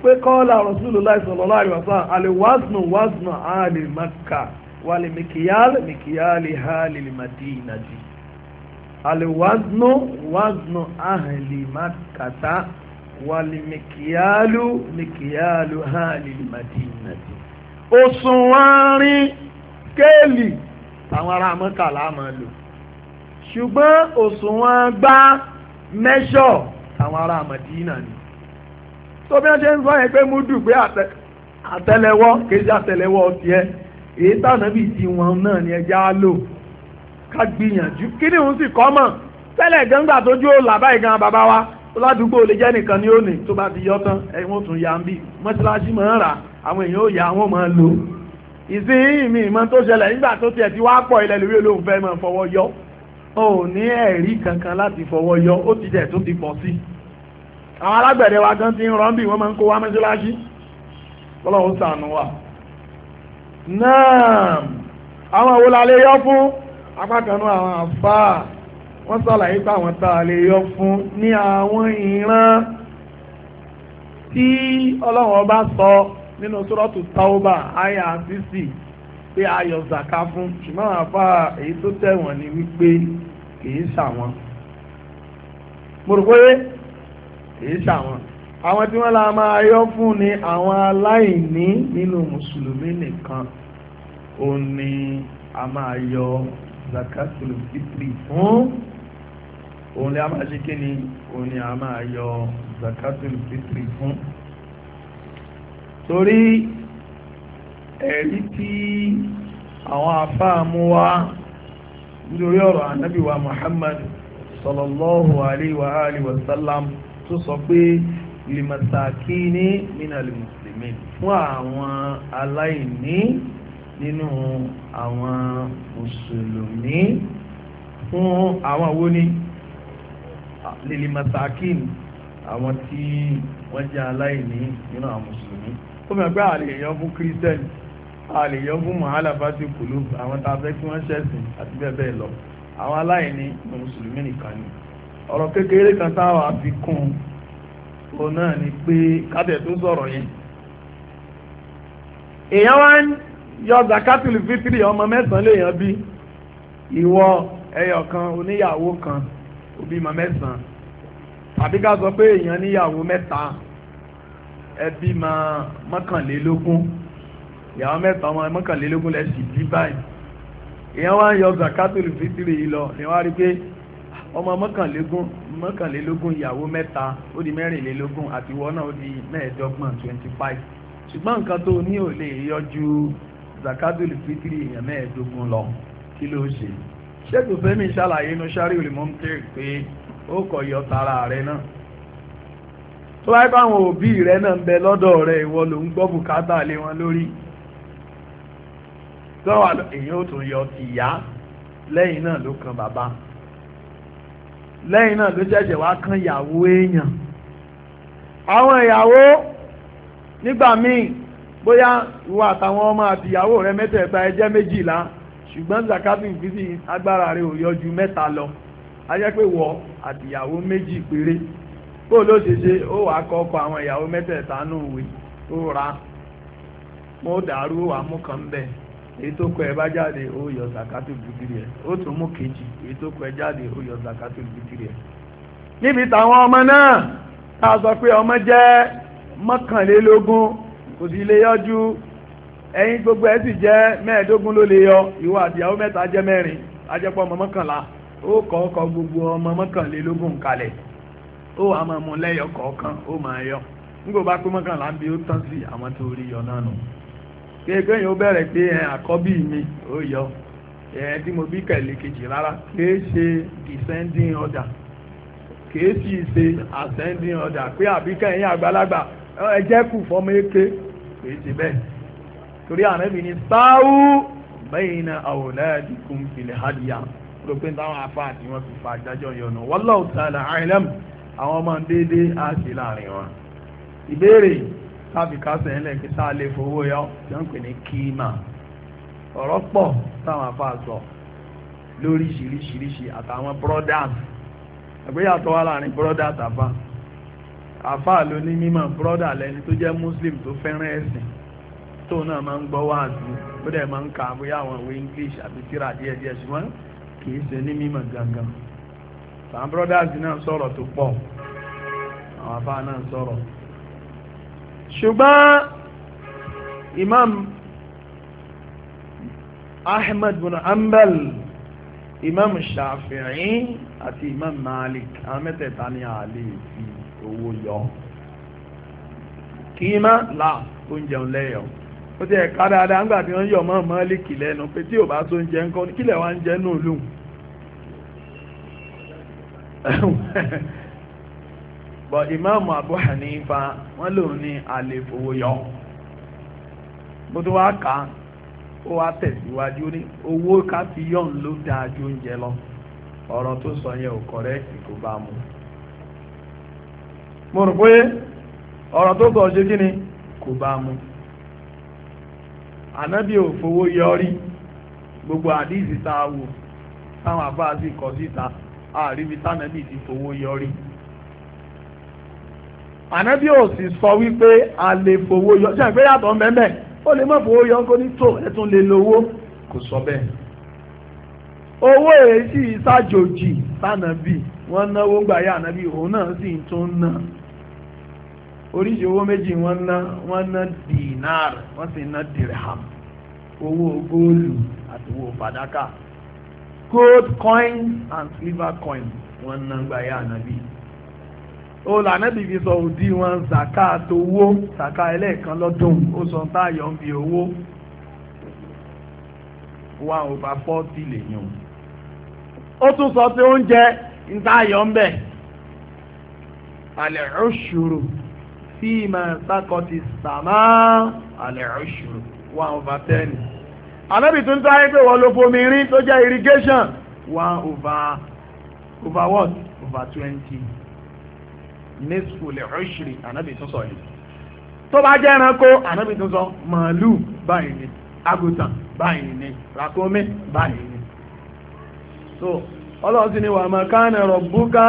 pé walimikiyal mikiyali halil madinati aliwaznu waznu ahli makkata walimikiyalu mikiyalu halil madinati òṣùwọ̀nrin kéèlì àwọn ará mọ́kànlá máa lò ṣùgbọ́n òṣùwọ̀n gbá mẹ́ṣọ̀ àwọn ará Mádínà ni tó bí wọ́n ṣe ń sọ yẹn pé múdù pé àtẹ́lẹwọ́ kejì àtẹ́lẹwọ́ tiẹ̀ èyí tànàbì tí wọn náà ni ẹja á lò ká gbìyànjú kí ni òun sì kọ́ mọ̀ tẹ́lẹ̀ gẹ́ngbà tó jó làbá ìgan bàbá wa ládùúgbò lè jẹ́ nìkan ní òní tó bá ti yọ tán ẹ̀wọ̀n tún ya ń bí mọ́ṣáláṣí máa ń rà àwọn èèyàn ò yá àwọn máa lò ìsinyìí mi ìmọ̀ tó ṣẹlẹ̀ nígbà tó tiẹ̀ ti wá pọ̀ ilẹ̀ lórí olóhùn fẹ́ máa fọwọ́ yọ ò ní ẹ̀rí kankan láti fọwọ́ yọ ó ti dẹ̀ tó ti pọ̀ sí i àwọn alágbẹ̀dẹ wa gan ti ń rán bí wọ́n máa ń kó wá mọ́ṣáláṣí ọlọ́run ṣàánú wa náà àwọn àwọn la lè yọ fún apákanú àwọn àfáà wọ́n sàlàyé táwọn tá a lè yọ fún ní àwọn ìran tí ọlọ́run ọba sọ nínú sọ́rọ́tù táwọ́bà àyà sísì pé ayọ̀ zàká fún ṣùgbọ́n àwọn àfáà èyí tó tẹ̀wọ̀n ni wípé kìí ṣàwọn mo kìí ṣàwọn àwọn tí wọ́n la máa yọ fún ni àwọn aláìní nínú mùsùlùmí nìkan ó ní a máa yọ zakatul fitri fún òun ni a máa ṣe kí ni òun ni a máa yọ zakatul fitri fún torí ẹ̀rí tí àwọn afáàmú wa nítorí ọ̀rọ̀ ànábì Muhammad sallallahu alaihi wa alihi wa sallam tó sọ pé limasakini minal muslimin fún àwọn aláìní nínú àwọn mùsùlùmí fún àwọn wo ni limasakini àwọn tí wọ́n jẹ́ aláìní nínú àwọn mùsùlùmí ó mẹ́ pé àlèyàn fún kírísítẹ́nì àlèyàn fún mọ̀hálà bá ti kùlù àwọn tá a fẹ́ kí wọ́n ṣẹ̀sìn àti bẹ́ẹ̀ bẹ́ẹ̀ lọ àwọn aláìní ní mùsùlùmí nìkan ni ọ̀rọ̀ kékeré kan táwa fi kún un òun náà ni pé kábẹ̀ tó sọ̀rọ̀ yẹn èèyàn wá ń yọ zakatul fitri ọmọ mẹ́sàn-án lèèyàn bí ìwọ ẹyọ kan oníyàwó kan òbí mọ mẹ́sàn-án tàbí ká sọ pé èèyàn níyàwó mẹ́ta ẹbí mọ mọ́kànlélógún ìyàwó mẹ́ta ọmọ mọ́kànlélógún lẹ́sìn bí báyìí èèyàn wá ń yọ zakatul fitri yìí lọ ni wọ́n á rí i pé ọmọ mọ́kànlélógún mọ́kànlélógún ìyàwó mẹ́ta ó di mẹ́rìnlélógún àti ìwọ náà ó di mẹ́ẹ̀ẹ́dọ́gbọ̀n twenty five ṣùgbọ́n nǹkan tó ní ò lè yọjú zakatul fitri èèyàn mẹ́ẹ̀ẹ́dógún lọ kí ló ṣe ṣẹ́gun fẹ́mi ṣàlàyé inú sáré olùmọ́ńtẹ́ pé ó kọ̀ yọ tara rẹ̀ náà tó wáyé báwọn òbí rẹ̀ náà ń bẹ lọ́dọ̀ rẹ̀ ìwọ ló ń gbọ́ bùkátà lé wọn lórí tọ́wà èyí ó tún yọ tìyá lẹ́yìn náà ló kan bàbá lẹ́yìn náà ló ṣẹ̀ṣẹ̀ wá kan ìyàwó èèyàn àwọn ìyàwó nígbà míì bóyá ìwọ àtàwọn ọmọ àti ìyàwó rẹ mẹ́tẹ̀ẹ̀ta ẹ jẹ́ méjìlá ṣùgbọ́n zakatu ìfísì agbára rẹ ò yọjú mẹ́ta lọ a jẹ́ pé wọ àti ìyàwó méjì péré kó ló ṣe ṣe ó wàá kọ́kọ́ àwọn ìyàwó mẹ́tẹ̀ẹ̀ta nù wí ó ra mo dàrú àmúkan bẹ́ẹ̀ èyí kọ ẹ bá jáde ó yọ zakatul fitiri ẹ ó tún mú kejì kọ ẹ jáde ó yọ ẹ. níbi táwọn ọmọ náà tá a sọ pé ọmọ jẹ mọ́kànlélógún kò lè yọjú ẹyin gbogbo ẹ sì jẹ́ mẹ́ẹ̀ẹ́dógún ló yọ ìwọ àtìyàwó mẹ́ta jẹ́ mẹ́rin ajẹ́pọ̀ ọmọ ó kọ gbogbo ọmọ maka kalẹ̀ ó ó máa yọ nígbà bá pé ń bi ó tán sí àwọn tó yọ náà kéèkéèyàn ó bẹ̀rẹ̀ pé ẹ àkọ́bí mi ó yọ ẹ tí mo bí kẹ̀lé kejì rárá kìí ṣe descending order kìí sì ṣe ascending order pé àbíkẹ́yìn àgbàlagbà ẹ jẹ́ kù fọ́mọ eke kìí ṣe bẹ́ẹ̀ torí ànábì ní sáwù bẹ́yìn náà awladikum fil hadiya ló pé táwọn afáà tí wọ́n fi fa àjájọ́ yọnu wallahu ta'ala a'lam àwọn ọmọ déédéé á ṣe láàrin wọn ìbéèrè sáàfì kásẹ̀ ẹ̀lẹ̀ kí sáà lè fowó yọ tí wọ́n pè ní kíímà ọ̀rọ̀ pọ̀ táwọn afá sọ lóríṣiríṣiríṣi àtàwọn brothers àgbéyàtọ̀ wà láàrin brothers àfá ló ní lẹni tó muslim tó fẹ́ràn ẹ̀sìn to náà máa ń gbọ́ wáàzù ó dẹ̀ máa ń ka bóyá àwọn ìwé english àti tíra díẹ̀ díẹ̀ ṣùgbọ́n kì í ṣe gangan àwọn náà sọ̀rọ̀ tó pọ̀ àwọn náà ṣùgbọ́n imam ahmed bin ambal imam shafi'i àti imam malik àwọn mẹ́tẹ̀ẹ̀ta ni a lè fi owó yọ kí má là oúnjẹ lẹ́yọ̀ ó ti ẹ̀ka dáadáa nígbà tí wọ́n yọ̀ mọ́ malik lẹ́nu pé tí ò bá tó oúnjẹ ńkọ́ kílẹ̀ wá ń jẹ́ náà but imam Abu Hanifa wọ́n lòun ní alẹ́ fowó yọ wá kà á ó wá tẹ̀síwájú ní owó ká fi ló lọ ọ̀rọ̀ tó sọ yẹn ò kọ̀rẹ́ẹ̀tì kò bá mu. mo rò pé ọ̀rọ̀ tó sọ ṣe kí ni kò bá mu. ànábì gbogbo àdìsí tá a wò táwọn kọ síta àríbi tánàbì ti fowó yọrí. ànábì ò sì sọ wípé a lè fowó yọ ṣe àgbẹ̀ yàtọ̀ mẹ́mẹ́ ó lè má fowó yọ kó ní tó ẹ tún lè lówó kò sọ bẹ́ẹ̀ owó èsì ìsàjòjì sànàbì wọ́n náwó gbà yá ànábì òun náà sì tún ná oríṣi owó méjì wọ́n ná wọ́n ná dinar wọ́n sì ná dirham owó góòlù àti owó fàdákà gold coins and silver coins wọ́n ná gbà yá ànábì ó lànàbì fi sọ òdi wọn zaka tó wó zaka ẹlẹ́ẹ̀kan lọ́dún ó sọ táyọ̀ ń bi owó one over forty lèyàn ó tún sọ pé oúnjẹ ń táyọ̀ ń bẹ̀ àlẹ́ òṣùrù tí mà sákọ̀tì sàmá àlẹ́ òṣùrù one over ten ànábì tó ń táyé pé wọ́n ló fomi rí tó jẹ́ irrigation one over over what over twenty. nisfu li ushri ànábì tún sọ yìí tó bá jẹ́ ẹranko ànábì tún sọ màálù báyìí ni báyìí ni báyìí ni so ọlọ́run sì ni wà máa ká ní rọ̀bùkà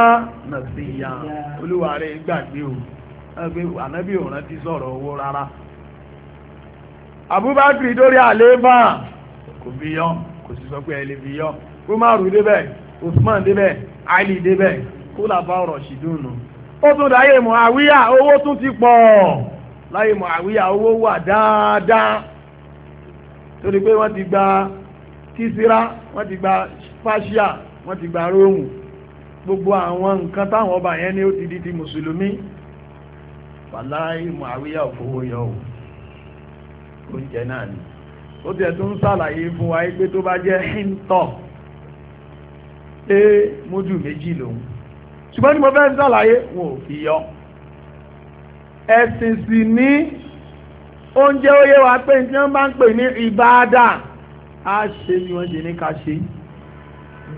gbàgbé o ànábì owó rárá Abubakar dórí àléébà kò bí yọ kò sì sọ pé ẹ lè bí yọ Umaru débẹ̀ Usman Ali débẹ̀ kó ó tún dáyé Muawiya owó tún ti pọ̀ láyé Muawiya owó wà dáadáa torí pé wọ́n ti gba Kísírà wọ́n ti gba Fáṣíà wọ́n ti gba Róòmù gbogbo àwọn nǹkan táwọn ọba yẹn ni ó ti di ti mùsùlùmí wàláyé Muawiya òfowó yọ ò oúnjẹ náà ni ó tiẹ̀ tún ń ṣàlàyé fún wa pé tó bá jẹ́ hìntọ́ pé mójú méjì lòun ṣùgbọ́n ní mo fẹ́ ṣàlàyé wọn ò fi yọ ẹ̀sìn sì ní oúnjẹ oyé wa pé tí wọ́n bá ń pè ní ìbáadà á ṣe ni wọ́n ṣe ní ká ṣe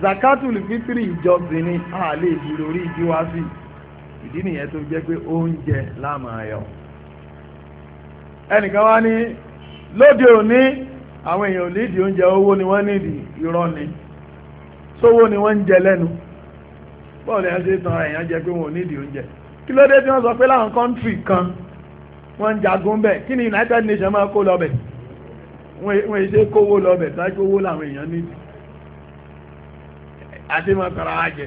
zakatul fitri ìjọsìn ni a lè fi lórí ìdí wá sí ìdí nìyẹn tó jẹ́ pé oúnjẹ la máa yọ ẹnìkan wá ní lóde òní àwọn èèyàn ò nídìí oúnjẹ owó ni wọ́n nídìí irọ́ ni sówó ni wọ́n ń jẹ lẹ́nu bọ́ọ̀lù ẹ̀ ṣe tan èèyàn jẹ pé wọn ò nídìí oúnjẹ kí ló dé tí wọ́n sọ pé láwọn kọ́ńtì kan wọ́n ń jagun bẹ́ẹ̀ kí ni United Nations máa kó lọ bẹ̀ wọ́n e, e ṣe kówó lọ bẹ̀ tájú owó làwọn èèyàn nídìí àti mọ̀ tọ̀rọ̀ àjẹ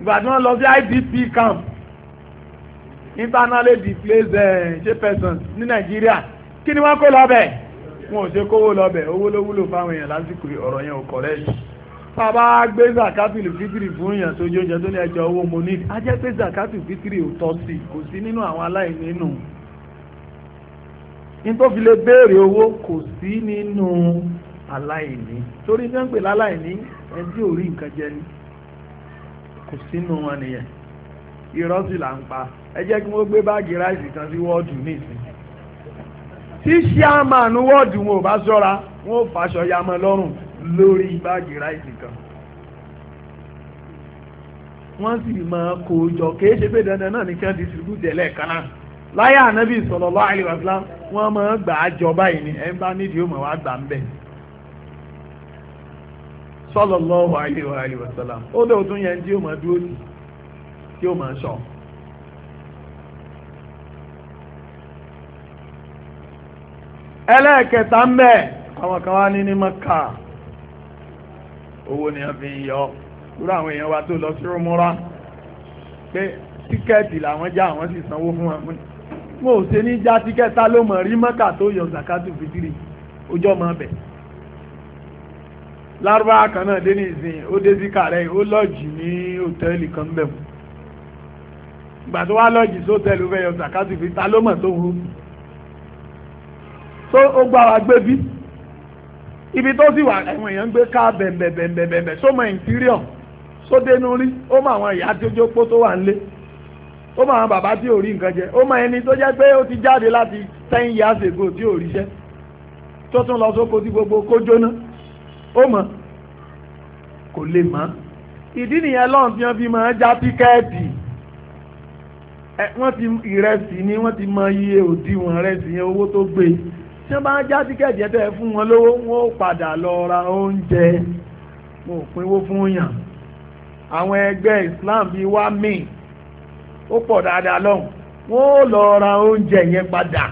ìgbà tí wọ́n lọ sí IDP camp internally displaced eh, ṣe persons ní Nàìjíríà kí ni wọ́n kó lọ bẹ̀ wọ́n ò ṣe kówó lọ bẹ̀ owó ló wúlò fáwọn èèyàn lásìkò ọ̀rọ̀ yẹn ò correct bàbá gbé zakatu fitiri fún èèyàn tó jẹ́ oúnjẹ tó ní ẹjọ́ owó mo ní a jẹ́ pé zakatu fitiri ò tọ́ sí kò sí nínú àwọn aláìní nù ní tó fi lè béèrè owó kò sí nínú aláìní torí ní ń pè láláìní ẹjẹ́ ò rí nǹkan jẹ ni kò sínú wọn nìyẹn irọ́ sì là ń pa ẹ jẹ́ kí wọ́n gbé báàgì ráìsì kan sí wọ́ọ̀dù nísìnyí tí ṣíàmà wọ́ọ̀dù wọn ò bá ṣọ́ra wọn ò fàṣọ yamọ lọ́rùn lórí báàgì ráìsì kan wọ́n sì máa kó jọ kìí ṣe pé dandan náà ní kí wọ́n distribute lẹ́ẹ̀kan náà láyé ànábì sallallahu alaihi wasallam wọ́n máa gbà á jọ báyìí ni ẹ̀ ń bá nídìí ó wá gbà ń bẹ̀ sallallahu alaihi wasallam ó lóòótọ́ yẹn tí ó máa dúró sí tí ó máa sọ. ẹlẹ́ẹ̀kẹta ń maka owó ni wọ́n fi ń yọ lórí àwọn èèyàn wa tó lọ sí rúmúrá pé tíkẹ́ẹ̀tì làwọn já àwọn sì sanwó fún wọn mo ò ṣe ní já tíkẹ́ẹ̀tà ló mọ̀ rí mọ́kà tó yọ zakatu fitiri ojú ọmọ bẹ̀ lárúbá kan náà dé ní ìsìn ó dé sí kàrẹ́ ó lọ́ọ̀jì ní hòtẹ́ẹ̀lì kan bẹ̀ mú ìgbà tó wá lọ́ọ̀jì sótẹ́ẹ̀lì ó fẹ́ yọ zakatu fitiri ta ló mọ̀ tó hù so ó gbá wa gbé bí ibi tó sì wà ẹ̀wọ̀n èèyàn ń gbé ká bẹ̀m̀bẹ̀m̀bẹ̀m̀bẹ̀ tó mọ interior tó dénú rí ó mọ àwọn ìyá tí ó jókòó tó wà nílé ó mọ àwọn bàbá tí ò rí nǹkan jẹ ó mọ ẹni tó jẹ́ pé ó ti jáde láti ten years ago tí ò ríṣẹ́ tó tún lọ sóko tí gbogbo kó jóná ó mọ kò lè mọ ìdí nìyẹn lọ́run tí wọ́n fi máa já tíkẹ́ẹ̀tì wọ́n ti ìrẹsì ni wọ́n ti mọ iye òdiwọ̀n rẹ̀ sí owó tó gbé e tí wọ́n bá ń já tíkẹ́ẹ̀tì ẹ̀tẹ́ fún wọn lówó wọn ó padà lọ ra oúnjẹ wọn ò pínwó fún yàn àwọn ẹgbẹ́ Islam bíi wá míì ó pọ̀ dáadáa lọ́hùn wọn ó lọ ra oúnjẹ yẹn padà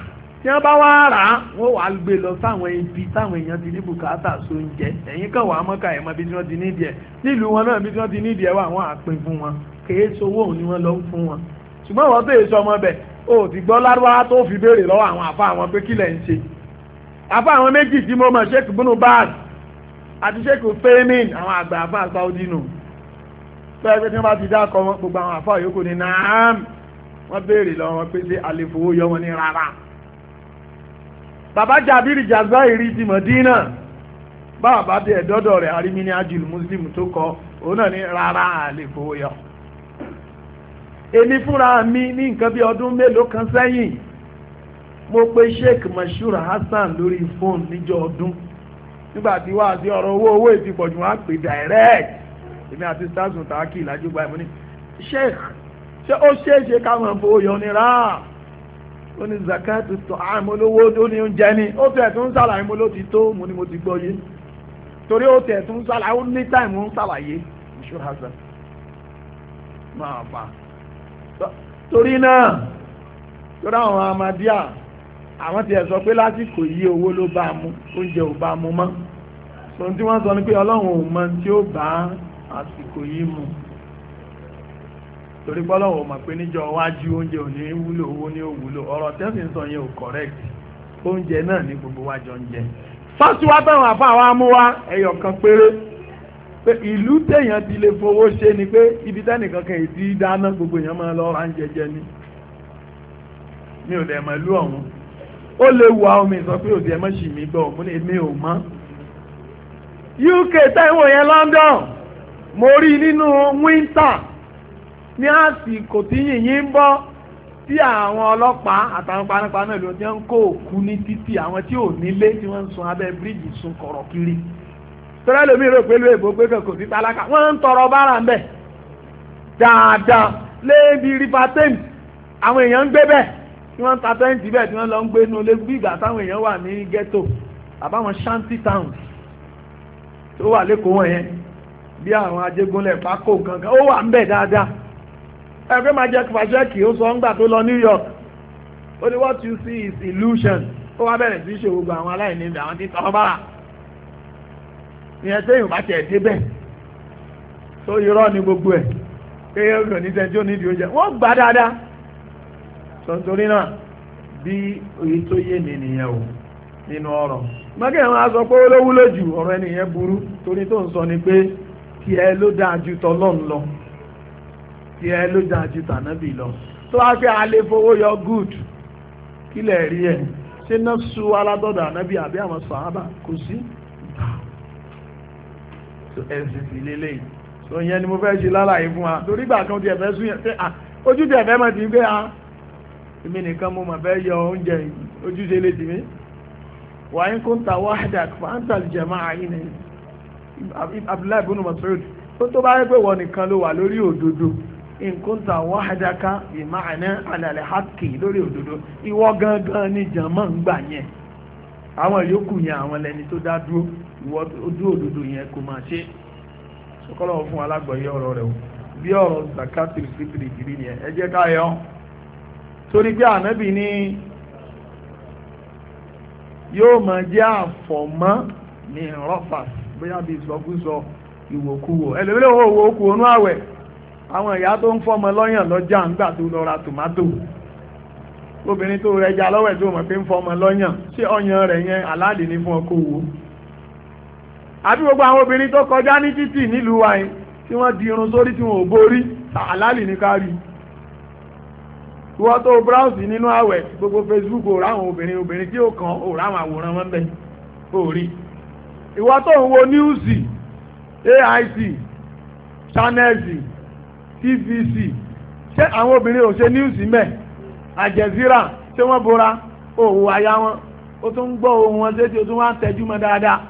tí wọ́n bá wá rà á wọ́n wàá gbé lọ sáwọn ibi táwọn èèyàn ti ní bùkátà sóúnjẹ ẹ̀yìn kan wàá mọ́ka ẹ̀mọ́ bí wọ́n ti nídìí ẹ̀ nílùú wọn náà bí wọ́n ti nídìí ẹ̀ wà wọ́n àpín fún wọn kèé sowó òun ni wọ́n lọ ń fún wọn ṣùgbọ́n wọ́n tó èso ọmọ bẹ̀ ó ti gbọ́ lárúbáwá tó fi béèrè lọ́wọ́ àwọn àfa àwọn pé kílẹ̀ ń ṣe àfa àwọn méjì tí mo mọ̀ sheik bunu bad àti sheik femin àwọn àgbà àfa àgbáwọ́dínù tó ẹgbẹ́ tí wọ́n bá ti dákọ̀ wọn gbogbo àwọn àfa yòókù ní naam wọ́n béèrè lọ́wọ́ pé ṣé àlefowó yọ wọn ní rárá bàbá jabiri jazairi ti Mọ̀dínà báwa bá dé ẹ̀dọ́dọ̀ rẹ̀ arimini ajul muslim tó kọ òun náà ní rárá àlefowó yọ èmi fúnra mi ní nǹkan bí ọdún mélòó kan sẹ́yìn mo pe sheikh mashur hasan lórí fóònù níjọ́ ọdún nígbà tí wàá sí ọ̀rọ̀ owó owó ìtìpọ̀jù wọn á pè direct èmi àti stasun taaki ìlàjúgba ẹ̀mọ́ ni sheikh ṣé ó ṣeéṣe káwọn fowó yọ ni rà ó ní zakat tó àmọ́ olówó ó ní oúnjẹ ni ó tẹ̀ tún sàlàyé mo ló ti tó mo ni mo ti gbọ́ yé torí ó tẹ̀ tún sàlàyé ó ní táìmù ń sàlàyé mashur hasan máa bá torí náà torí àwọn amadíà àwọn ti ẹ̀ sọ pé lásìkò yí owó ló bá mu oúnjẹ ò bá mu mọ́ sọ tí wọ́n sọ ni pé ọlọ́run ò mọ tí ó bá àsìkò yí mu torí pọ́lọ́run ò mọ̀ pé níjọ́ iwájú oúnjẹ ò ní wúlò owó ní òwúlò ọ̀rọ̀ tẹ́sán sọ yẹn ò correct oúnjẹ náà ní gbogbo wa jọ ń jẹ fásitì táwọn àfa wa mú wa ẹyọ kan péré pé ìlú téèyàn ti lè fowó ṣe ni pé ibi tẹ́nìkan kan èyí ti dáná gbogbo èèyàn máa lọ ra ń jẹjẹ ni mi ò dẹ̀ mọ̀ ìlú ọ̀hún ó lè wà omi sọ pé òdì ẹ má ṣì mí gbọ́ mo ní èmi ò mọ̀ UK tẹ́wọ̀n yẹn London mo rí nínú winter ní àsìkò tí yìnyín ń bọ́ tí àwọn ọlọ́pàá àtàwọn panápaná ìlú ti ń kó òkú ní títì àwọn tí ò nílé tí wọ́n ń sun abẹ́ bíríìjì sun kọ̀rọ̀ kiri tọ́lá lómi rò pé lóògbé pé kò sí tálákà wọ́n ń tọrọ bára ń bẹ̀ dáadáa lébi river Thames àwọn èèyàn ń gbé bẹ́ẹ̀ tí wọ́n ń ta tẹ́ǹtì bẹ́ẹ̀ tí wọ́n lọ ń gbé inú ilé bí ìgbà táwọn èèyàn wà ní ghetto àbáwọn shanty towns tó wà lẹ́kọ̀ọ́ wọn yẹn bí àwọn ajégúnlẹ̀ pákó kankan ó wà ń bẹ̀ dáadáa o máa jẹ́ pàṣẹ́kì ó sọ tó lọ New York ó ní what you see is illusion ó wá bẹ̀rẹ̀ sí ṣe gbogbo àwọn aláìní àwọn tí tọ́ bára ìyẹn sẹ́yìn bá tiẹ̀ débẹ̀ tó irọ́ ni gbogbo ẹ̀ sọ̀tòrí náà bí oyin tó yé ni nìyẹn o nínú ọ̀rọ̀ mọ́kẹ́ àwọn aṣọ pé ó lówú lójú ọ̀rọ̀ ẹnìyẹn burú torí tó ń sọ ni pé tí ẹ ló dáa ju tọlọ́n lọ tí ẹ ló dáa ju tànábì lọ tó wá fẹ́ alẹ́ fowó yọ good kílẹ̀ rí ẹ̀ ṣé náà su aládọ́dọ̀ ànábì àbí àwọn sàhábà kò sí ẹ̀sìn sí lélẹ́yìn tó yẹn ni mo fẹ́ ṣe lálàyé fún wa torí gbà kan tiẹ̀ fẹ́ sún yẹn ojú tiẹ̀ fẹ́ mọ̀ ti gbé a èmi nìkan mo mà fẹ́ yọ oúnjẹ ojúṣe lè tèmi wàá ń kóńtà wahdak fàǹtà jama'a yìí ni abdullahi ibn Mas'ud ó tó bá yẹ pé wọ́n nìkan ló wà lórí òdodo nkóńtà wahdaka ìmáàná alàlẹ́ hákì lórí òdodo ìwọ gangan ni jàmọ́ ń gbà yẹn àwọn yòókù yẹn àwọn lẹni tó dá dúró ìwọ ojú òdodo yẹn kò máa ṣe sọkọlọ fún alágbọ̀yé ọ̀rọ̀ rẹ̀ o bí ọ̀rọ̀ zakatul fitri ìdílé yẹn ẹ jẹ́ ká yọ torí pé ànábì ni yóò ma jẹ́ àfọ̀mọ́ ní rọ́fà bóyá bíi ìsọkúsọ ìwòkuwò ẹlẹ́mílẹ́ owó owó okùn onú àwẹ̀ àwọn ìyá tó ń fọ́mọ lọ́yàn lọ́jà ńgbà tó lọ ra tòmátò obìnrin tó ja lọ́wẹ̀ tó mọ̀ pé ń fọ́mọ lọ́yàn ṣé ọyàn rẹ̀ yẹn aláàdì ní fún ọkọ owó àbí gbogbo àwọn obìnrin tó kọjá ní títì nílùú wa di irun sórí tí wọn ò borí ní ká wọ́n tó n'inu nínú àwẹ̀ gbogbo facebook ò ráwọn obìnrin obìnrin tí ó kàn ò ráwọn àwòrán wọn bẹ́ẹ̀ ò rí tó TVC ṣé àwọn obìnrin ò ṣe níwùsì mẹ́ àjẹsíra ṣé wọ́n bora òwò àyà wọn ó tún gbọ́ ohun wọn ó tún wá mọ́ dáadáa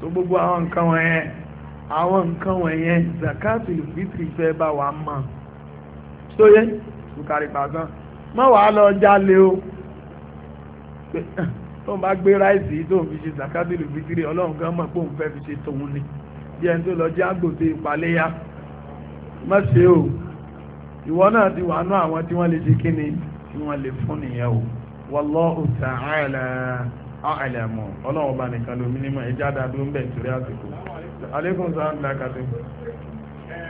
so gbogbo àwọn àwọn nǹkan wọ̀nyẹn zakatu ìfitri fẹ́ bá wa mọ̀ sóyè bukari pàtàn mọ́ wàá lọ jalè o eh, tó ń bá gbé ráìsì tó ń fi ṣe zakatu ìfitri ọlọ́run kan mọ̀ pé òun fẹ́ fi ṣe tòun ni bí ẹni tó lọ jẹ́ àgbòdo ìpaléyà má ṣe o ìwọ náà ti wà nú àwọn tí wọ́n lè ṣe kí ni tí wọ́n lè fún nìyẹn o wallahu ta'ala a'lamu ọlọ́run ọba nìkan lómi ní mọ̀ ẹja dàdú ń bẹ̀ torí àsìkò alaikum salam na kasi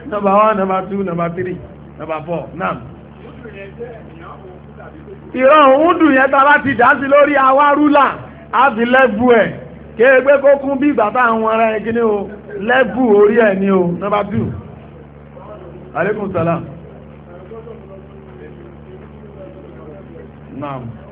number one number two number three number four nam. ìran òun dùn yẹn tá ti dá lórí àwa rúlà á fi lẹ́bù ẹ̀ kéègbé kó kún bí ìgbà táwọn ará ẹ̀ kíní o lẹ́bù orí ẹ̀ ni o number two alaikum salam. Naam. No.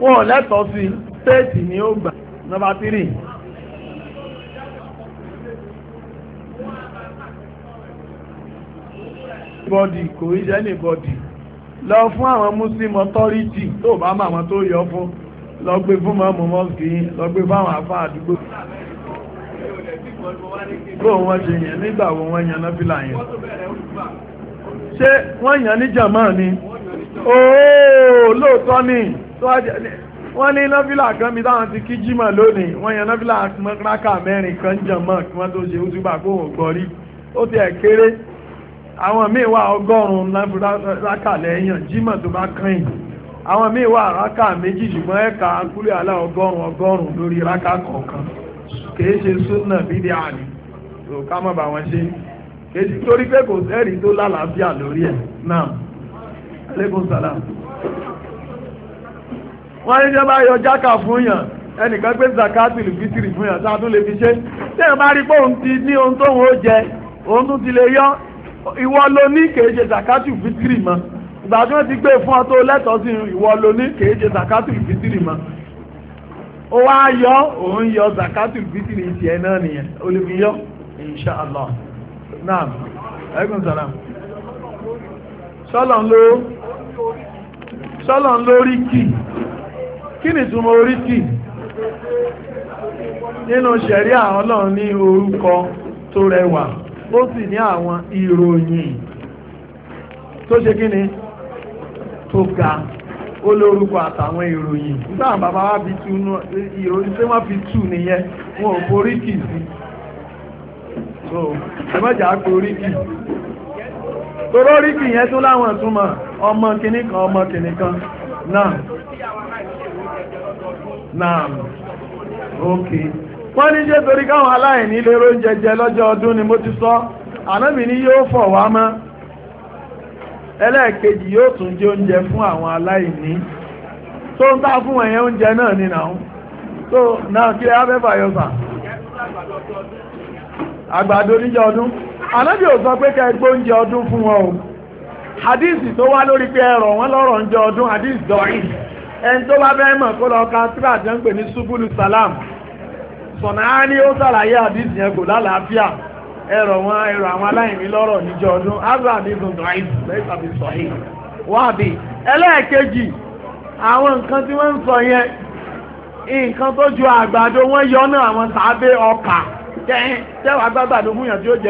wọn ò lẹ́tọ̀ọ́ sí stéètì ni ó gbà nọ́mbà tírì. bọ́dì kò í jẹ́ nìbọ́dì lọ fún àwọn muslim authority tó bá mọ àwọn tó yọ fún lọ gbé fún mọ́mú mọ́sùkì lọ gbé fún àwọn afá àdúgbò. bó wọn ṣe yẹn nígbà wo wọn yan nọ́fìlà yẹn ṣé wọ́n yan ní jàmáà ni ooo lóòótọ́ ni wọ́n ní nọ́fílà kan mi táwọn ti kí jímọ̀ lónìí wọ́n yan nọ́fílà rákà mẹ́rin kan jẹ̀mọ́ kí wọ́n tó ṣe ó túbà kó wọ́n gbọ́ rí ó ti ẹ̀ kéré àwọn míì wà ọgọ́rùn-ún rákà lẹ́yìn jímọ̀ tó bá kàn àwọn míì wà rákà méjì ṣùgbọ́n ẹ̀ka akúlẹ̀ alá ọgọ́rùn-ún ọgọ́rùn-ún lórí rákà kọ̀ọ̀kan kìí ṣe súnà bídí àní tó ká mọ̀ bá wọn ṣe kìí torí pé kò sẹ́rìí tó lálàáfíà lórí ẹ̀ náà alẹ́kùn sàlám. wọ́n ní jọba yọ jákà fún yàn ẹnìkan gbé zakati lùfítìrì fún yàn sáà tún lè fi ṣe tẹ́yàn bá rí ti ní ohun tóun ó jẹ òun tún ti lè yọ ìwọ ló ní kèé ṣe zakati lùfítìrì ti gbé fún ọ tó lẹ́tọ̀ọ́ sí ìwọ ló ní kèé ṣe zakati ó wá yọ òun yọ zakati náà nìyẹn naam ń lórí kì kí ni túnmọ̀ oríkì nínú ṣẹ̀rí àwọn náà ní orúkọ tó rẹwà ó sì ní àwọn ìròyìn tó ṣe kí ni tó ga ó lórúkọ àtàwọn ìròyìn nígbà bàbá wa fi tú ìròyìn tí wọ́n fi tú nìyẹn wọn ò forí kì sí so ẹ mọ́jà á forí kì torórí kì yẹn tó láwọn ìtumọ̀ ọmọ kìnnìkan ọmọ kìnnìkan náà náà Ok, wọ́n ní ṣe torí káwọn aláìní lè ró jẹjẹ lọ́jọ́ ni mo ti sọ ànábì ní yóò fọ̀ wá mọ́ ẹlẹ́ẹ̀kejì yóò tún jẹ oúnjẹ fún àwọn aláìní tó ń ká fún ẹ̀yẹ oúnjẹ náà ní náà tó náà kí abẹ́fà yọ àgbàdo ọdún ànábì sọ pé oúnjẹ ọdún fún wọn o hadith tó wá lórí pé lọ́rọ̀ ọdún hadith ẹni tó bá bẹ́ẹ̀ mọ̀ kó lọ ka tíra jẹ́ pè ní subulu salam sọ̀nà á ní ó sàlàyé àdìsí lálàáfíà ẹ̀rọ wọn ẹ̀rọ àwọn aláìní lọ́rọ̀ níjọ ọdún azra ní gbọ̀ngàn àìsàn lẹ́yìn tàbí sọ̀hìn ẹlẹ́ẹ̀kejì àwọn nǹkan tí wọ́n ń sọ yẹn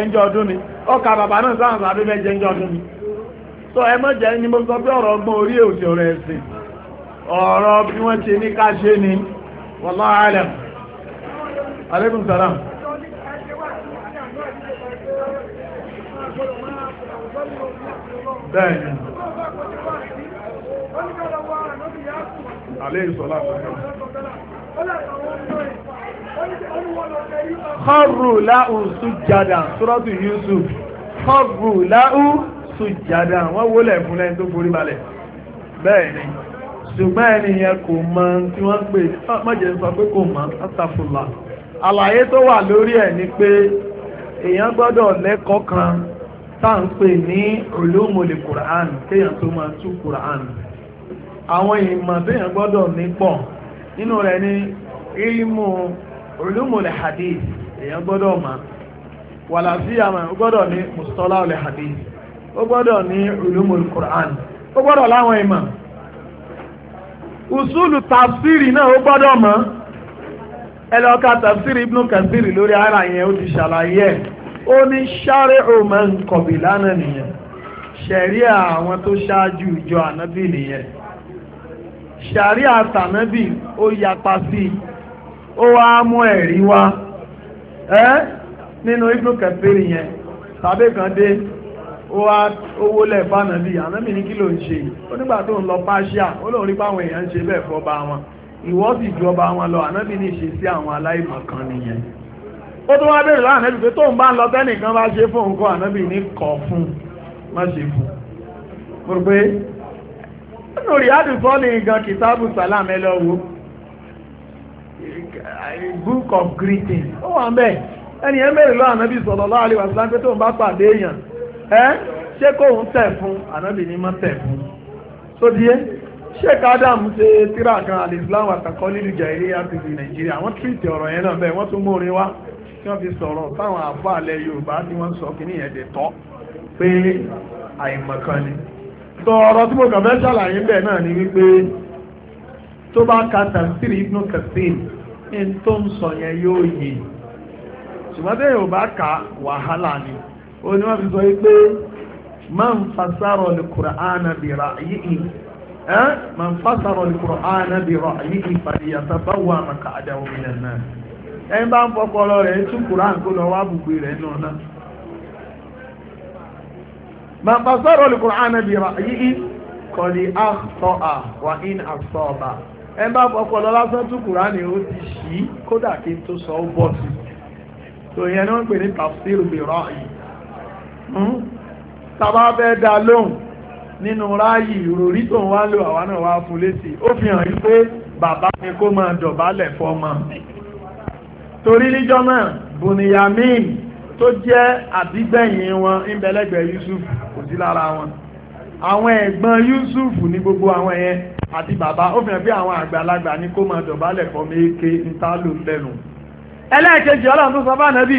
nǹkan ọdún ni ọkà bàbá ọ̀rọ̀ bí wọ́n ti ní ká ṣe ni wallahu alam alaikum salam bẹ́ẹ̀ni alaihi salam kharru lahu sujjada suratu Yusuf kharru lahu sujjada wọ́n wólẹ̀ fún lẹ́yìn tó forí balẹ̀ bẹ́ẹ̀ni ṣùgbọ́n ẹnìyàn kò mọ tí wọ́n pè mọ́jẹ̀ sọ pé kò mọ átàfùlà àlàyé tó wà lórí ẹ̀ ni pé èèyàn gbọ́dọ̀ lẹ́kọ̀ọ́ kan tá à ń pè ní Qur'an kéèyàn tó máa tú Qur'an àwọn ìmọ̀ téèyàn gbọ́dọ̀ ní pọ̀ nínú rẹ̀ ni ilmu ulumul hadith èèyàn gbọ́dọ̀ mọ̀ wàlàsí àmọ́ gbọ́dọ̀ ní mustalahul hadith ó gbọ́dọ̀ ní ulumul Qur'an ó usulu tafsiri náà ó gbọ́dọ̀ mọ̀ ẹ lọ ka tafsiri ibnu kasiri lórí ara yẹn ó ti ṣàlàyé ẹ̀ ó ní ṣáré òmà ń kọ̀bì lánàá nìyẹn ṣẹ̀ríà àwọn tó ṣáájú ìjọ ànábì nìyẹn ṣàríà tànábì ó yapa sí i ó wá mú ẹ̀rí wá ẹ́ nínú ibnu kasiri yẹn tàbí kan dé ó wá owó lẹ̀ fánàbí ànábì ní kí ló ń ṣe onígbà tó ń lọ pàṣíà ó lóun rí páwọn èèyàn ń ṣe bẹ́ẹ̀ fọba wọn ìwọ sì ju ọba wọn lọ ànábì ní ṣe sí àwọn aláìmọ̀kan nìyẹn ó tó wá bèèrè pé tóun bá ń lọ bá ṣe fóun fún má ṣe fún mo rò pé nínú ríádù gan kìtàbù lọ́wọ́ book of greeting ó wà ń bẹ́ẹ̀ ẹni ẹ ẹ́ ṣé kóhun tẹ̀ fún ànábì ní tẹ̀ fún tó díé sheik adam ṣe tíra kan alìsíláwà àtàkọ́ nílùú jàìrí àtìsí nàìjíríà wọ́n tírìtì ọ̀rọ̀ yẹn náà bẹ́ẹ̀ wọ́n tún mórin wá tí wọ́n fi sọ̀rọ̀ táwọn àbá alẹ́ yorùbá tí wọ́n sọ kí nìyẹn dẹ̀ tọ́ pé àìmọ̀kan ni sọ ọ̀rọ̀ tí mo kàn fẹ́ ṣàlàyé bẹ́ẹ̀ náà ni wípé tó bá ka tàǹtìrì ní tó ń sọ yẹn yóò yè ṣùgbọ́n ka wàhálà ni òní wọ́n fi sọ wípé máa ń fasárọ̀ lè Kùránà bí ra yìí ẹ́ máa ń fasárọ̀ lè Kùránà bí ra yìí ìfàdíyàtà bá wà màkà àdáwò mílẹ̀ náà ẹ bá ń fọpọlọ rẹ̀ tún Kùránà kó lọ wá bùgbé rẹ̀ náà náà máa ń fasárọ̀ lè Kùránà bí ra yìí kọ̀lì àtọ́à wà ní àtọ́ọ̀bà ẹ bá fọpọlọ lásán tún Kùránà ó ti ṣí kódà kí n tó sọ ó bọ̀ sí tòyẹn náà ń pè ní tafsir bí ra yìí Hmm? tàbá fẹ́ dá lóhùn nínú ráàyè ìròrí tó ń wá lò àwa náà wá fún létí ó fi hàn yín pé bàbá ni kó máa dọ̀bálẹ̀ fọmọ torí níjọ́ náà bùnìyàmín tó jẹ́ àbígbẹ̀yìn wọn ńbẹ̀lẹ́gbẹ̀ Yusuf kò sí lára wọn àwọn ẹ̀gbọ́n Yusuf ní gbogbo àwọn yẹn àti bàbá ó fi hàn pé àwọn àgbàlagbà ni kó máa dọ̀bálẹ̀ fọmọ eke ń tá lò lẹ́nu ẹlẹ́ẹ̀kejì ọlọ́run tó sọ bá nàbì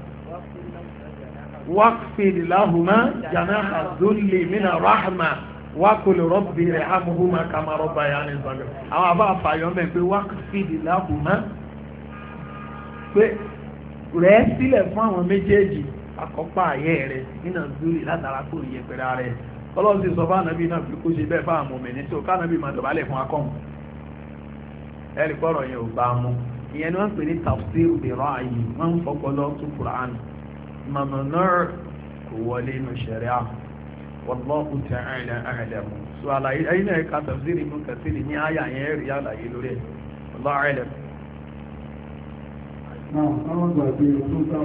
واغفر لهما جناح الذل من الرحمة وقل رب ارحمهما كما ربياني صغيرا àwọn àbá àfàyọ́ mẹ́ pé واغفر لهما pé rẹ̀ sílẹ̀ fún àwọn méjèèjì àkọ́pá ayé rẹ̀ nínú zúlì látara ọlọ́run ti sọ fún ànábì náà fi bẹ́ẹ̀ fáwọn ọmọ tí ó ká máa fún pọ̀rọ̀ yẹn ò ìyẹn ni wọ́n ń pè ní wọ́n ń mamanu' kò wọlé inú ṣẹ̀ríà wallahu ta'ala a'lam so àlàyé ẹ̀yìn náà ẹ̀ka tafsiri mú kẹsìrì ní àyà yẹn rí àlàyé lórí ẹ̀ wallahu a'lam. náà àwọn gbàgbé ọdún